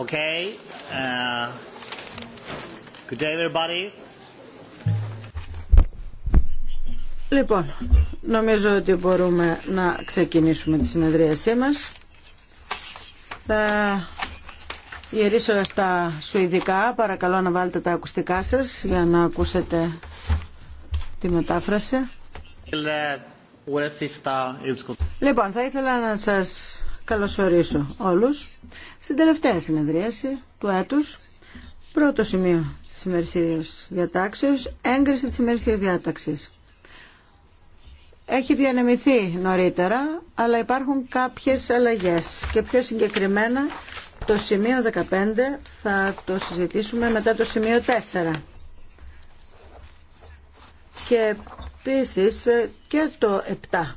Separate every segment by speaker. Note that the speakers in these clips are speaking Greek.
Speaker 1: Okay. Uh, good day everybody.
Speaker 2: Λοιπόν, νομίζω ότι μπορούμε να ξεκινήσουμε τη συνεδρίασή μας. Θα γυρίσω στα σουηδικά. Παρακαλώ να βάλετε τα ακουστικά σας για να ακούσετε τη μετάφραση.
Speaker 1: Uh,
Speaker 2: λοιπόν, θα ήθελα να σας καλωσορίσω όλους στην τελευταία συνεδρίαση του έτους. Πρώτο σημείο της ημερησίας διατάξεως, έγκριση της ημερησίας διάταξης. Έχει διανεμηθεί νωρίτερα, αλλά υπάρχουν κάποιες αλλαγές και πιο συγκεκριμένα το σημείο 15 θα το συζητήσουμε μετά το σημείο 4. Και επίσης και το 7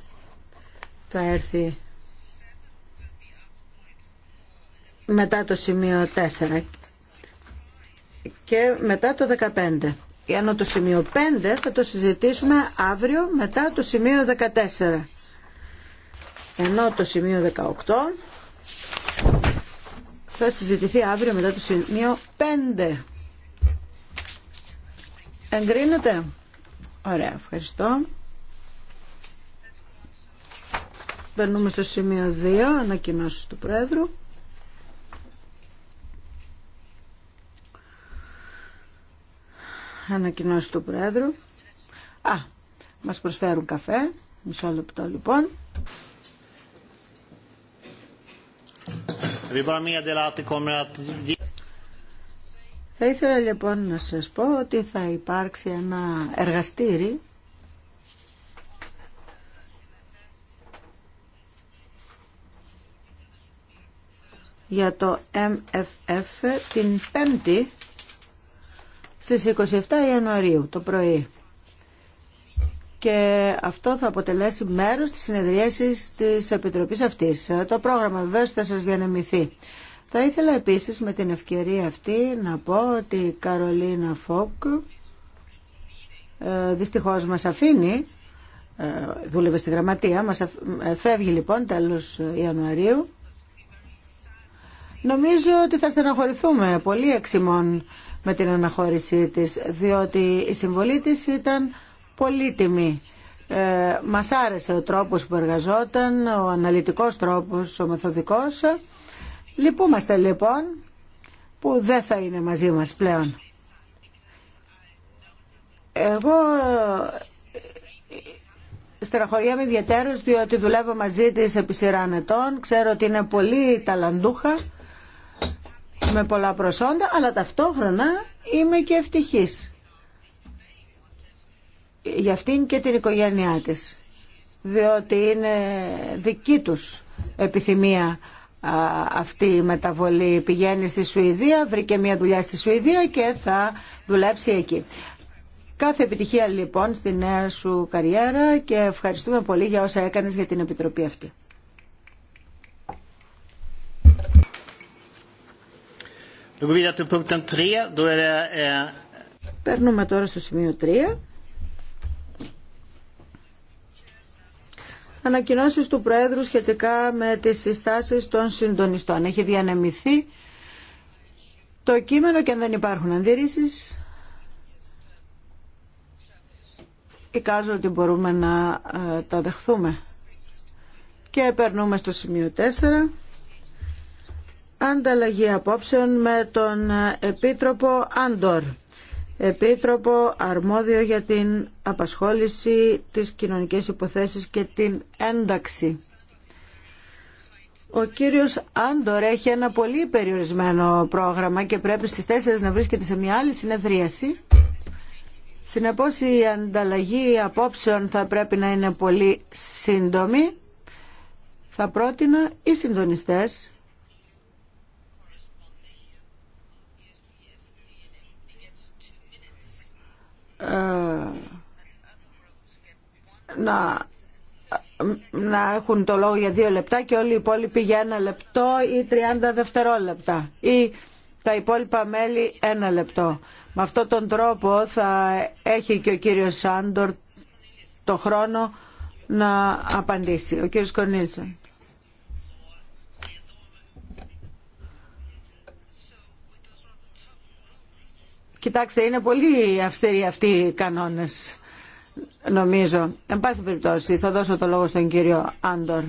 Speaker 2: θα έρθει μετά το σημείο 4 και μετά το 15. Ενώ το σημείο 5 θα το συζητήσουμε αύριο μετά το σημείο 14. Ενώ το σημείο 18 θα συζητηθεί αύριο μετά το σημείο 5. Εγκρίνεται. Ωραία, ευχαριστώ. Περνούμε στο σημείο 2, ανακοινώσεις του Πρόεδρου. ανακοινώσει του Πρόεδρου. Α, μας προσφέρουν καφέ. Μισό λεπτό λοιπόν. Θα ήθελα λοιπόν να σας πω ότι θα υπάρξει ένα εργαστήρι για το MFF την 5η στις 27 Ιανουαρίου το πρωί. Και αυτό θα αποτελέσει μέρος της συνεδρίασης της Επιτροπής αυτής. Το πρόγραμμα βεβαίω θα σας διανεμηθεί. Θα ήθελα επίσης με την ευκαιρία αυτή να πω ότι η Καρολίνα Φόκ ε, δυστυχώς μας αφήνει, ε, δούλευε στη γραμματεία, μας ε, φεύγει λοιπόν τέλος Ιανουαρίου. Νομίζω ότι θα στεναχωρηθούμε πολύ εξημών με την αναχώρησή της, διότι η συμβολή της ήταν πολύτιμη. Ε, μας άρεσε ο τρόπος που εργαζόταν, ο αναλυτικός τρόπος, ο μεθοδικός. Λυπούμαστε λοιπόν που δεν θα είναι μαζί μας πλέον. Εγώ ε, στεραχωριέμαι ιδιαίτερως διότι δουλεύω μαζί της επί σειρά ετών. Ξέρω ότι είναι πολύ ταλαντούχα με πολλά προσόντα, αλλά ταυτόχρονα είμαι και ευτυχής για αυτήν και την οικογένειά της διότι είναι δική τους επιθυμία αυτή η μεταβολή πηγαίνει στη Σουηδία βρήκε μια δουλειά στη Σουηδία και θα δουλέψει εκεί Κάθε επιτυχία λοιπόν στη νέα σου καριέρα και ευχαριστούμε πολύ για όσα έκανες για την επιτροπή αυτή
Speaker 1: Eh,
Speaker 2: Παίρνουμε τώρα στο σημείο 3. Ανακοινώσεις του Πρόεδρου σχετικά με τις συστάσεις των συντονιστών. Έχει διανεμηθεί το κείμενο και αν δεν υπάρχουν αντιρρήσεις, εικάζω ότι μπορούμε να ε, τα δεχθούμε. Και περνούμε στο σημείο 4 ανταλλαγή απόψεων με τον Επίτροπο Άντορ, Επίτροπο αρμόδιο για την απασχόληση, της κοινωνικής υποθέσεις και την ένταξη. Ο κύριος Άντορ έχει ένα πολύ περιορισμένο πρόγραμμα και πρέπει στις 4 να βρίσκεται σε μια άλλη συνεδρίαση. Συνεπώς η ανταλλαγή απόψεων θα πρέπει να είναι πολύ σύντομη. Θα πρότεινα οι συντονιστές Ε, να να έχουν το λόγο για δύο λεπτά και όλοι οι υπόλοιποι για ένα λεπτό ή τριάντα δευτερόλεπτα ή τα υπόλοιπα μέλη ένα λεπτό. Με αυτόν τον τρόπο θα έχει και ο κύριος Σάντορ το χρόνο να απαντήσει. Ο κύριος Κονίλσεν. Κοιτάξτε, είναι πολύ αυστηροί αυτοί οι κανόνες, νομίζω. Εν πάση περιπτώσει, θα δώσω το λόγο στον κύριο Άντορ.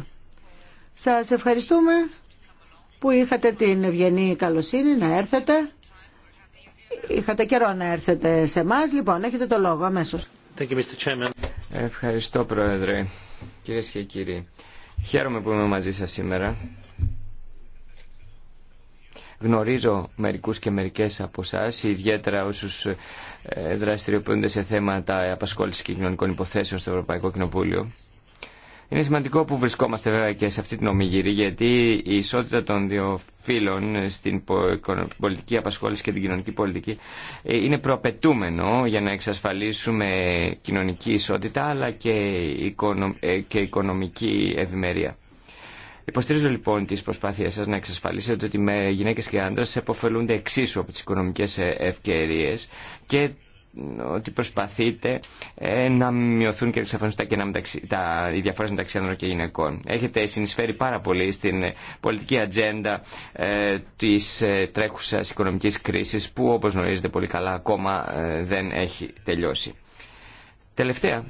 Speaker 2: Σα ευχαριστούμε που είχατε την ευγενή καλοσύνη να έρθετε. Είχατε καιρό να έρθετε σε εμά. Λοιπόν, έχετε το λόγο αμέσω.
Speaker 3: Ευχαριστώ, Πρόεδρε. Κυρίε και κύριοι, χαίρομαι που είμαι μαζί σα σήμερα Γνωρίζω μερικούς και μερικές από εσά, ιδιαίτερα όσους ε, δραστηριοποιούνται σε θέματα απασχόλησης και κοινωνικών υποθέσεων στο Ευρωπαϊκό Κοινοβούλιο. Είναι σημαντικό που βρισκόμαστε βέβαια και σε αυτή την ομιγύρη, γιατί η ισότητα των δύο φύλων στην πολιτική απασχόληση και την κοινωνική πολιτική ε, είναι προαπαιτούμενο για να εξασφαλίσουμε κοινωνική ισότητα αλλά και ε, οικονομική ευημερία. Υποστηρίζω λοιπόν τι προσπάθειές σα να εξασφαλίσετε ότι με γυναίκε και άντρε επωφελούνται εξίσου από τι οικονομικέ ε, ευκαιρίε και ότι προσπαθείτε ε, να μειωθούν και να εξαφανιστούν τα, μεταξύ, τα, οι διαφορές μεταξύ άνδρων και γυναικών. Έχετε συνεισφέρει πάρα πολύ στην ε, πολιτική ατζέντα ε, της ε, τρέχουσας οικονομικής κρίσης που όπως γνωρίζετε πολύ καλά ακόμα δεν έχει τελειώσει. Τελευταία,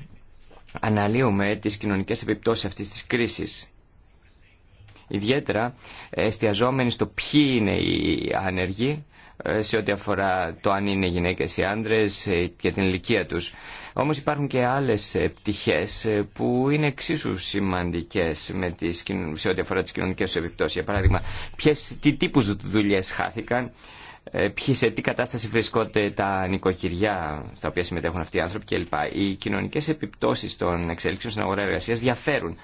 Speaker 3: αναλύουμε τις κοινωνικές επιπτώσεις αυτής της κρίσης ιδιαίτερα εστιαζόμενοι στο ποιοι είναι οι ανεργοί ε, σε ό,τι αφορά το αν είναι γυναίκες ή άντρες ε, και την ηλικία τους. Όμως υπάρχουν και άλλες ε, πτυχές που είναι εξίσου σημαντικές με τις, σε ό,τι αφορά τις κοινωνικές τους επιπτώσεις. Για παράδειγμα, ποιες, τι τύπους δουλειές χάθηκαν, ε, σε τι κατάσταση βρισκόνται τα νοικοκυριά στα οποία συμμετέχουν αυτοί οι άνθρωποι κλπ. Οι κοινωνικέ επιπτώσει των εξελίξεων στην αγορά εργασία διαφέρουν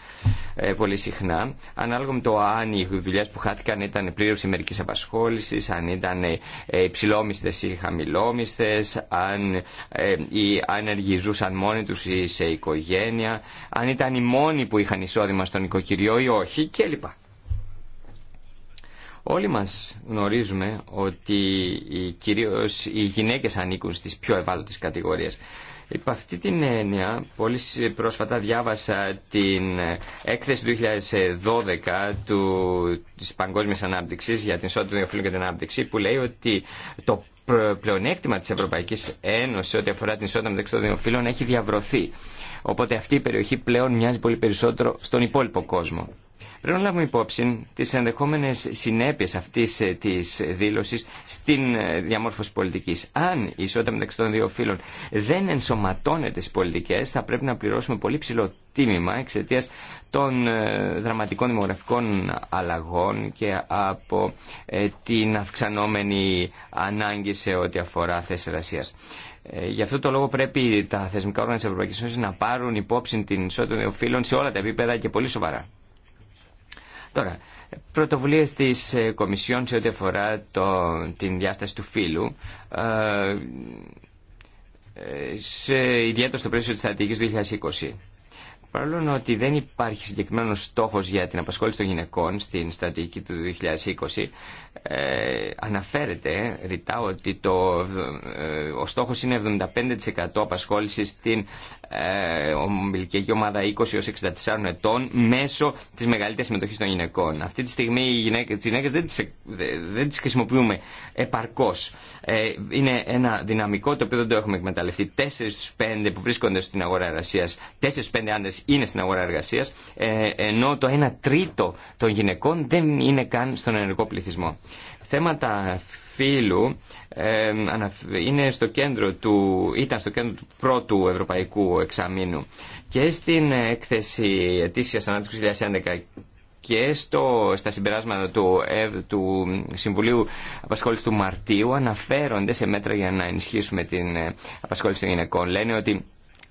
Speaker 3: ε, πολύ συχνά ανάλογα με το αν οι δουλειέ που χάθηκαν ήταν πλήρω μερική απασχόληση, αν ήταν ε, υψηλόμισθε ή χαμηλόμισθε, αν οι άνεργοι ζούσαν μόνοι του ή σε οικογένεια, αν ήταν οι μόνοι που είχαν εισόδημα στο νοικοκυριό ή όχι κλπ. Όλοι μας γνωρίζουμε ότι κυρίως οι γυναίκες ανήκουν στις πιο ευάλωτες κατηγορίες. Υπ' αυτή την έννοια, πολύ πρόσφατα διάβασα την έκθεση του 2012 του, της Παγκόσμιας Ανάπτυξης για την ισότητα των διαφύλων και την ανάπτυξη που λέει ότι το πλεονέκτημα της Ευρωπαϊκής Ένωσης ό,τι αφορά την ισότητα μεταξύ των Διοφύλων έχει διαβρωθεί. Οπότε αυτή η περιοχή πλέον μοιάζει πολύ περισσότερο στον υπόλοιπο κόσμο. Πρέπει να λάβουμε υπόψη τι ενδεχομένε συνέπειε αυτή ε, τη δήλωση στην ε, διαμόρφωση πολιτική. Αν η ισότητα μεταξύ των δύο φύλων δεν ενσωματώνεται στι πολιτικέ, θα πρέπει να πληρώσουμε πολύ ψηλό τίμημα εξαιτία των ε, δραματικών δημογραφικών αλλαγών και από την αυξανόμενη ανάγκη σε ό,τι αφορά θέσει εργασία. Γι' αυτό το λόγο πρέπει τα θεσμικά όργανα τη Ευρωπαϊκή Ένωση να πάρουν υπόψη την ισότητα των δύο φύλων σε όλα τα επίπεδα και πολύ σοβαρά. Τώρα, πρωτοβουλίε τη ε, Κομισιόν σε ό,τι αφορά το, την διάσταση του φύλου. Ε, ε, σε, ιδιαίτερα στο πλαίσιο της στρατηγικής 2020. Παρόλο ότι δεν υπάρχει συγκεκριμένο στόχος για την απασχόληση των γυναικών στην στρατηγική του 2020, ε, αναφέρεται ρητά ότι το, ο στόχος είναι 75% απασχόληση στην η ε, ομάδα 20 64 ετών μέσω της μεγαλύτερης συμμετοχής των γυναικών. Αυτή τη στιγμή οι γυναίκες, τις γυναίκες δεν τις, δεν τις χρησιμοποιούμε επαρκώς. Ε, είναι ένα δυναμικό το οποίο δεν το έχουμε εκμεταλλευτεί. 4 στους 5 που βρίσκονται στην αγορά εργασίας, 4 στους 5 άντρες είναι στην αγορά εργασίας, ε, ενώ το 1 τρίτο των γυναικών δεν είναι καν στον ενεργό πληθυσμό. Θέματα ε, είναι στο κέντρο του, ήταν στο κέντρο του πρώτου ευρωπαϊκού εξαμήνου και στην έκθεση ετήσιας ανάπτυξης 2011 και στο, στα συμπεράσματα του, του Συμβουλίου Απασχόλησης του Μαρτίου αναφέρονται σε μέτρα για να ενισχύσουμε την ε, απασχόληση των γυναικών. Λένε ότι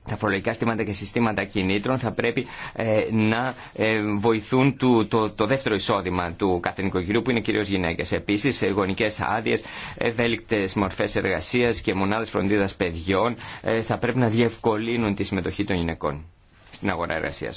Speaker 3: τα φορολογικά στήματα και συστήματα κινήτρων θα πρέπει ε, να ε, βοηθούν το, το δεύτερο εισόδημα του κάθε νοικοκυριού που είναι κυρίω γυναίκε. Επίση, γονικέ άδειε, ευέλικτε μορφέ εργασία και μονάδε φροντίδα παιδιών ε, θα πρέπει να διευκολύνουν τη συμμετοχή των γυναικών στην αγορά εργασία.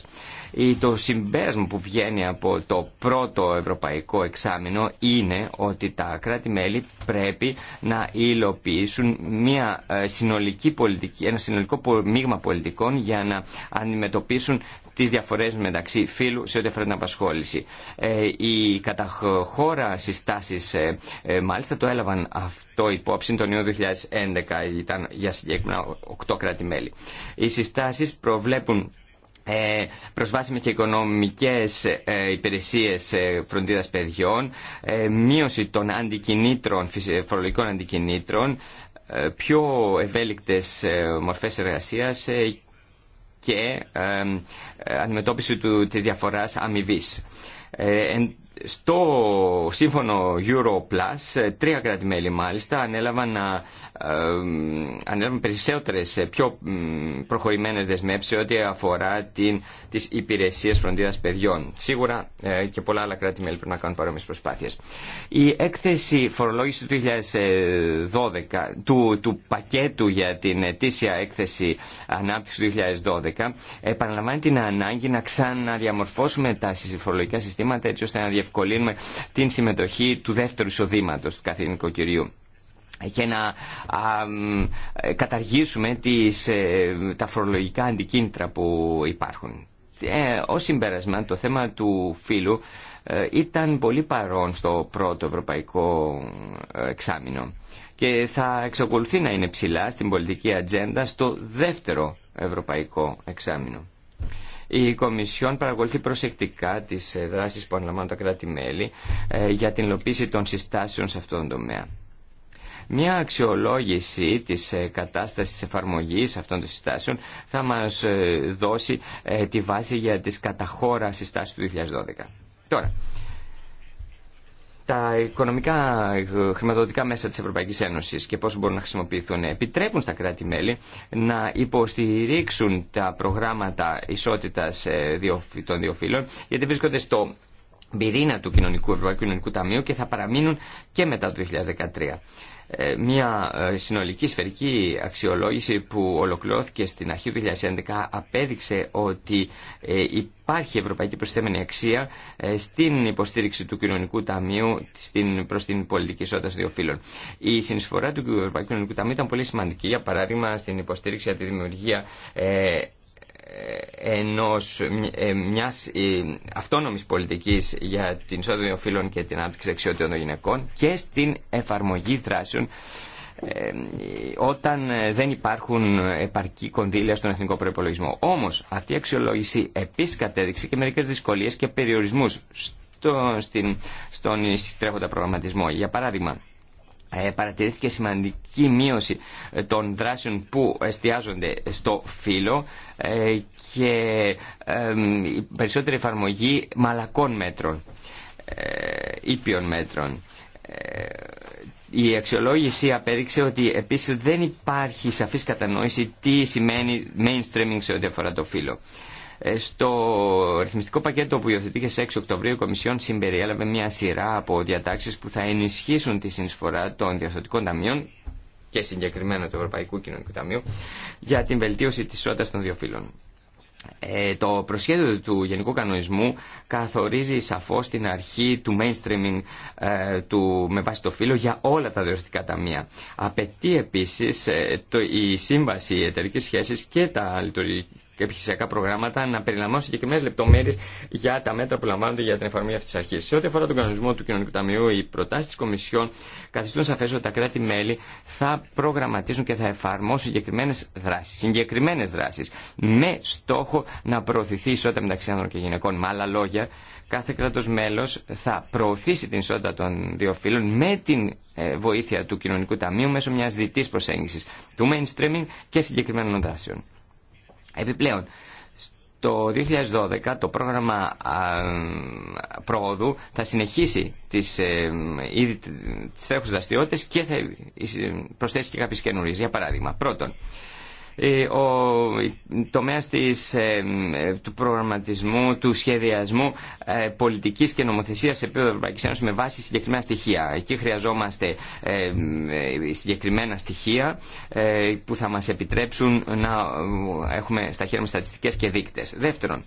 Speaker 3: Το συμπέρασμα που βγαίνει από το πρώτο ευρωπαϊκό εξάμεινο είναι ότι τα κράτη-μέλη πρέπει να υλοποιήσουν μια ε, συνολική πολιτική, ένα συνολικό μείγμα πολιτικών για να αντιμετωπίσουν τι διαφορέ μεταξύ φύλου σε ό,τι αφορά την απασχόληση. Ε, οι καταχώρα ε, ε, μάλιστα, το έλαβαν αυτό υπόψη τον Ιούνιο 2011, ήταν για συγκεκριμένα οκτω κράτη-μέλη. Οι συστάσει προβλέπουν ε, προσβάσιμες και οικονομικές ε, υπηρεσίες ε, φροντίδας παιδιών, μείωση των αντικινήτρων, φορολογικών αντικινήτρων, πιο ευέλικτες μορφές εργασίας και αντιμετώπιση του, της διαφοράς αμοιβή. Στο σύμφωνο Europlus, τρία κράτη-μέλη μάλιστα, ανέλαβαν, ε, ανέλαβαν περισσότερες ε, πιο προχωρημένες δεσμεύσεις ό,τι αφορά την, τις υπηρεσίες φροντίδας παιδιών. Σίγουρα ε, και πολλά άλλα κράτη-μέλη πρέπει να κάνουν παρόμοιες προσπάθειες. Η έκθεση φορολόγηση του 2012, του, του πακέτου για την ετήσια έκθεση ανάπτυξη του 2012, επαναλαμβάνει την ανάγκη να ξαναδιαμορφώσουμε τα φορολογικά συστήματα έτσι ώστε να διευκολύνουμε την συμμετοχή του δεύτερου εισοδήματο του καθηγητικού κυρίου και να ε, καταργήσουμε τις, ε, τα φορολογικά αντικίνητρα που υπάρχουν. Ε, Ω συμπέρασμα, το θέμα του φίλου ε, ήταν πολύ παρόν στο πρώτο ευρωπαϊκό εξάμεινο και θα εξακολουθεί να είναι ψηλά στην πολιτική ατζέντα στο δεύτερο ευρωπαϊκό εξάμεινο. Η Κομισιόν παρακολουθεί προσεκτικά τις ε, δράσεις που αναλαμβάνουν τα κράτη-μέλη ε, για την υλοποίηση των συστάσεων σε αυτόν τον τομέα. Μια αξιολόγηση της ε, κατάστασης της εφαρμογής αυτών των συστάσεων θα μας δώσει τη βάση για τις καταχώρα συστάσεις του 2012. Τώρα, τα οικονομικά ε, χρηματοδοτικά μέσα της Ευρωπαϊκής Ένωσης και πώς μπορούν να χρησιμοποιηθούν επιτρέπουν στα κράτη-μέλη να υποστηρίξουν τα προγράμματα ισότητας ε, των δύο φύλων γιατί βρίσκονται στο πυρήνα του κοινωνικού, Ευρωπαϊκού Κοινωνικού Ταμείου και θα παραμείνουν και μετά το 2013. Ε, μια ε, συνολική σφαιρική αξιολόγηση που ολοκληρώθηκε στην αρχή του 2011 απέδειξε ότι ε, υπάρχει ευρωπαϊκή προσθέμενη αξία στην υποστήριξη του κοινωνικού ταμείου προ προς την πολιτική ισότητα δύο φύλων. Η συνεισφορά του Ευρωπαϊκού Κοινωνικού Ταμείου ήταν πολύ σημαντική, για παράδειγμα στην υποστήριξη για τη δημιουργία ενός, ε, μιας ε, αυτόνομης πολιτικής για την ισότητα των και την ανάπτυξη δεξιότητων των γυναικών και στην εφαρμογή δράσεων ε, όταν δεν υπάρχουν επαρκή κονδύλια στον εθνικό προπολογισμό. Όμως αυτή η αξιολόγηση επίσης κατέδειξε και μερικές δυσκολίες και περιορισμούς στο, στον τρέχοντα προγραμματισμό. Για παράδειγμα, ε, παρατηρήθηκε σημαντική μείωση ε, των δράσεων που εστιάζονται στο φύλλο ε, και περισσότερη εφαρμογή μαλακών μέτρων, ήπιων μέτρων. Η αξιολόγηση απέδειξε ότι επίσης δεν υπάρχει σαφής κατανόηση τι σημαίνει mainstreaming σε ό,τι αφορά το φύλλο. Ε, στο ρυθμιστικό πακέτο που υιοθετήθηκε σε 6 Οκτωβρίου η Κομισιόν συμπεριέλαβε μια σειρά από διατάξει που θα ενισχύσουν τη συνεισφορά των διορθωτικών ταμείων και συγκεκριμένα του Ευρωπαϊκού Κοινωνικού Ταμείου για την βελτίωση τη ισότητα των δύο φύλων. Ε, το προσχέδιο του Γενικού Κανονισμού καθορίζει σαφώ την αρχή του mainstreaming ε, του, με βάση το φύλλο για όλα τα διορθωτικά ταμεία. Απαιτεί επίση ε, η σύμβαση εταιρική σχέση και τα, και επιχειρησιακά προγράμματα να περιλαμβάνουν συγκεκριμένε λεπτομέρειε για τα μέτρα που λαμβάνονται για την εφαρμογή αυτή τη αρχή. Σε ό,τι αφορά τον κανονισμό του Κοινωνικού Ταμείου, οι προτάσει τη Κομισιόν καθιστούν σαφέ ότι τα κράτη-μέλη θα προγραμματίσουν και θα εφαρμόσουν συγκεκριμένε δράσει. Συγκεκριμένε δράσει με στόχο να προωθηθεί η ισότητα μεταξύ άνδρων και γυναικών. Με άλλα λόγια, κάθε κράτο μέλο θα προωθήσει την ισότητα των δύο φύλων με την ε, βοήθεια του Κοινωνικού Ταμείου μέσω μια διτή προσέγγισης του mainstreaming και συγκεκριμένων δράσεων. Επιπλέον, το 2012 το πρόγραμμα προόδου θα συνεχίσει τις, ε, ήδη, τις δραστηριότητες και θα ε, προσθέσει και κάποιες καινούριες. Για παράδειγμα, πρώτον, ε, ο τομέας της, ε, του προγραμματισμού, του σχεδιασμού ε, πολιτικής και νομοθεσίας σε επίπεδο Ευρωπαϊκής Ένωσης με βάση συγκεκριμένα στοιχεία. Εκεί χρειαζόμαστε συγκεκριμένα στοιχεία που θα μας επιτρέψουν να έχουμε στα χέρια μας στατιστικές και δείκτες. Δεύτερον,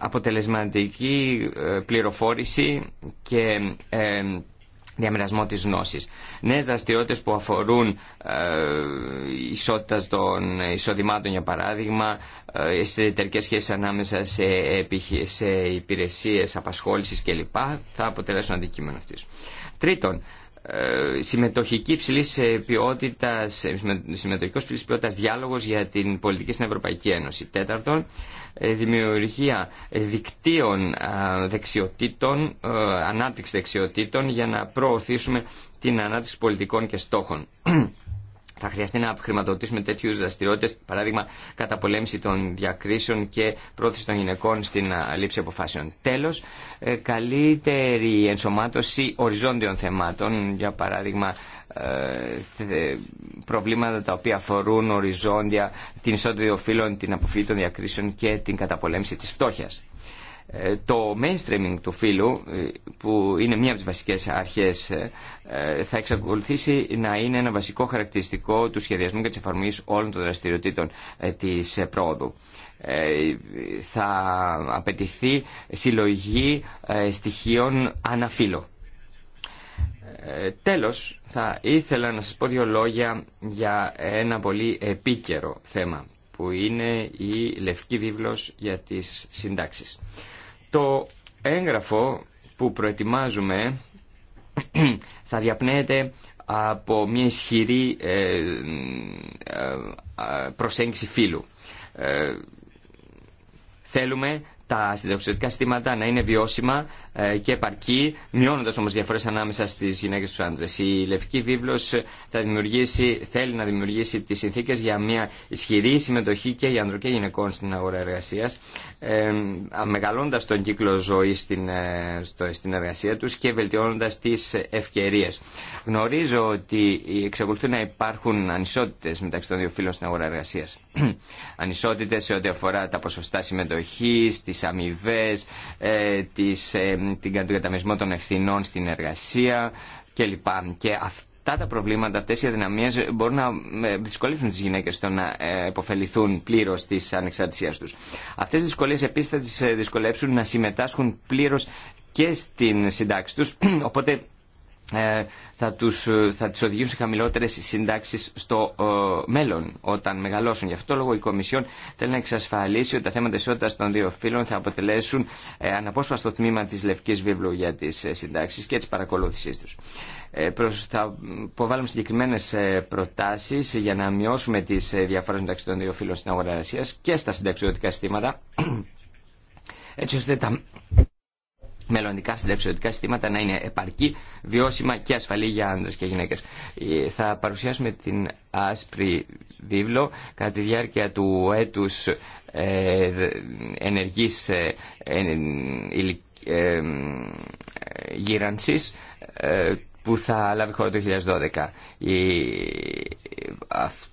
Speaker 3: αποτελεσματική πληροφόρηση και διαμερασμό της γνώσης. Νέες δραστηριότητες που αφορούν ε, ισότητα των εισοδημάτων για παράδειγμα, ε, εταιρικέ σχέσεις ανάμεσα σε, σε υπηρεσίες απασχόλησης κλπ. θα αποτελέσουν αντικείμενο αυτής. Τρίτον, ε, συμμετοχική υψηλή ποιότητα, ε, συμμετοχικό ποιότητα διάλογο για την πολιτική στην Ευρωπαϊκή Ένωση. Τέταρτον, ε, δημιουργία ε, δικτύων δεξιοτήτων, ε, ανάπτυξη δεξιοτήτων για να προωθήσουμε την ανάπτυξη πολιτικών και στόχων. Θα χρειαστεί να χρηματοδοτήσουμε τέτοιου δραστηριότητε, παράδειγμα καταπολέμηση των διακρίσεων και πρόθεση των γυναικών στην λήψη αποφάσεων. Τέλο, καλύτερη ενσωμάτωση οριζόντιων θεμάτων, για παράδειγμα ε, προβλήματα τα οποία αφορούν οριζόντια την ισότητα των φύλων, την αποφύγη των διακρίσεων και την καταπολέμηση της φτώχειας. Ε, το mainstreaming του φύλου, ε, που είναι μία από τις βασικές αρχές, θα εξακολουθήσει να είναι ένα βασικό χαρακτηριστικό του σχεδιασμού και της εφαρμογής όλων των δραστηριοτήτων της πρόοδου. Θα απαιτηθεί συλλογή στοιχείων αναφύλου ε, τέλος, θα ήθελα να σας πω δύο λόγια για ένα πολύ επίκαιρο θέμα που είναι η Λευκή Βίβλος για τις συντάξεις. Το έγγραφο που προετοιμάζουμε θα διαπνέεται από μια ισχυρή ε, ε, προσέγγιση φύλου. Θέλουμε τα συνδεξιωτικά στήματα να είναι βιώσιμα, ε, και επαρκή, μειώνοντα όμω διαφορέ ανάμεσα στι γυναίκε και του άντρε. Η Λευκή Βίβλο θα δημιουργήσει, θέλει να δημιουργήσει τι συνθήκε για μια ισχυρή συμμετοχή και για ανδρών και γυναικών στην αγορά εργασία, μεγαλώντα τον κύκλο ζωή ε, στην, εργασία του και βελτιώνοντα τι ευκαιρίε. Γνωρίζω ότι εξακολουθούν να υπάρχουν ανισότητε μεταξύ των δύο φύλων στην αγορά εργασία. Ανισότητε σε ό,τι αφορά τα ποσοστά συμμετοχή, τι αμοιβέ, ε, τι την καταμερισμό των ευθυνών στην εργασία κλπ. Και αυτά τα προβλήματα, αυτές οι αδυναμίες μπορούν να ε, δυσκολεύσουν τις γυναίκες στο να υποφεληθούν ε, πλήρως της ανεξαρτησίας τους. Αυτές οι δυσκολίες επίσης θα τις ε, δυσκολεύσουν να συμμετάσχουν πλήρως και στην συντάξη τους, οπότε ε, θα, τους, ε, θα τις οδηγήσουν σε χαμηλότερες συντάξεις στο ε, μέλλον όταν μεγαλώσουν. Γι' αυτό λόγο η Κομισιόν θέλει να εξασφαλίσει ότι τα θέματα ισότητας των δύο φύλων θα αποτελέσουν ε, αναπόσπαστο τμήμα της Λευκής Βίβλου για τις ε, συντάξεις και τις παρακολούθησής τους. προς, θα υποβάλουμε συγκεκριμένες προτάσεις για να μειώσουμε τις διαφορέ διαφορές μεταξύ των δύο φύλων στην αγορά εργασίας και στα συνταξιωτικά συστήματα έτσι ώστε τα μελλοντικά συνταξιωτικά συστήματα να είναι επαρκή, βιώσιμα και ασφαλή για άνδρες και γυναίκες. Ε, θα παρουσιάσουμε την άσπρη βίβλο κατά τη διάρκεια του έτους ε, ενεργής ε, γύρανσης που θα λάβει χώρο το 2012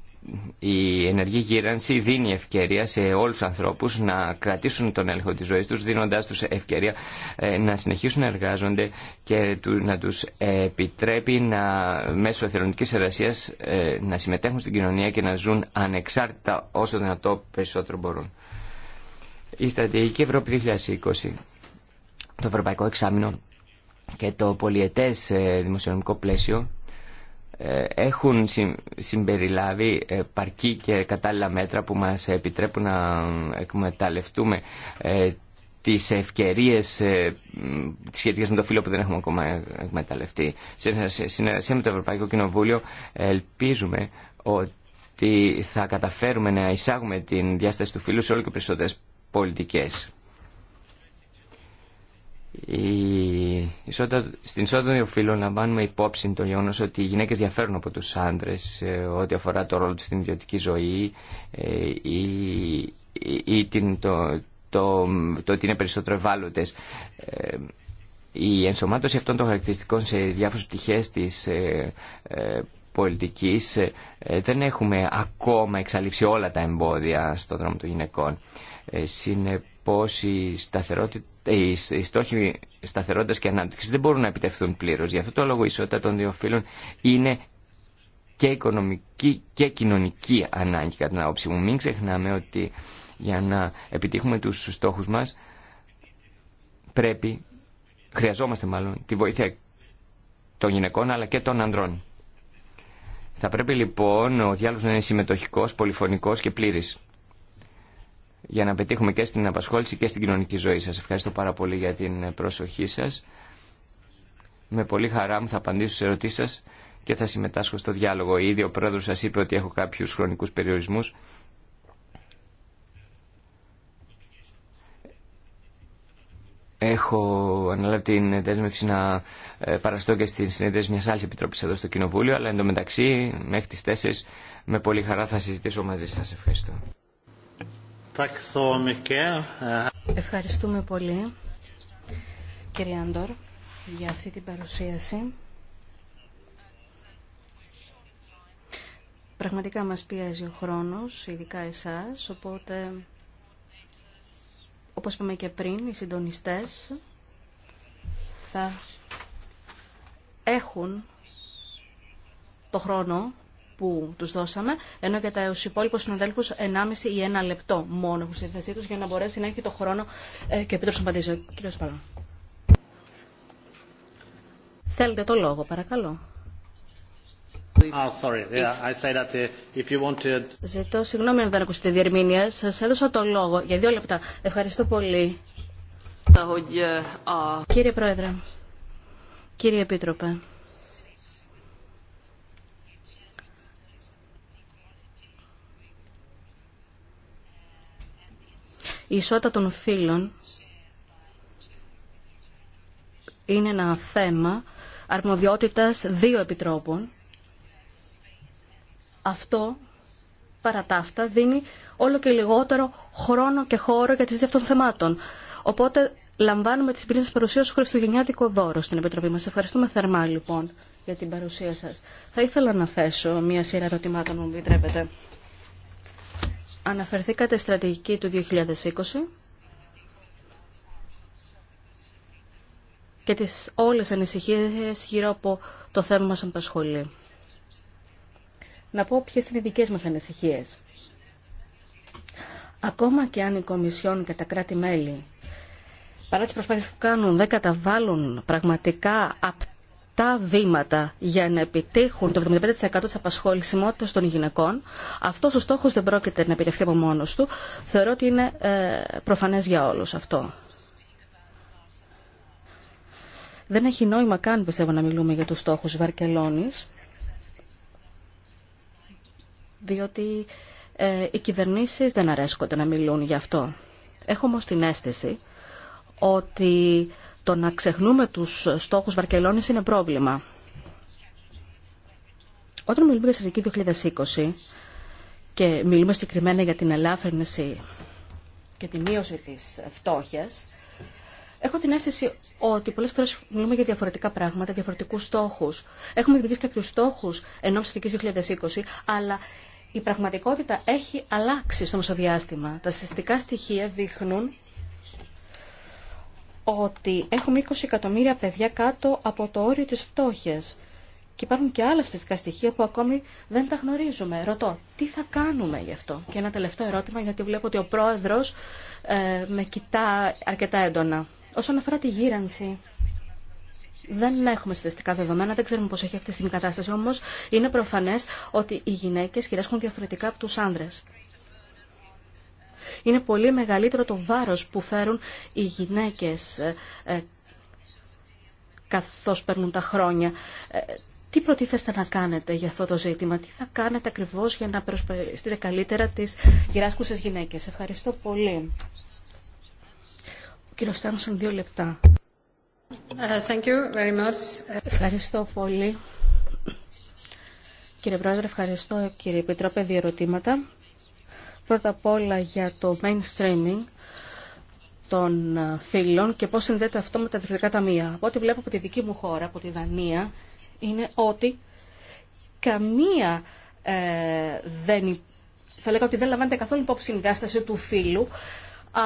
Speaker 3: η ενεργή γύρανση δίνει ευκαιρία σε όλους τους ανθρώπους να κρατήσουν τον έλεγχο της ζωής τους, δίνοντάς τους ευκαιρία ε, να συνεχίσουν να εργάζονται και να τους επιτρέπει να, μέσω εθελοντικής εργασίας ε, να συμμετέχουν στην κοινωνία και να ζουν ανεξάρτητα όσο δυνατό περισσότερο μπορούν. Η Στρατηγική Ευρώπη 2020, το Ευρωπαϊκό Εξάμεινο και το Πολιετές ε, Δημοσιονομικό Πλαίσιο ε, έχουν συμπεριλάβει παρκή και κατάλληλα μέτρα που μας επιτρέπουν να εκμεταλλευτούμε ε, τις ευκαιρίες ε, σχετικά με το φύλλο που δεν έχουμε ακόμα εκμεταλλευτεί. Συνεργασία με το Ευρωπαϊκό Κοινοβούλιο ελπίζουμε ότι θα καταφέρουμε να εισάγουμε την διάσταση του φύλλου σε όλο και περισσότερες πολιτικές στην ισότητα των να λαμβάνουμε υπόψη το γεγονό ότι οι γυναίκες διαφέρουν από τους άντρες ε, ό,τι αφορά το ρόλο τους στην ιδιωτική ζωή ε, ή, το, το, το ότι είναι περισσότερο ευάλωτες. Ε, η ενσωμάτωση αυτών των χαρακτηριστικών σε διάφορες πτυχές της πολιτικής δεν έχουμε ακόμα εξαλείψει όλα τα εμπόδια στον δρόμο των γυναικών πως ε, οι, οι στόχοι σταθερότητας και ανάπτυξης δεν μπορούν να επιτευχθούν πλήρως. Γι' αυτό το λόγο η ισότητα των δύο φύλων είναι και οικονομική και κοινωνική ανάγκη κατά την άποψή μου. Μην ξεχνάμε ότι για να επιτύχουμε τους στόχους μας πρέπει, χρειαζόμαστε μάλλον, τη βοήθεια των γυναικών αλλά και των ανδρών. Θα πρέπει λοιπόν ο διάλογος να είναι συμμετοχικός, πολυφωνικός και πλήρης για να πετύχουμε και στην απασχόληση και στην κοινωνική ζωή σας. Ευχαριστώ πάρα πολύ για την προσοχή σας. Με πολύ χαρά μου θα απαντήσω σε ερωτήσεις σας και θα συμμετάσχω στο διάλογο. Ήδη ο πρόεδρος σας είπε ότι έχω κάποιους χρονικούς περιορισμούς. Έχω αναλάβει την δέσμευση να ε, παραστώ και στην συνέντευξη μια άλλη επιτροπή εδώ στο Κοινοβούλιο, αλλά εντωμεταξύ μέχρι τι 4 με πολύ χαρά θα συζητήσω μαζί σα. Ευχαριστώ.
Speaker 4: Ευχαριστούμε πολύ, κύριε Άντορ, για αυτή την παρουσίαση. Πραγματικά μας πιέζει ο χρόνος, ειδικά εσάς, οπότε, όπως είπαμε και πριν, οι συντονιστές θα έχουν το χρόνο που του δώσαμε, ενώ για του υπόλοιπου συναδέλφου 1,5 ή 1 λεπτό μόνο έχουν στη θέση του για να μπορέσει να έχει το χρόνο ε, και ο να απαντήσει. Κύριε Σπαλά. Θέλετε το λόγο, παρακαλώ.
Speaker 1: Oh, sorry. Yeah, I say that uh, if you wanted...
Speaker 4: Ζητώ συγγνώμη αν δεν ακούσετε τη διερμήνεια. Σα έδωσα το λόγο για δύο λεπτά. Ευχαριστώ πολύ. Κύριε Πρόεδρε, κύριε Επίτροπε, Η ισότητα των φύλων είναι ένα θέμα αρμοδιότητας δύο επιτρόπων. Αυτό, παρά τα αυτά, δίνει όλο και λιγότερο χρόνο και χώρο για τις δύο θεμάτων. Οπότε λαμβάνουμε τις πυρήνες παρουσίας ως χριστουγεννιάτικο δώρο στην Επιτροπή μας. Ευχαριστούμε θερμά λοιπόν για την παρουσία σας. Θα ήθελα να θέσω μία σειρά ερωτημάτων, μου επιτρέπετε. Αναφερθήκατε στρατηγική του 2020 και τις όλες ανησυχίες γύρω από το θέμα μας απασχολεί. Να πω ποιες είναι οι δικές μας ανησυχίες. Ακόμα και αν η Κομισιόν και τα κράτη-μέλη παρά τις προσπάθειες που κάνουν δεν καταβάλουν πραγματικά απ βήματα για να επιτύχουν το 75% τη απασχολησιμότητα των γυναικών. Αυτός ο στόχος δεν πρόκειται να επιτευχθεί από μόνος του. Θεωρώ ότι είναι ε, προφανές για όλους αυτό. Δεν έχει νόημα καν, πιστεύω, να μιλούμε για τους στόχους Βαρκελόνη. διότι ε, οι κυβερνήσεις δεν αρέσκονται να μιλούν γι' αυτό. Έχω όμω την αίσθηση ότι το να ξεχνούμε τους στόχους Βαρκελόνης είναι πρόβλημα. Όταν μιλούμε για στρατηγική 2020 και μιλούμε συγκεκριμένα για την ελάφρυνση και τη μείωση της φτώχειας, Έχω την αίσθηση ότι πολλέ φορέ μιλούμε για διαφορετικά πράγματα, διαφορετικούς στόχους. Έχουμε δημιουργήσει κάποιου στόχους ενώ τη 2020, αλλά η πραγματικότητα έχει αλλάξει στο μεσοδιάστημα. Τα στατιστικά στοιχεία δείχνουν ότι έχουμε 20 εκατομμύρια παιδιά κάτω από το όριο της φτώχειας. Και υπάρχουν και άλλα στατιστικά στοιχεία που ακόμη δεν τα γνωρίζουμε. Ρωτώ, τι θα κάνουμε γι' αυτό. Και ένα τελευταίο ερώτημα, γιατί βλέπω ότι ο πρόεδρος ε, με κοιτά αρκετά έντονα. Όσον αφορά τη γύρανση, δεν έχουμε στατιστικά δεδομένα, δεν ξέρουμε πώς έχει αυτή την κατάσταση, όμως είναι προφανές ότι οι γυναίκες γυράσκουν διαφορετικά από τους άνδρες είναι πολύ μεγαλύτερο το βάρος που φέρουν οι γυναίκες ε, ε, καθώς περνούν τα χρόνια. Ε, τι προτίθεστε να κάνετε για αυτό το ζήτημα, τι θα κάνετε ακριβώς για να προσπαθήσετε καλύτερα τις γυράσκουσες γυναίκες. Ευχαριστώ πολύ. Ο κύριος δύο λεπτά. Thank you very much. Ευχαριστώ πολύ. Κύριε Πρόεδρε, ευχαριστώ. Κύριε Επιτρόπε, δύο ερωτήματα. Πρώτα απ' όλα για το mainstreaming των ε, φίλων και πώς συνδέεται αυτό με τα διευθυντικά ταμεία. Από ό,τι βλέπω από τη δική μου χώρα, από τη Δανία, είναι ότι καμία ε, δεν θα λέγαω ότι δεν λαμβάνεται καθόλου υπόψη η διάσταση του φύλου α,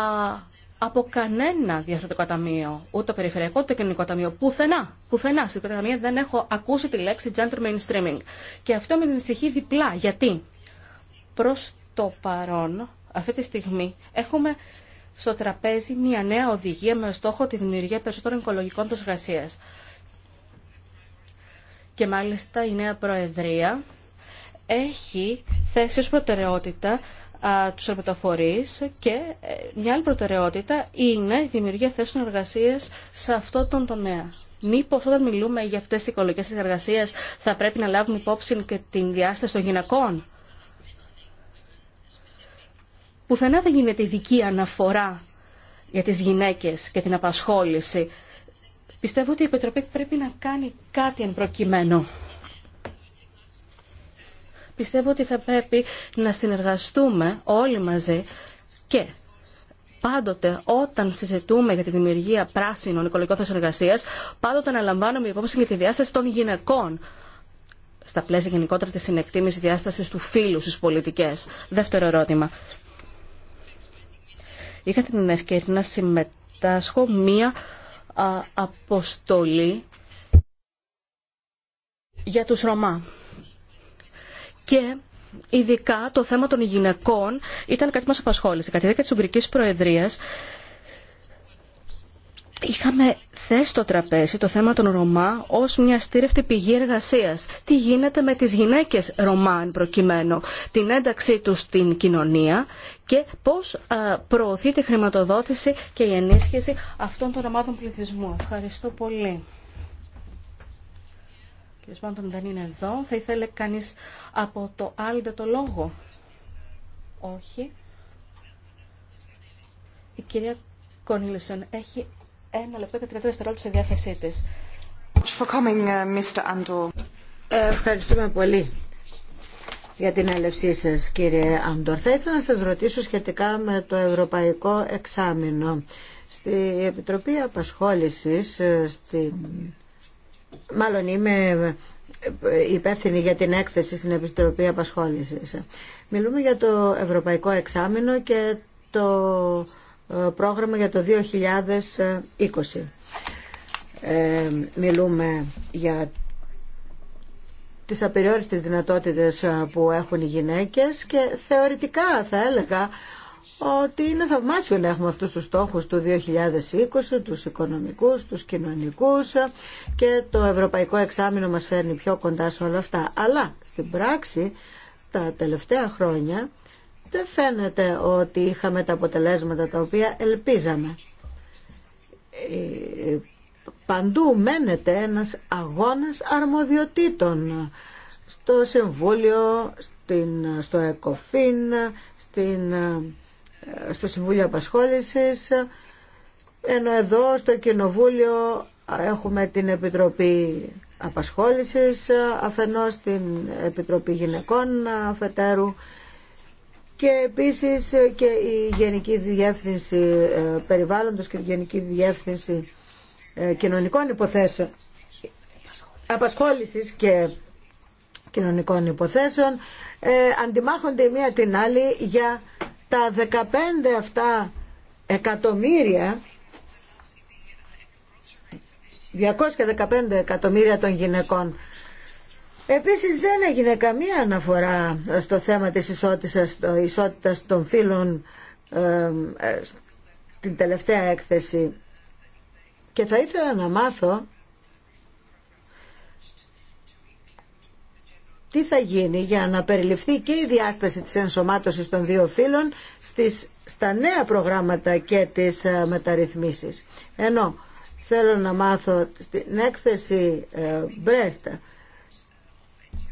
Speaker 4: από κανένα διευθυντικό ταμείο, ούτε περιφερειακό, ούτε κοινωνικό ταμείο. Πουθενά, πουθενά στην ταμείο δεν έχω ακούσει τη λέξη gender mainstreaming. Και αυτό με ανησυχεί διπλά. Γιατί προς το παρόν, αυτή τη στιγμή, έχουμε στο τραπέζι μια νέα οδηγία με στόχο τη δημιουργία περισσότερων οικολογικών εργασία. Και μάλιστα η νέα Προεδρία έχει θέσει ως προτεραιότητα τους ορμητοφορείς και ε, μια άλλη προτεραιότητα είναι η δημιουργία θέσεων εργασίας σε αυτό τον τομέα. Μήπως όταν μιλούμε για αυτές τις οικολογικές εργασίες θα πρέπει να λάβουμε υπόψη και την διάσταση των γυναικών πουθενά δεν γίνεται ειδική αναφορά για τις γυναίκες και την απασχόληση. Πιστεύω ότι η Επιτροπή πρέπει να κάνει κάτι εν προκειμένου. Πιστεύω ότι θα πρέπει να συνεργαστούμε όλοι μαζί και πάντοτε όταν συζητούμε για τη δημιουργία πράσινων οικολογικών θέσεων εργασία, πάντοτε αναλαμβάνουμε υπόψη και τη διάσταση των γυναικών στα πλαίσια γενικότερα τη συνεκτίμηση διάσταση του φύλου στι πολιτικέ. Δεύτερο ερώτημα είχα την ευκαιρία να συμμετάσχω μία αποστολή για τους Ρωμά. Και ειδικά το θέμα των γυναικών ήταν κάτι που μας απασχόλησε. Κατά τη διάρκεια της Ουγγρικής Προεδρίας Είχαμε θέσει στο τραπέζι το θέμα των Ρωμά ω μια στήρευτη πηγή εργασία. Τι γίνεται με τι γυναίκε Ρωμά εν προκειμένου, την ένταξή του στην κοινωνία και πώ προωθεί τη χρηματοδότηση και η ενίσχυση αυτών των ομάδων πληθυσμού. Ευχαριστώ πολύ. Κύριε Σπάντον, δεν είναι εδώ. Θα ήθελε κανείς από το άλλο το λόγο. Όχι. Η κυρία έχει ένα λεπτό και 30 διάθεσή uh, ε, Ευχαριστούμε
Speaker 2: πολύ για την έλευσή σας κύριε Άντορ. Θα ήθελα να σας ρωτήσω σχετικά με το Ευρωπαϊκό Εξάμεινο. Στη Επιτροπή Απασχόλησης, ε, στη... μάλλον είμαι ε, υπεύθυνη για την έκθεση στην Επιτροπή Απασχόλησης. Μιλούμε για το Ευρωπαϊκό Εξάμεινο και το ε, πρόγραμμα για το 2020. Ε, μιλούμε για τις απεριόριστες δυνατότητες ε, που έχουν οι γυναίκες και θεωρητικά θα έλεγα ότι είναι θαυμάσιο να έχουμε αυτούς τους στόχους του 2020, τους οικονομικούς, τους κοινωνικούς ε, και το Ευρωπαϊκό Εξάμεινο μας φέρνει πιο κοντά σε όλα αυτά. Αλλά στην πράξη τα τελευταία χρόνια δεν φαίνεται ότι είχαμε τα αποτελέσματα τα οποία ελπίζαμε. Ε, παντού μένεται ένας αγώνας αρμοδιοτήτων στο Συμβούλιο, στην, στο ΕΚΟΦΗΝ, στην, ε, στο Συμβούλιο Απασχόλησης, ενώ εδώ στο Κοινοβούλιο έχουμε την Επιτροπή Απασχόλησης, αφενός την Επιτροπή Γυναικών αφετέρου και επίσης και η Γενική Διεύθυνση ε, Περιβάλλοντος και η Γενική Διεύθυνση ε, Κοινωνικών Υποθέσεων Απασχόλησης και Κοινωνικών Υποθέσεων ε, αντιμάχονται η μία την άλλη για τα 15 αυτά εκατομμύρια 215 εκατομμύρια των γυναικών Επίσης δεν έγινε καμία αναφορά στο θέμα της ισότητας, ισότητας των φύλων ε, ε, στην τελευταία έκθεση και θα ήθελα να μάθω τι θα γίνει για να περιληφθεί και η διάσταση της ενσωμάτωσης των δύο φύλων στις, στα νέα προγράμματα και τις ε, μεταρρυθμίσεις. Ενώ θέλω να μάθω στην έκθεση ε, Μπρέστα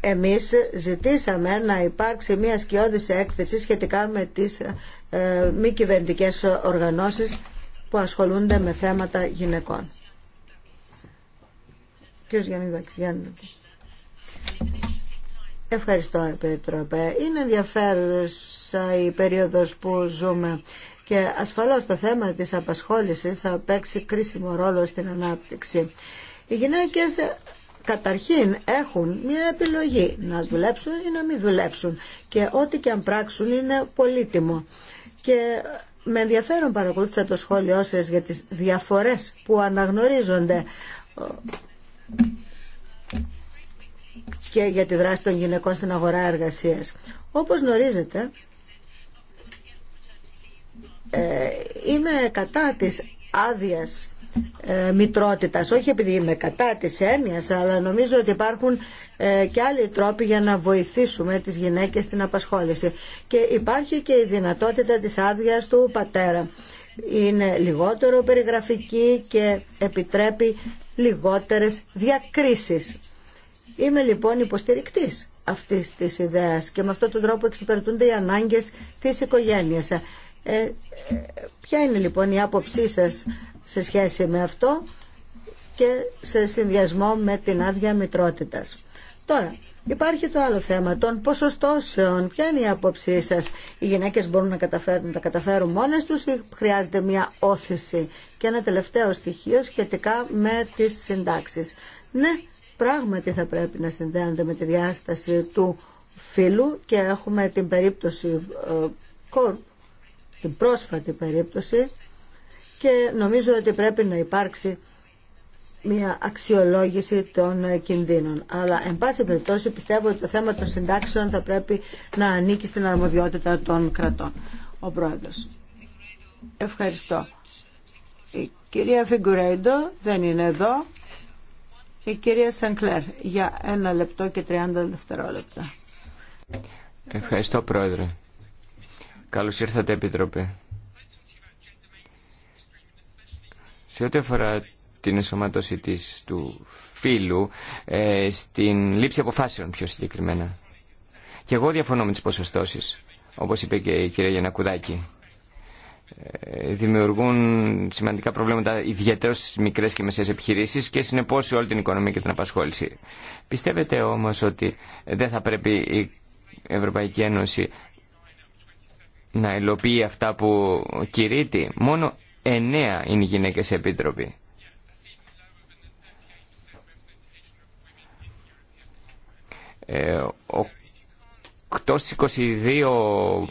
Speaker 2: εμείς ζητήσαμε να υπάρξει μια σκιώδης έκθεση σχετικά με τις ε, μη κυβερνητικέ οργανώσεις που ασχολούνται με θέματα γυναικών. Ευχαριστώ, Επιτροπέ. Είναι ενδιαφέρουσα η περίοδος που ζούμε και ασφαλώς το θέμα της απασχόλησης θα παίξει κρίσιμο ρόλο στην ανάπτυξη. Οι γυναίκες καταρχήν έχουν μια επιλογή να δουλέψουν ή να μην δουλέψουν και ό,τι και αν πράξουν είναι πολύτιμο. Και με ενδιαφέρον παρακολούθησα το σχόλιο σας για τις διαφορές που αναγνωρίζονται και για τη δράση των γυναικών στην αγορά εργασίας. Όπως γνωρίζετε, ε, είμαι κατά της άδειας ε, μητρότητας. Όχι επειδή είμαι κατά της έννοιας, αλλά νομίζω ότι υπάρχουν ε, και άλλοι τρόποι για να βοηθήσουμε τις γυναίκες στην απασχόληση. Και υπάρχει και η δυνατότητα της άδεια του πατέρα. Είναι λιγότερο περιγραφική και επιτρέπει λιγότερες διακρίσεις. Είμαι λοιπόν υποστηρικτής αυτής της ιδέας και με αυτόν τον τρόπο εξυπηρετούνται οι ανάγκες της οικογένειας. Ε, ε ποια είναι λοιπόν η άποψή σας σε σχέση με αυτό και σε συνδυασμό με την άδεια μητρότητας. Τώρα, Υπάρχει το άλλο θέμα των ποσοστώσεων. Ποια είναι η άποψή σα, Οι γυναίκε μπορούν να καταφέρουν, τα καταφέρουν μόνε του ή χρειάζεται μια όθηση. Και ένα τελευταίο στοιχείο σχετικά με τι συντάξεις. Ναι, πράγματι θα πρέπει να συνδέονται με τη διάσταση του φίλου και έχουμε την περίπτωση ε, την πρόσφατη περίπτωση και νομίζω ότι πρέπει να υπάρξει μια αξιολόγηση των κινδύνων. Αλλά, εν πάση περιπτώσει, πιστεύω ότι το θέμα των συντάξεων θα πρέπει να ανήκει στην αρμοδιότητα των κρατών. Ο Πρόεδρος. Ευχαριστώ. Η κυρία Φιγκουρέντο δεν είναι εδώ. Η κυρία Σανκλέρ για ένα λεπτό και 30 δευτερόλεπτα.
Speaker 3: Ευχαριστώ, Πρόεδρε. Καλώς ήρθατε, Επίτροπε. Σε ό,τι αφορά την ενσωμάτωση της, του φίλου ε, στην λήψη αποφάσεων πιο συγκεκριμένα. Και εγώ διαφωνώ με τις ποσοστώσεις, όπως είπε και η κυρία Γιανακουδάκη. Ε, δημιουργούν σημαντικά προβλήματα ιδιαίτερα στι μικρές και μεσαίες επιχειρήσεις και συνεπώς σε όλη την οικονομία και την απασχόληση. Πιστεύετε όμως ότι δεν θα πρέπει η Ευρωπαϊκή Ένωση να υλοποιεί αυτά που κηρύττει. Μόνο εννέα είναι οι γυναίκες επίτροποι. Ε, ο στις 22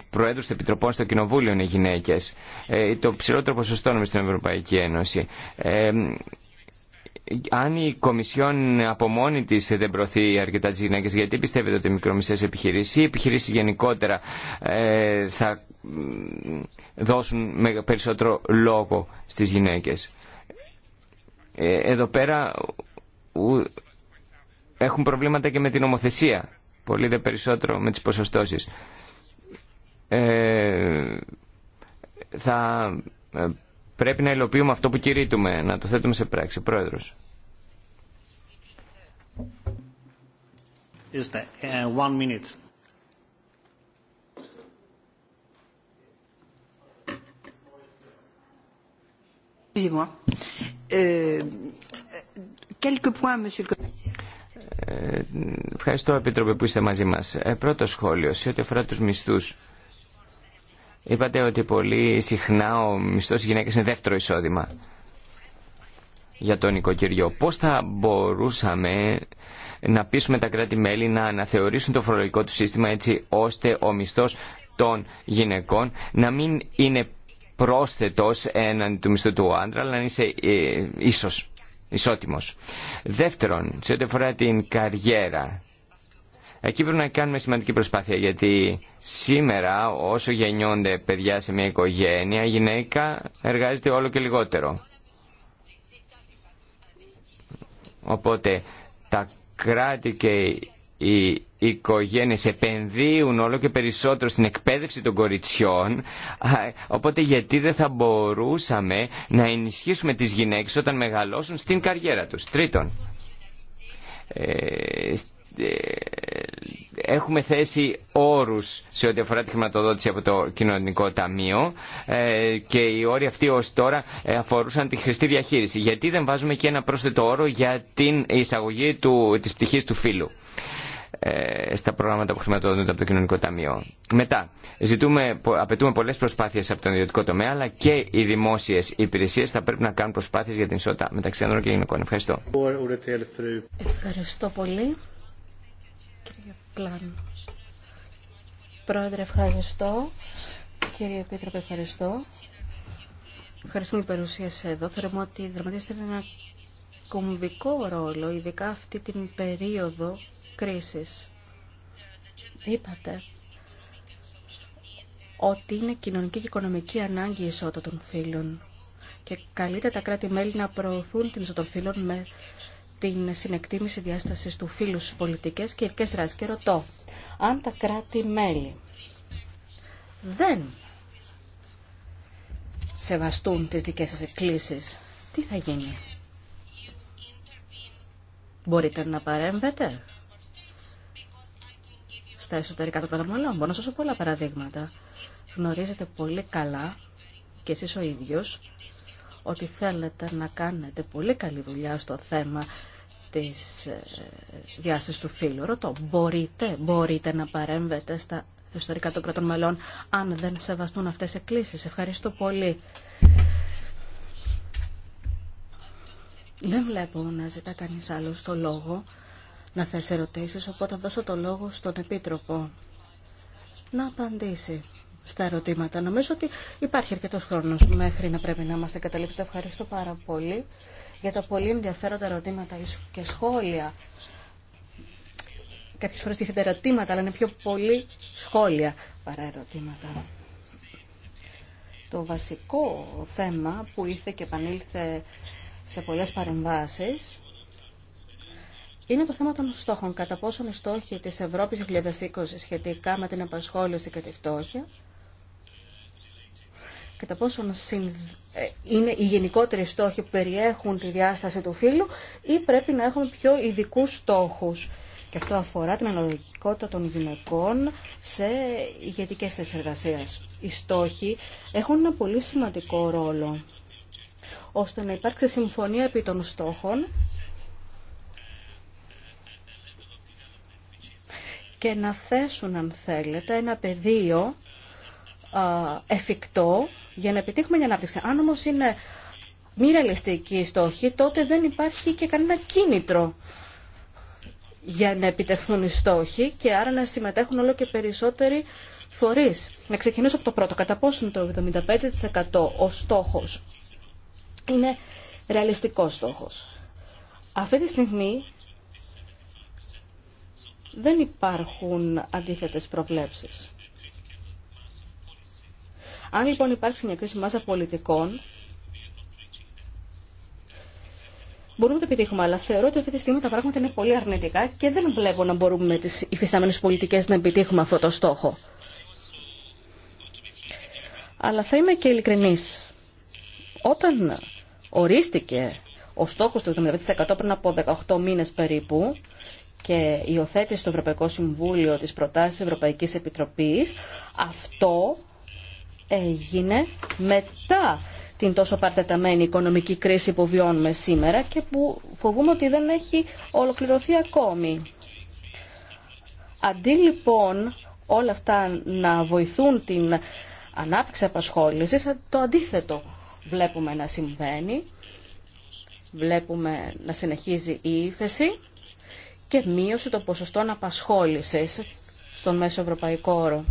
Speaker 3: προέδρους επιτροπών στο Κοινοβούλιο είναι γυναίκες. Ε, το ψηλότερο ποσοστό νομίζω στην Ευρωπαϊκή Ένωση. Ε, αν η Κομισιόν από μόνη τη δεν προωθεί αρκετά τι γυναίκε, γιατί πιστεύετε ότι οι μικρομισέ επιχειρήσει ή επιχειρήσει γενικότερα ε, θα δώσουν περισσότερο λόγο στις γυναίκες. Ε, εδώ πέρα έχουν προβλήματα και με την ομοθεσία. Πολύ δε περισσότερο με τι ποσοστώσει. Ε, θα Πρέπει να υλοποιούμε αυτό που κηρύττουμε, να το θέτουμε σε πράξη. Πρόεδρος.
Speaker 1: Uh,
Speaker 2: euh,
Speaker 3: ε, ευχαριστώ, Επίτροπε, που είστε μαζί μας. Ε, πρώτο σχόλιο, σε ό,τι αφορά τους μισθούς. Είπατε ότι πολύ συχνά ο μισθός γυναίκας είναι δεύτερο εισόδημα για τον οικοκυριό. Πώς θα μπορούσαμε να πείσουμε τα κράτη-μέλη να αναθεωρήσουν το φορολογικό του σύστημα έτσι ώστε ο μισθός των γυναικών να μην είναι πρόσθετος έναντι του μισθού του άντρα αλλά να είσαι ε, ίσος, ισότιμος. Δεύτερον, σε ό,τι αφορά την καριέρα Εκεί πρέπει να κάνουμε σημαντική προσπάθεια γιατί σήμερα όσο γεννιόνται παιδιά σε μια οικογένεια η γυναίκα εργάζεται όλο και λιγότερο. Οπότε τα κράτη και οι οικογένειες επενδύουν όλο και περισσότερο στην εκπαίδευση των κοριτσιών οπότε γιατί δεν θα μπορούσαμε να ενισχύσουμε τις γυναίκες όταν μεγαλώσουν στην καριέρα τους. Τρίτον, ε, ε, έχουμε θέσει όρους σε ό,τι αφορά τη χρηματοδότηση από το Κοινωνικό Ταμείο ε, και οι όροι αυτοί ως τώρα ε, αφορούσαν τη χρηστή διαχείριση. Γιατί δεν βάζουμε και ένα πρόσθετο όρο για την εισαγωγή του, της πτυχής του φύλου στα προγράμματα που χρηματοδοτούνται από το Κοινωνικό Ταμείο. Μετά, ζητούμε, απαιτούμε πολλές προσπάθειες από τον ιδιωτικό τομέα, αλλά και οι δημόσιες υπηρεσίες θα πρέπει να κάνουν προσπάθειες για την ισότητα μεταξύ ανδρών και γυναικών. Ευχαριστώ.
Speaker 4: Ευχαριστώ πολύ. Κύριε Πλάν. Πρόεδρε, ευχαριστώ. Κύριε Επίτροπε, ευχαριστώ. Ευχαριστούμε την παρουσία σα εδώ. Θεωρούμε ότι είναι ένα κομβικό ρόλο, ειδικά αυτή την περίοδο κρίσης. Είπατε ότι είναι κοινωνική και οικονομική ανάγκη η ισότητα των φύλων και καλείται τα κράτη-μέλη να προωθούν την ισότητα των φύλων με την συνεκτίμηση διάσταση του φίλου στι πολιτικές και ειδικέ Και ρωτώ, αν τα κράτη-μέλη δεν σεβαστούν τις δικές σας εκκλήσει, τι θα γίνει. Μπορείτε να παρέμβετε στα εσωτερικά των κρατών μελών. Μπορώ να σας πολλά παραδείγματα. Γνωρίζετε πολύ καλά και εσείς ο ίδιος ότι θέλετε να κάνετε πολύ καλή δουλειά στο θέμα της ε, διάστασης του φίλου Ρωτώ, μπορείτε, μπορείτε να παρέμβετε στα ιστορικά των κρατών μελών αν δεν σεβαστούν αυτές οι εκκλήσεις. Ευχαριστώ πολύ. Δεν βλέπω να ζητά κανείς άλλος το λόγο να θέσει ερωτήσεις, οπότε θα δώσω το λόγο στον Επίτροπο να απαντήσει στα ερωτήματα. Νομίζω ότι υπάρχει αρκετό χρόνο μέχρι να πρέπει να μα εγκαταλείψετε. Ευχαριστώ πάρα πολύ για τα πολύ ενδιαφέροντα ερωτήματα και σχόλια. Κάποιε φορέ τίθεται ερωτήματα, αλλά είναι πιο πολύ σχόλια παρά ερωτήματα. Το βασικό θέμα που ήρθε και επανήλθε σε πολλές παρεμβάσεις είναι το θέμα των στόχων. Κατά πόσο οι στόχοι της Ευρώπης 2020 σχετικά με την επασχόληση και τη φτώχεια, κατά πόσον είναι οι γενικότεροι στόχοι που περιέχουν τη διάσταση του φύλου ή πρέπει να έχουν πιο ειδικούς στόχους. Και αυτό αφορά την αναλογικότητα των γυναικών σε ηγετικέ θέσει εργασία. Οι στόχοι έχουν ένα πολύ σημαντικό ρόλο ώστε να υπάρξει συμφωνία επί των στόχων και να θέσουν, αν θέλετε, ένα πεδίο εφικτό για να επιτύχουμε την ανάπτυξη. Αν όμω είναι μη ρεαλιστική η στόχη, τότε δεν υπάρχει και κανένα κίνητρο για να επιτευχθούν οι στόχοι και άρα να συμμετέχουν όλο και περισσότεροι φορείς. Να ξεκινήσω από το πρώτο. Κατά πόσο το 75% ο στόχος είναι ρεαλιστικός στόχος. Αυτή τη στιγμή δεν υπάρχουν αντίθετες προβλέψεις. Αν λοιπόν υπάρξει μια κρίση μάζα πολιτικών, μπορούμε να το επιτύχουμε, αλλά θεωρώ ότι αυτή τη στιγμή τα πράγματα είναι πολύ αρνητικά και δεν βλέπω να μπορούμε με τις υφιστάμενες πολιτικές να επιτύχουμε αυτό το στόχο. Αλλά θα είμαι και ειλικρινής. Όταν ορίστηκε ο στόχος του 75% πριν από 18 μήνες περίπου και υιοθέτησε στο Ευρωπαϊκό Συμβούλιο της προτάσεις Ευρωπαϊκής Επιτροπής, αυτό έγινε μετά την τόσο παρτεταμένη οικονομική κρίση που βιώνουμε σήμερα και που φοβούμε ότι δεν έχει ολοκληρωθεί ακόμη. Αντί λοιπόν όλα αυτά να βοηθούν την ανάπτυξη απασχόλησης, το αντίθετο βλέπουμε να συμβαίνει, βλέπουμε να συνεχίζει η ύφεση και μείωση των ποσοστών απασχόλησης στον μέσο ευρωπαϊκό όρο.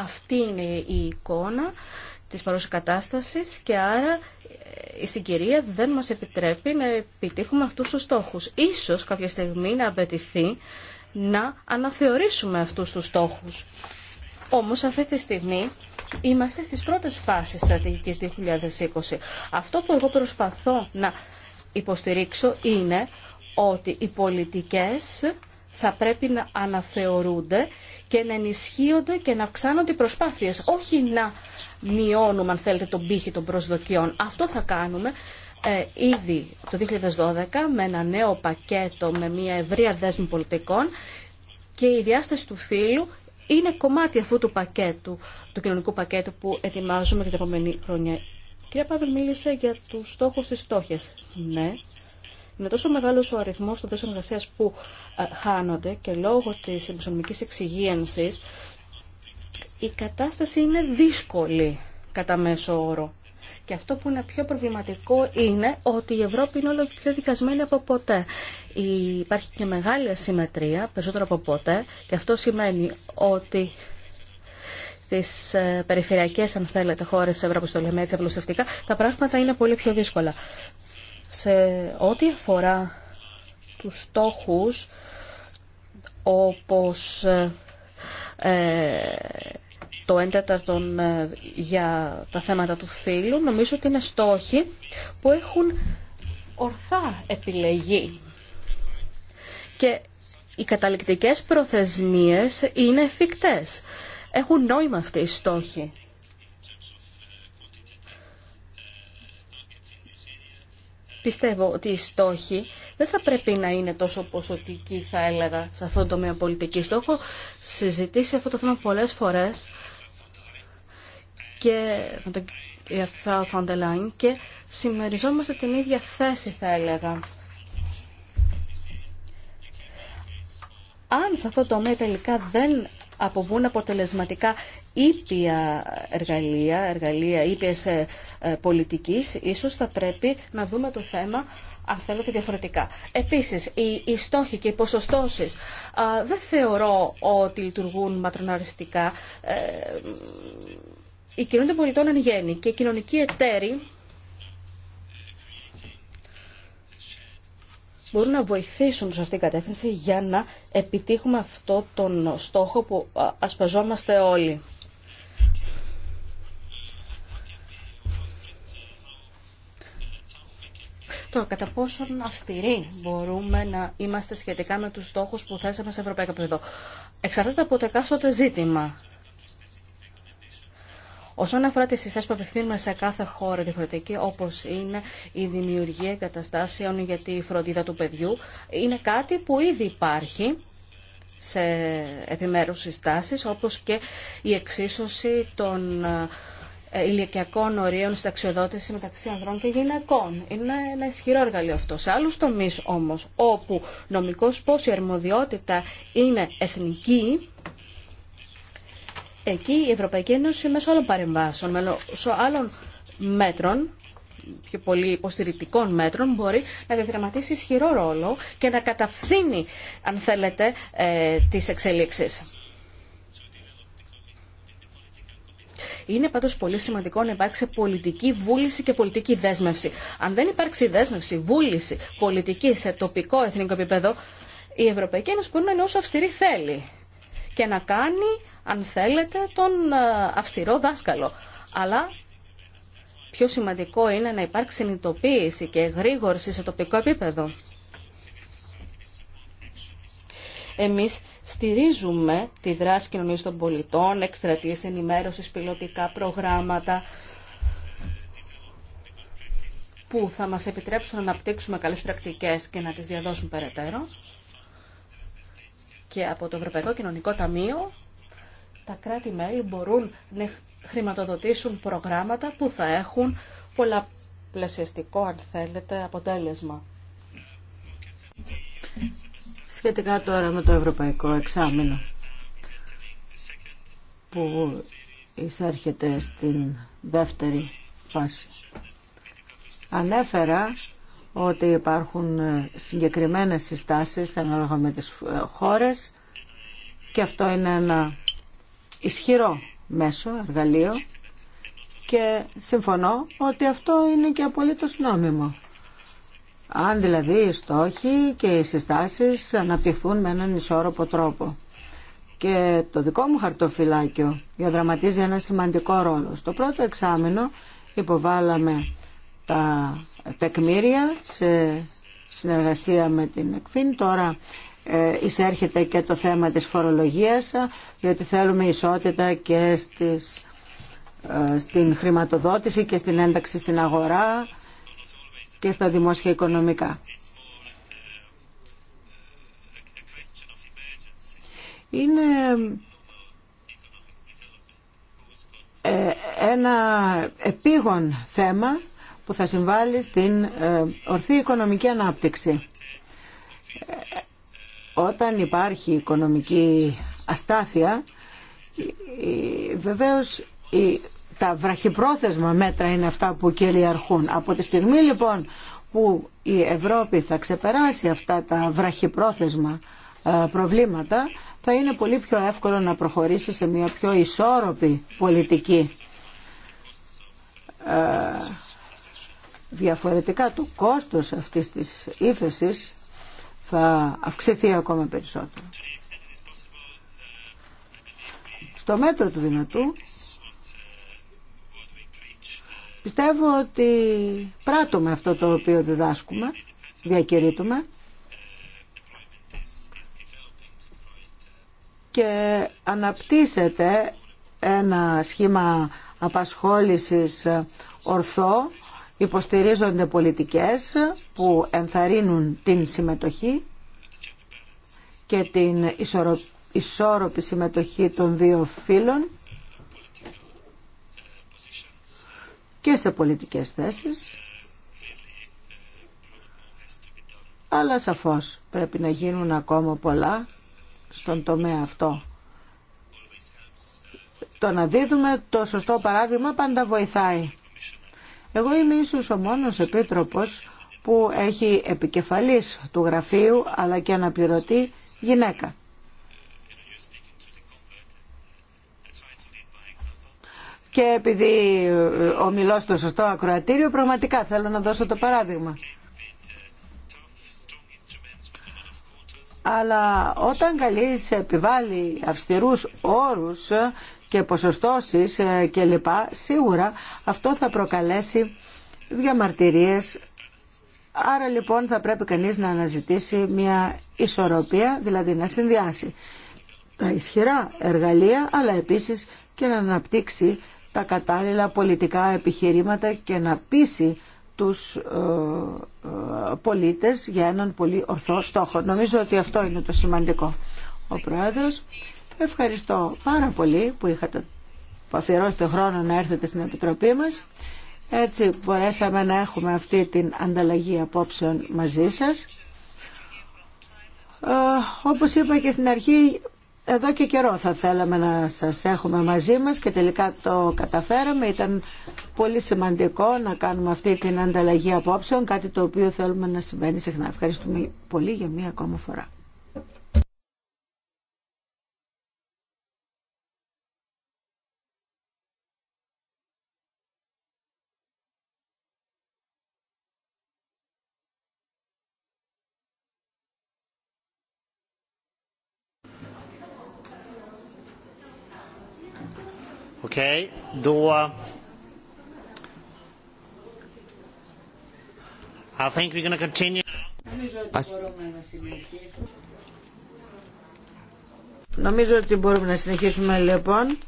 Speaker 4: Αυτή είναι η εικόνα της παρούσης κατάστασης και άρα η συγκυρία δεν μας επιτρέπει να επιτύχουμε αυτούς τους στόχους. Ίσως κάποια στιγμή να απαιτηθεί να αναθεωρήσουμε αυτούς τους στόχους. Όμως αυτή τη στιγμή είμαστε στις πρώτες φάσεις στρατηγικής 2020. Αυτό που εγώ προσπαθώ να υποστηρίξω είναι ότι οι πολιτικές θα πρέπει να αναθεωρούνται και να ενισχύονται και να αυξάνονται οι προσπάθειες. Όχι να μειώνουμε, αν θέλετε, τον πύχη των προσδοκιών. Αυτό θα κάνουμε ε, ήδη το 2012 με ένα νέο πακέτο, με μια ευρεία δέσμη πολιτικών και η διάσταση του φύλου είναι κομμάτι αυτού του πακέτου, του κοινωνικού πακέτου που ετοιμάζουμε για την επόμενη χρονιά. Κυρία Παύλη μίλησε για τους στόχους της στόχες. Ναι, είναι τόσο μεγάλο ο αριθμό των θέσεων εργασία που ε, χάνονται και λόγω της δημοσιονομικής εξυγίανση, η κατάσταση είναι δύσκολη κατά μέσο όρο. Και αυτό που είναι πιο προβληματικό είναι ότι η Ευρώπη είναι όλο και πιο δικασμένη από ποτέ. Υπάρχει και μεγάλη ασυμμετρία, περισσότερο από ποτέ, και αυτό σημαίνει ότι στις ε, περιφερειακές, αν θέλετε, χώρες της Ευρώπης, το λέμε έτσι απλουστευτικά, τα πράγματα είναι πολύ πιο δύσκολα. Σε ό,τι αφορά τους στόχους, όπως ε, ε το 1 τέταρτο ε, για τα θέματα του φίλου, νομίζω ότι είναι στόχοι που έχουν ορθά επιλεγεί. Και οι καταληκτικές προθεσμίες είναι εφικτές. Έχουν νόημα αυτοί οι στόχοι. Πιστεύω ότι οι στόχοι δεν θα πρέπει να είναι τόσο ποσοτικοί, θα έλεγα, σε αυτό το τομέα πολιτική Το έχω συζητήσει αυτό το θέμα πολλές φορές και με τον και συμμεριζόμαστε την ίδια θέση, θα έλεγα. Αν σε αυτό το τομέα τελικά δεν αποβούν αποτελεσματικά ήπια εργαλεία, εργαλεία ήπιας ε, ε, πολιτικής, ίσως θα πρέπει να δούμε το θέμα αν θέλετε διαφορετικά. Επίσης, οι, στόχοι και οι ποσοστώσεις δεν θεωρώ ότι λειτουργούν ματροναριστικά. Ε, η κοινότητα πολιτών εν και οι κοινωνικοί εταίροι μπορούν να βοηθήσουν σε αυτήν την κατεύθυνση για να επιτύχουμε αυτό τον στόχο που ασπαζόμαστε όλοι. Τώρα, κατά πόσο αυστηροί μπορούμε να είμαστε σχετικά με τους στόχους που θέσαμε σε ευρωπαϊκό επίπεδο. Εξαρτάται από το εκάστοτε ζήτημα. Όσον αφορά τι συστάσει που απευθύνουμε σε κάθε χώρο διαφορετική, όπω είναι η δημιουργία εγκαταστάσεων για τη φροντίδα του παιδιού, είναι κάτι που ήδη υπάρχει σε επιμέρους συστάσεις, όπως και η εξίσωση των ε, ηλικιακών ορίων σταξιοδότηση μεταξύ ανδρών και γυναικών. Είναι ένα ισχυρό εργαλείο αυτό. Σε άλλου τομεί όμω, όπου νομικώ πώ η αρμοδιότητα είναι εθνική, εκεί η Ευρωπαϊκή Ένωση μέσω άλλων παρεμβάσεων, μέσω άλλων μέτρων, πιο πολύ υποστηρικτικών μέτρων, μπορεί να διαδραματίσει ισχυρό ρόλο και να καταφθύνει, αν θέλετε, ε, τις εξελίξεις. Είναι πάντως πολύ σημαντικό να υπάρξει πολιτική βούληση και πολιτική δέσμευση. Αν δεν υπάρξει δέσμευση, βούληση πολιτική σε τοπικό εθνικό επίπεδο, η Ευρωπαϊκή Ένωση μπορεί να είναι όσο αυστηρή θέλει και να κάνει αν θέλετε, τον ε, αυστηρό δάσκαλο. Αλλά πιο σημαντικό είναι να υπάρξει συνειδητοποίηση και γρήγορση σε τοπικό επίπεδο. Εμείς στηρίζουμε τη δράση κοινωνίας των πολιτών, εκστρατείες ενημέρωσης, πιλωτικά προγράμματα που θα μας επιτρέψουν να αναπτύξουμε καλές πρακτικές και να τις διαδώσουμε περαιτέρω. Και από το Ευρωπαϊκό Κοινωνικό Ταμείο τα κράτη-μέλη μπορούν να χρηματοδοτήσουν προγράμματα που θα έχουν πολλαπλασιαστικό, αν θέλετε, αποτέλεσμα.
Speaker 2: Σχετικά τώρα με το Ευρωπαϊκό Εξάμεινο που εισέρχεται στην δεύτερη φάση. Ανέφερα ότι υπάρχουν συγκεκριμένες συστάσεις ανάλογα με τις χώρες και αυτό είναι ένα ισχυρό μέσο, εργαλείο και συμφωνώ ότι αυτό είναι και απολύτως νόμιμο. Αν δηλαδή οι στόχοι και οι συστάσεις αναπτυχθούν με έναν ισόρροπο τρόπο. Και το δικό μου χαρτοφυλάκιο διαδραματίζει ένα σημαντικό ρόλο. Στο πρώτο εξάμεινο υποβάλαμε τα τεκμήρια σε συνεργασία με την ΕΚΦΗΝ. Τώρα ε, εισέρχεται και το θέμα της φορολογίας, διότι θέλουμε ισότητα και στις, ε, στην χρηματοδότηση και στην ένταξη στην αγορά και στα δημόσια οικονομικά. Είναι ε, ένα επίγον θέμα που θα συμβάλλει στην ορθή οικονομική ανάπτυξη. Όταν υπάρχει οικονομική αστάθεια, βεβαίως τα βραχυπρόθεσμα μέτρα είναι αυτά που κυριαρχούν. Από τη στιγμή λοιπόν που η Ευρώπη θα ξεπεράσει αυτά τα βραχυπρόθεσμα ε, προβλήματα, θα είναι πολύ πιο εύκολο να προχωρήσει σε μια πιο ισόρροπη πολιτική. Ε, διαφορετικά το κόστος αυτής της ύφεσης θα αυξηθεί ακόμα περισσότερο. Στο μέτρο του δυνατού πιστεύω ότι πράττουμε αυτό το οποίο διδάσκουμε, διακηρύττουμε και αναπτύσσεται ένα σχήμα απασχόλησης ορθό υποστηρίζονται πολιτικές που ενθαρρύνουν την συμμετοχή και την ισόρροπη συμμετοχή των δύο φύλων και σε πολιτικές θέσεις αλλά σαφώς πρέπει να γίνουν ακόμα πολλά στον τομέα αυτό. Το να δίδουμε το σωστό παράδειγμα πάντα βοηθάει. Εγώ είμαι ίσως ο μόνος επίτροπος που έχει επικεφαλής του γραφείου αλλά και αναπληρωτή γυναίκα. Και επειδή ομιλώ στο σωστό ακροατήριο, πραγματικά θέλω να δώσω το παράδειγμα. Αλλά όταν καλείς επιβάλλει αυστηρούς όρους και ποσοστώσεις ε, και λοιπά, σίγουρα αυτό θα προκαλέσει διαμαρτυρίες. Άρα λοιπόν θα πρέπει κανείς να αναζητήσει μια ισορροπία, δηλαδή να συνδυάσει τα ισχυρά εργαλεία, αλλά επίσης και να αναπτύξει τα κατάλληλα πολιτικά επιχειρήματα και να πείσει τους ε, ε, πολίτες για έναν πολύ ορθό στόχο. Νομίζω ότι αυτό είναι το σημαντικό. Ο Πρόεδρος, Ευχαριστώ πάρα πολύ που είχατε αφιερώσει τον χρόνο να έρθετε στην Επιτροπή μας. Έτσι μπορέσαμε να έχουμε αυτή την ανταλλαγή απόψεων μαζί σας. Ε, όπως είπα και στην αρχή, εδώ και καιρό θα θέλαμε να σας έχουμε μαζί μας και τελικά το καταφέραμε. Ήταν πολύ σημαντικό να κάνουμε αυτή την ανταλλαγή απόψεων, κάτι το οποίο θέλουμε να συμβαίνει συχνά. Ευχαριστούμε πολύ για μία ακόμα φορά. Νομίζω ότι μπορούμε να συνεχίσουμε λοιπόν.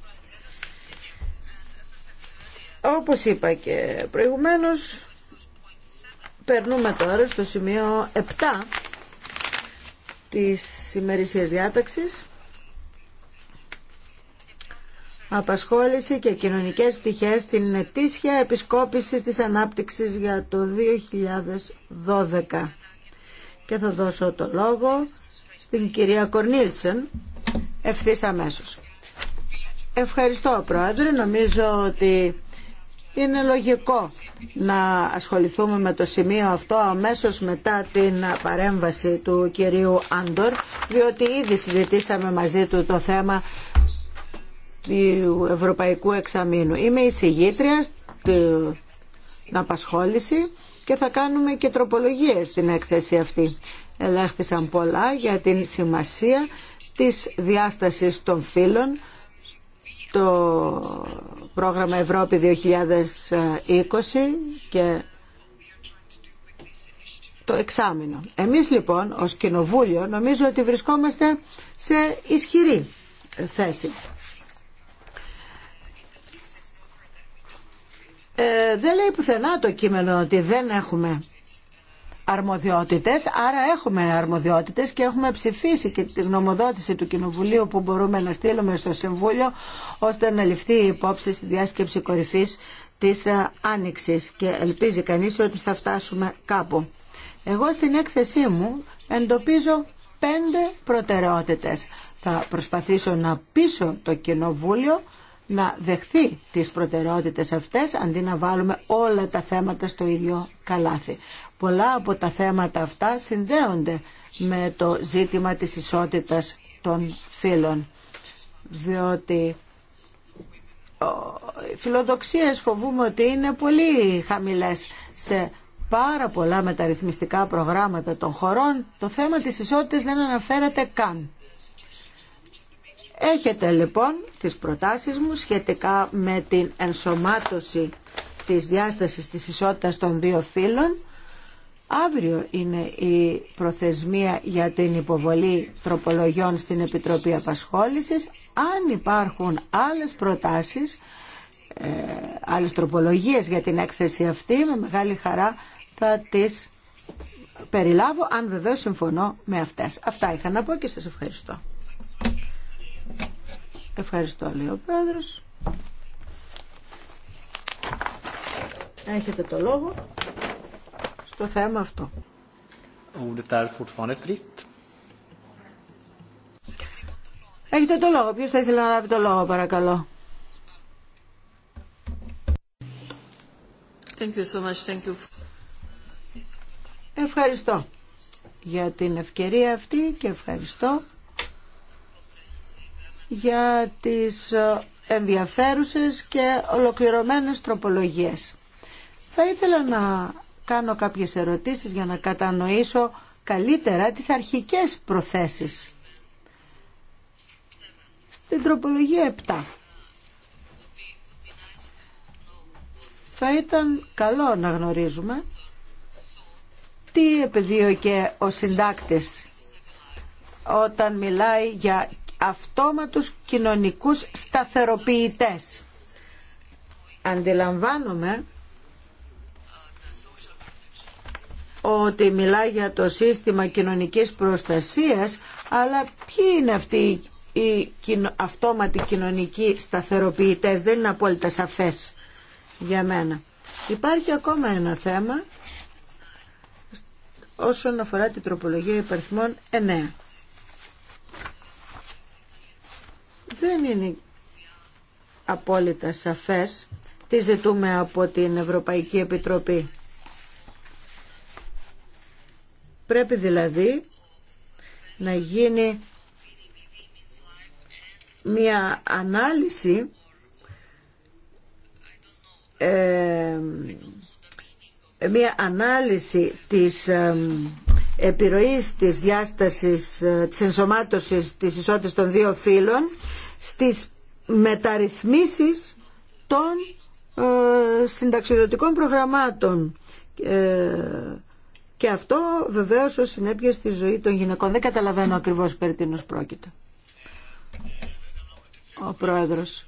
Speaker 2: Όπως είπα και προηγουμένως, περνούμε τώρα στο σημείο 7 της ημερησία διάταξης απασχόληση και κοινωνικές πτυχές στην ετήσια επισκόπηση της ανάπτυξης για το 2012. Και θα δώσω το λόγο στην κυρία Κορνίλσεν ευθύς αμέσως. Ευχαριστώ Πρόεδρε. Νομίζω ότι είναι λογικό να ασχοληθούμε με το σημείο αυτό αμέσως μετά την παρέμβαση του κυρίου Άντορ, διότι ήδη συζητήσαμε μαζί του το θέμα του Ευρωπαϊκού Εξαμήνου. Είμαι η συγγήτρια στην απασχόληση και θα κάνουμε και τροπολογίες στην έκθεση αυτή. Ελέγχθησαν πολλά για την σημασία της διάστασης των φύλων το πρόγραμμα Ευρώπη 2020 και το εξάμεινο. Εμείς λοιπόν ως Κοινοβούλιο νομίζω ότι βρισκόμαστε σε ισχυρή θέση. Ε, δεν λέει πουθενά το κείμενο ότι δεν έχουμε αρμοδιότητες, άρα έχουμε αρμοδιότητες και έχουμε ψηφίσει και τη γνωμοδότηση του Κοινοβουλίου που μπορούμε να στείλουμε στο Συμβούλιο ώστε να ληφθεί η υπόψη στη διάσκεψη κορυφής της ε, Άνοιξης και ελπίζει κανείς ότι θα φτάσουμε κάπου. Εγώ στην έκθεσή μου εντοπίζω πέντε προτεραιότητες. Θα προσπαθήσω να πείσω το Κοινοβούλιο να δεχθεί τις προτεραιότητες αυτές αντί να βάλουμε όλα τα θέματα στο ίδιο καλάθι. Πολλά από τα θέματα αυτά συνδέονται με το ζήτημα της ισότητας των φύλων διότι οι φιλοδοξίες φοβούμε ότι είναι πολύ χαμηλές σε πάρα πολλά μεταρρυθμιστικά προγράμματα των χωρών το θέμα της ισότητας δεν αναφέρεται καν. Έχετε λοιπόν τις προτάσεις μου σχετικά με την ενσωμάτωση της διάστασης της ισότητας των δύο φύλων. Αύριο είναι η προθεσμία για την υποβολή τροπολογιών στην Επιτροπή Απασχόλησης. Αν υπάρχουν άλλες προτάσεις, ε, άλλες τροπολογίες για την έκθεση αυτή, με μεγάλη χαρά θα τις περιλάβω, αν βεβαίως συμφωνώ με αυτές. Αυτά είχα να πω και σας ευχαριστώ. Ευχαριστώ, λέει ο Έχετε το λόγο στο θέμα αυτό. Έχετε το λόγο. Ποιος θα ήθελε να λάβει το λόγο, παρακαλώ. Thank you so much. Thank you. Ευχαριστώ για την ευκαιρία αυτή και ευχαριστώ για τις ενδιαφέρουσες και ολοκληρωμένες τροπολογίες. Θα ήθελα να κάνω κάποιες ερωτήσεις για να κατανοήσω καλύτερα τις αρχικές προθέσεις. Στην τροπολογία 7. Θα ήταν καλό να γνωρίζουμε τι επιδίωκε ο συντάκτης όταν μιλάει για αυτόματους κοινωνικούς σταθεροποιητές. Αντιλαμβάνομαι ότι μιλάει για το σύστημα κοινωνικής προστασίας, αλλά ποιοι είναι αυτοί οι αυτόματοι κοινωνικοί σταθεροποιητές, δεν είναι απόλυτα σαφές για μένα. Υπάρχει ακόμα ένα θέμα όσον αφορά την τροπολογία υπαριθμών εννέα. δεν είναι απόλυτα σαφές τι ζητούμε από την Ευρωπαϊκή Επιτροπή. Πρέπει δηλαδή να γίνει μια ανάλυση ε, μια ανάλυση της ε, επιρροής της διάστασης ε, της ενσωμάτωσης της ισότητας των δύο φύλων στις μεταρρυθμίσεις των ε, συνταξιδοτικών προγραμμάτων ε, και αυτό βεβαίως ω συνέπεια στη ζωή των γυναικών. Δεν καταλαβαίνω ακριβώς περί πρόκειται. Ο Πρόεδρος.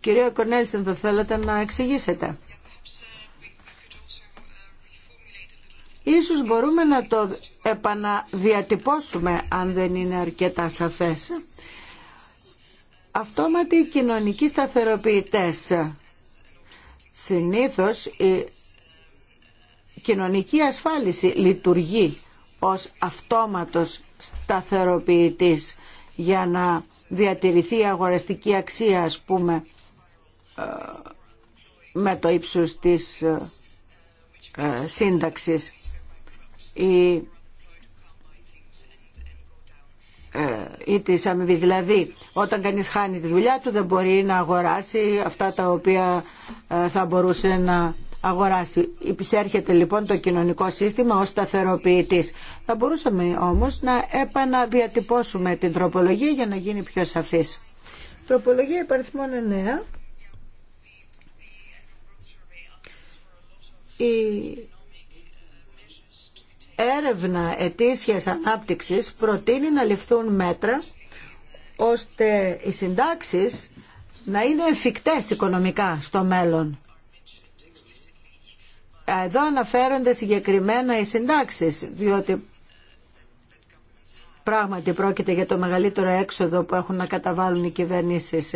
Speaker 2: κυρία Κορνέλσεν θα θέλατε να εξηγήσετε. Ίσως μπορούμε να το επαναδιατυπώσουμε αν δεν είναι αρκετά σαφές. Αυτόματοι κοινωνικοί σταθεροποιητές. Συνήθως η κοινωνική ασφάλιση λειτουργεί ως αυτόματος σταθεροποιητής για να διατηρηθεί η αγοραστική αξία ας πούμε ε, με το ύψος της ε, ε, σύνταξης. Ε, ή της αμοιβή. Δηλαδή, όταν κανείς χάνει τη δουλειά του δεν μπορεί να αγοράσει αυτά τα οποία ε, θα μπορούσε να αγοράσει. Υπησέρχεται λοιπόν το κοινωνικό σύστημα ως σταθεροποιητής. Θα μπορούσαμε όμως να επαναδιατυπώσουμε την τροπολογία για να γίνει πιο σαφής. Τροπολογία υπαριθμών 9. Η έρευνα ετήσιας ανάπτυξης προτείνει να ληφθούν μέτρα ώστε οι συντάξεις να είναι εφικτές οικονομικά στο μέλλον. Εδώ αναφέρονται συγκεκριμένα οι συντάξεις, διότι πράγματι πρόκειται για το μεγαλύτερο έξοδο που έχουν να καταβάλουν οι κυβερνήσεις.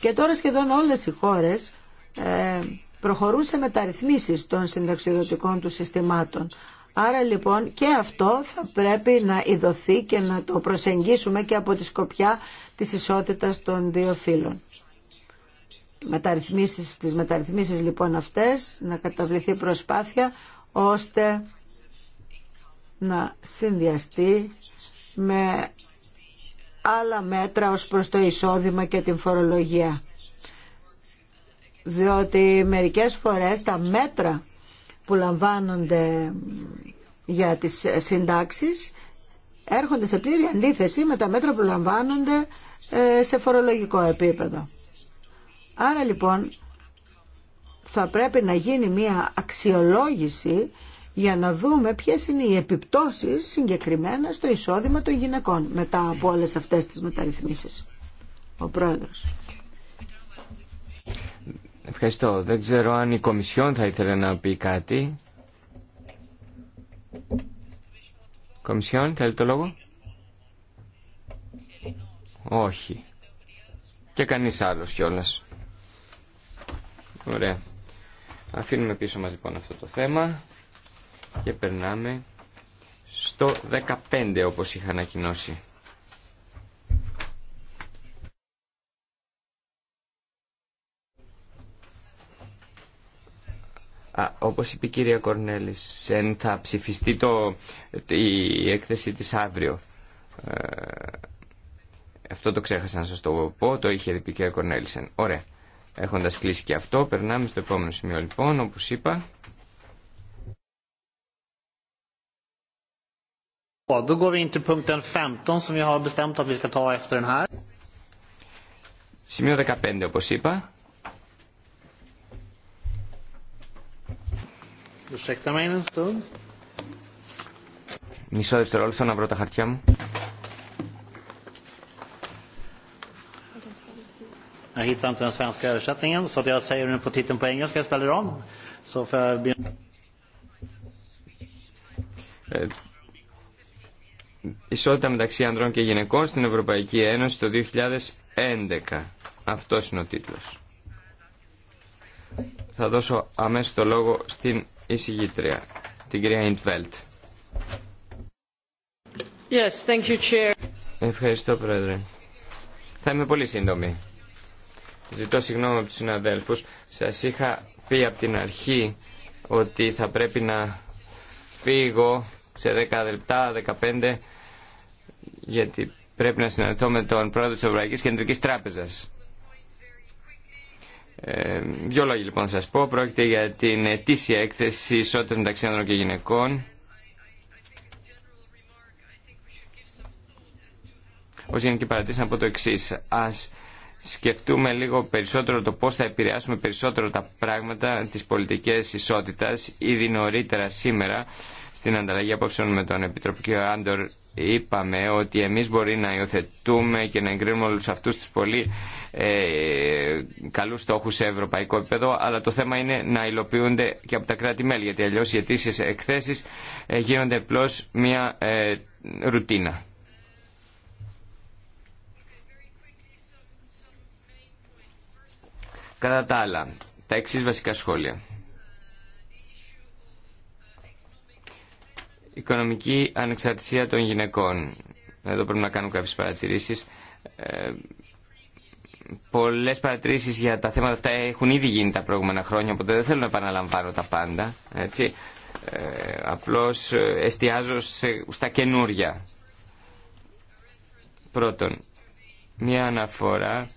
Speaker 2: Και τώρα σχεδόν όλες οι χώρες ε, προχωρούν σε μεταρρυθμίσεις των συνταξιδοτικών του συστημάτων. Άρα λοιπόν και αυτό θα πρέπει να ειδωθεί και να το προσεγγίσουμε και από τη σκοπιά της ισότητας των δύο φύλων. Μεταρρυθμίσεις, τις μεταρρυθμίσεις λοιπόν αυτές να καταβληθεί προσπάθεια ώστε να συνδυαστεί με άλλα μέτρα ως προς το εισόδημα και την φορολογία. Διότι μερικές φορές τα μέτρα που λαμβάνονται για τις συντάξεις έρχονται σε πλήρη αντίθεση με τα μέτρα που λαμβάνονται ε, σε φορολογικό επίπεδο. Άρα λοιπόν θα πρέπει να γίνει μια αξιολόγηση για να δούμε ποιες είναι οι επιπτώσεις συγκεκριμένα στο εισόδημα των γυναικών μετά από όλες αυτές τις μεταρρυθμίσεις. Ο Πρόεδρος.
Speaker 3: Ευχαριστώ. Δεν ξέρω αν η Κομισιόν θα ήθελε να πει κάτι. Κομισιόν, θέλει το λόγο. Όχι. Και κανείς άλλος κιόλας. Ωραία. Αφήνουμε πίσω μας λοιπόν αυτό το θέμα και περνάμε στο 15 όπως είχα ανακοινώσει. όπως είπε η κυρία Κορνέλησεν, θα ψηφιστεί το, η έκθεση της αύριο. Ε, αυτό το ξέχασα να σας το πω, το είχε δει η κυρία Κορνέλησεν. Ωραία. Έχοντας κλείσει και αυτό, περνάμε στο επόμενο σημείο λοιπόν, όπως είπα.
Speaker 1: 15
Speaker 3: Σημείο 15 όπως είπα. Μισό δευτερόλεπτο να βρω τα χαρτιά μου. Ε, ισότητα μεταξύ ανδρών και γυναικών στην Ευρωπαϊκή Ένωση το 2011. Αυτός είναι ο τίτλος. Θα δώσω αμέσως το λόγο στην εισηγήτρια, την κυρία Ιντβέλτ. Ευχαριστώ, Πρόεδρε. Θα είμαι πολύ σύντομη. Ζητώ συγγνώμη από τους συναδέλφους. Σας είχα πει από την αρχή ότι θα πρέπει να φύγω σε 10 λεπτά, 15, γιατί πρέπει να συναντηθώ με τον πρόεδρο της Ευρωπαϊκής Κεντρικής Τράπεζας. Ε, δύο λόγια λοιπόν να σας πω. Πρόκειται για την ετήσια έκθεση ισότητας μεταξύ άνδρων και γυναικών. Ως γενική παρατήρηση να πω το εξή. Ας σκεφτούμε λίγο περισσότερο το πώς θα επηρεάσουμε περισσότερο τα πράγματα της πολιτικής ισότητας ήδη νωρίτερα σήμερα στην ανταλλαγή απόψεων με τον Επιτροπή και ο Άντορ είπαμε ότι εμείς μπορεί να υιοθετούμε και να εγκρίνουμε όλους αυτούς τους πολύ ε, καλούς στόχους σε ευρωπαϊκό επίπεδο, αλλά το θέμα είναι να υλοποιούνται και από τα κράτη-μέλη, γιατί αλλιώς οι αιτήσει εκθέσεις ε, γίνονται απλώ μια ε, ρουτίνα. Κατά τα άλλα, τα εξής βασικά σχόλια. Οικονομική ανεξαρτησία των γυναικών. Εδώ πρέπει να κάνουμε κάποιες παρατηρήσεις. Πολλέ παρατηρήσεις για τα θέματα αυτά έχουν ήδη γίνει τα προηγούμενα χρόνια, οπότε δεν θέλω να επαναλαμβάνω τα πάντα. Έτσι. Ε, απλώς ε, εστιάζω στα καινούρια. Πρώτον, μία αναφορά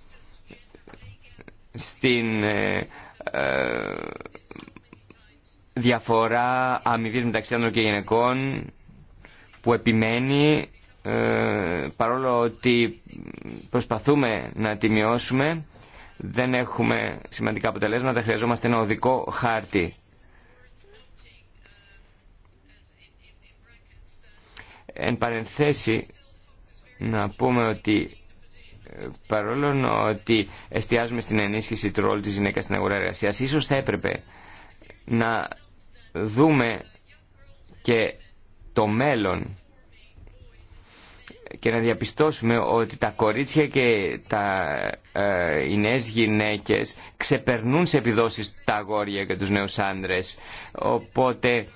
Speaker 3: στην ε, διαφορά αμοιβή μεταξύ άντρων και γυναικών που επιμένει ε, παρόλο ότι προσπαθούμε να τη μειώσουμε, δεν έχουμε σημαντικά αποτελέσματα, χρειαζόμαστε ένα οδικό χάρτη. Εν παρενθέσει, να πούμε ότι ε, παρόλο ότι εστιάζουμε στην ενίσχυση του ρόλου της γυναίκας στην αγορά εργασίας, ίσως θα έπρεπε να δούμε και το μέλλον και να διαπιστώσουμε ότι τα κορίτσια και τα, ε, οι νέες γυναίκες ξεπερνούν σε επιδόσεις τα αγόρια και τους νέους άντρες. Οπότε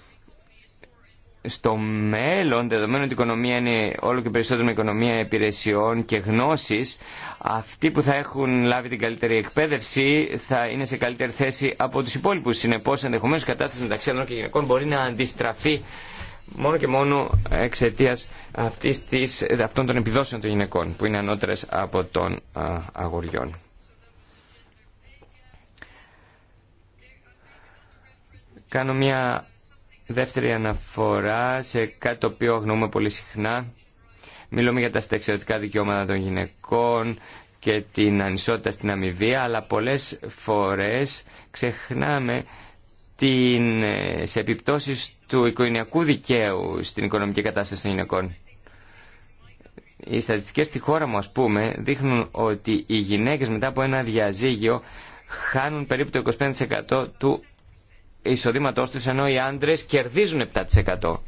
Speaker 3: στο μέλλον, δεδομένου ότι η οικονομία είναι όλο και περισσότερο μια οικονομία υπηρεσιών και γνώσης, αυτοί που θα έχουν λάβει την καλύτερη εκπαίδευση θα είναι σε καλύτερη θέση από τους υπόλοιπους. Συνεπώς, ενδεχομένως, η κατάσταση μεταξύ άντρων και γυναικών μπορεί να αντιστραφεί μόνο και μόνο εξαιτία αυτών των επιδόσεων των γυναικών που είναι ανώτερες από των αγοριών. Κάνω μια δεύτερη αναφορά σε κάτι το οποίο γνωρούμε πολύ συχνά. Μιλούμε για τα στεξιωτικά δικαιώματα των γυναικών και την ανισότητα στην αμοιβία, αλλά πολλές φορές ξεχνάμε την ε, σε επιπτώσεις του οικογενειακού δικαίου στην οικονομική κατάσταση των γυναικών. Οι στατιστικές στη χώρα μου, ας πούμε, δείχνουν ότι οι γυναίκες μετά από ένα διαζύγιο χάνουν περίπου το 25% του εισοδήματός τους, ενώ οι άντρες κερδίζουν 7%.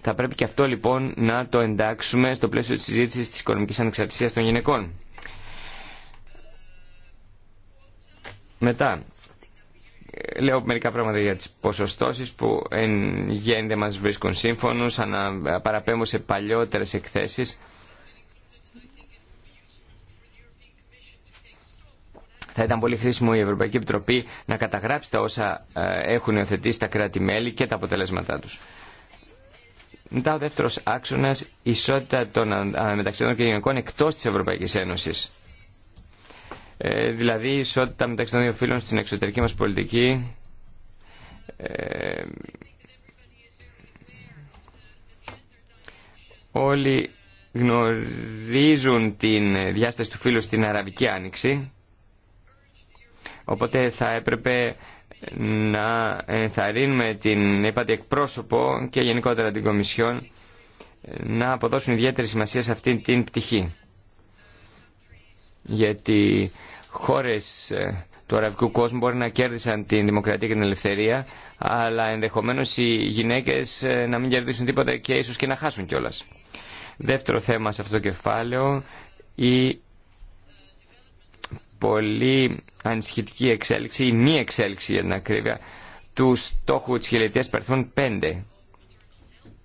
Speaker 3: Θα πρέπει και αυτό λοιπόν να το εντάξουμε στο πλαίσιο της συζήτησης της οικονομικής ανεξαρτησίας των γυναικών. Μετά, λέω μερικά πράγματα για τις ποσοστώσεις που εν γέννη δεν μας βρίσκουν σύμφωνους, ανα, παραπέμπω σε παλιότερες εκθέσεις. Θα ήταν πολύ χρήσιμο η Ευρωπαϊκή Επιτροπή να καταγράψει τα όσα έχουν υιοθετήσει τα κράτη-μέλη και τα αποτελέσματά τους. Μετά ο δεύτερος άξονας, ισότητα των, μεταξύ των κοινωνικών εκτός της Ευρωπαϊκής Ένωσης. Ε, δηλαδή η ισότητα μεταξύ των δύο φύλων στην εξωτερική μας πολιτική ε, όλοι γνωρίζουν την διάσταση του φίλου στην Αραβική Άνοιξη οπότε θα έπρεπε να ενθαρρύνουμε την είπατε εκπρόσωπο και γενικότερα την Κομισιόν να αποδώσουν ιδιαίτερη σημασία σε αυτή την πτυχή γιατί χώρες ε, του αραβικού κόσμου μπορεί να κέρδισαν την δημοκρατία και την ελευθερία, αλλά ενδεχομένως οι γυναίκες ε, να μην κερδίσουν τίποτα και ίσως και να χάσουν κιόλα. Δεύτερο θέμα σε αυτό το κεφάλαιο, η πολύ ανησυχητική εξέλιξη, η μη εξέλιξη για την ακρίβεια, του στόχου της χιλιετίας παρθών 5.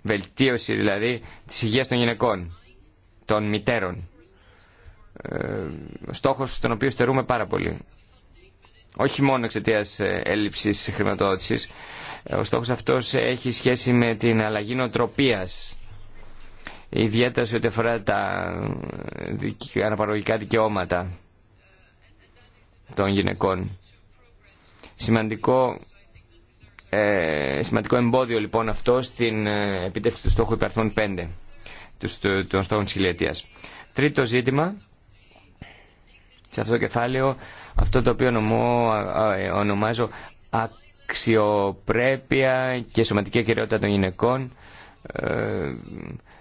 Speaker 3: Βελτίωση δηλαδή της υγείας των γυναικών, των μητέρων. Ε, στόχο τον οποίο στερούμε πάρα πολύ. Όχι μόνο εξαιτία ε, έλλειψη χρηματοδότηση. Ε, ο στόχο αυτός έχει σχέση με την αλλαγή νοοτροπία. ιδιαίτερα σε ό,τι αφορά τα αναπαραγωγικά δικαιώματα των γυναικών. Σημαντικό, ε, σημαντικό εμπόδιο λοιπόν αυτό στην επίτευξη του στόχου υπερθών 5, των στόχων της χιλιετίας. Τρίτο ζήτημα σε αυτό το κεφάλαιο αυτό το οποίο ε, ονομάζω αξιοπρέπεια και σωματική κυριότητα των γυναικών ε,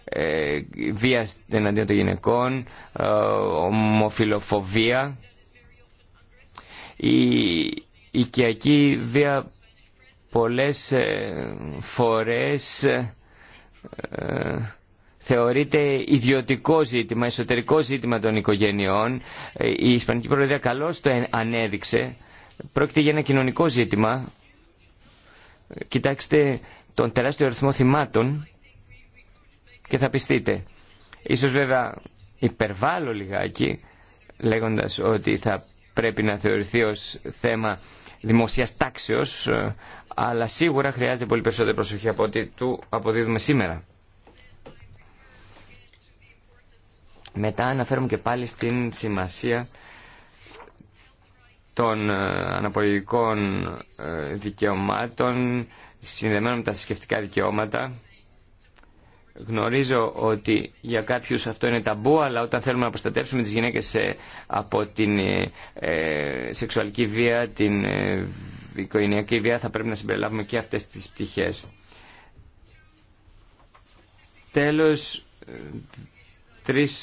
Speaker 3: ε, βία εναντίον των γυναικών, ομοφιλοφοβία. Η οικιακή βία πολλές φορές θεωρείται ιδιωτικό ζήτημα, εσωτερικό ζήτημα των οικογενειών. Ε, η Ισπανική Προεδρία καλώ το ανέδειξε. Πρόκειται για ένα κοινωνικό ζήτημα. Κοιτάξτε τον τεράστιο αριθμό θυμάτων και θα πιστείτε. Ίσως βέβαια υπερβάλλω λιγάκι λέγοντας ότι θα πρέπει να θεωρηθεί ως θέμα δημοσίας τάξεως ε, αλλά σίγουρα χρειάζεται πολύ περισσότερη προσοχή από ό,τι του αποδίδουμε σήμερα. Μετά αναφέρομαι και πάλι στην σημασία των ε, αναπολιτικών ε, δικαιωμάτων συνδεμένων με τα θρησκευτικά δικαιώματα. Γνωρίζω ότι για κάποιους αυτό είναι ταμπού, αλλά όταν θέλουμε να προστατεύσουμε τις γυναίκες από την ε, σεξουαλική βία, την οικογενειακή βία, θα πρέπει να συμπεριλάβουμε και αυτές τις πτυχές. Τέλος, τρεις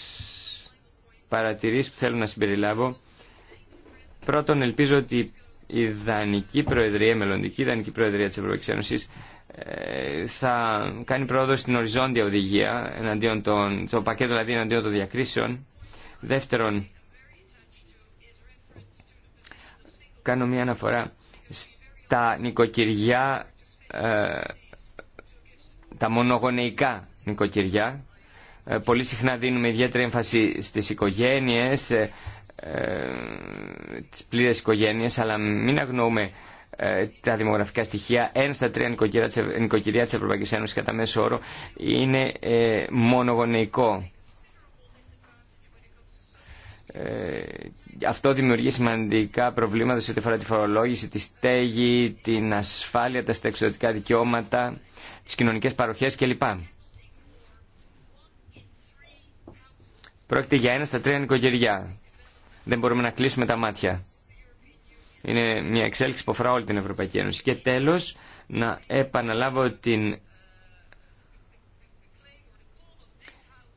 Speaker 3: παρατηρήσεις που θέλω να συμπεριλάβω. Πρώτον, ελπίζω ότι η δανική προεδρία, η μελλοντική δανική προεδρία της Ευρωπαϊκής Ένωσης ε, θα κάνει πρόοδο στην οριζόντια οδηγία, εναντίον των, το πακέτο δηλαδή εναντίον των διακρίσεων. Δεύτερον, κάνω μια αναφορά στα νοικοκυριά, ε, τα μονογονεϊκά νοικοκυριά, ε, πολύ συχνά δίνουμε ιδιαίτερη έμφαση στις οικογένειες, ε, ε τις πλήρες οικογένειες, αλλά μην αγνοούμε ε, τα δημογραφικά στοιχεία. Ένα στα τρία νοικοκυριά της Ευρωπαϊκής Ένωσης κατά μέσο όρο είναι μονογονεϊκό. Αυτό δημιουργεί σημαντικά προβλήματα σε ό,τι αφορά τη φορολόγηση, τη στέγη, την ασφάλεια, τα στεξιδοτικά δικαιώματα, τις κοινωνικές παροχές κλπ. Πρόκειται για ένα στα τρία νοικοκυριά. Δεν μπορούμε να κλείσουμε τα μάτια. Είναι μια εξέλιξη που αφορά όλη την Ευρωπαϊκή Ένωση. Και τέλος, να επαναλάβω την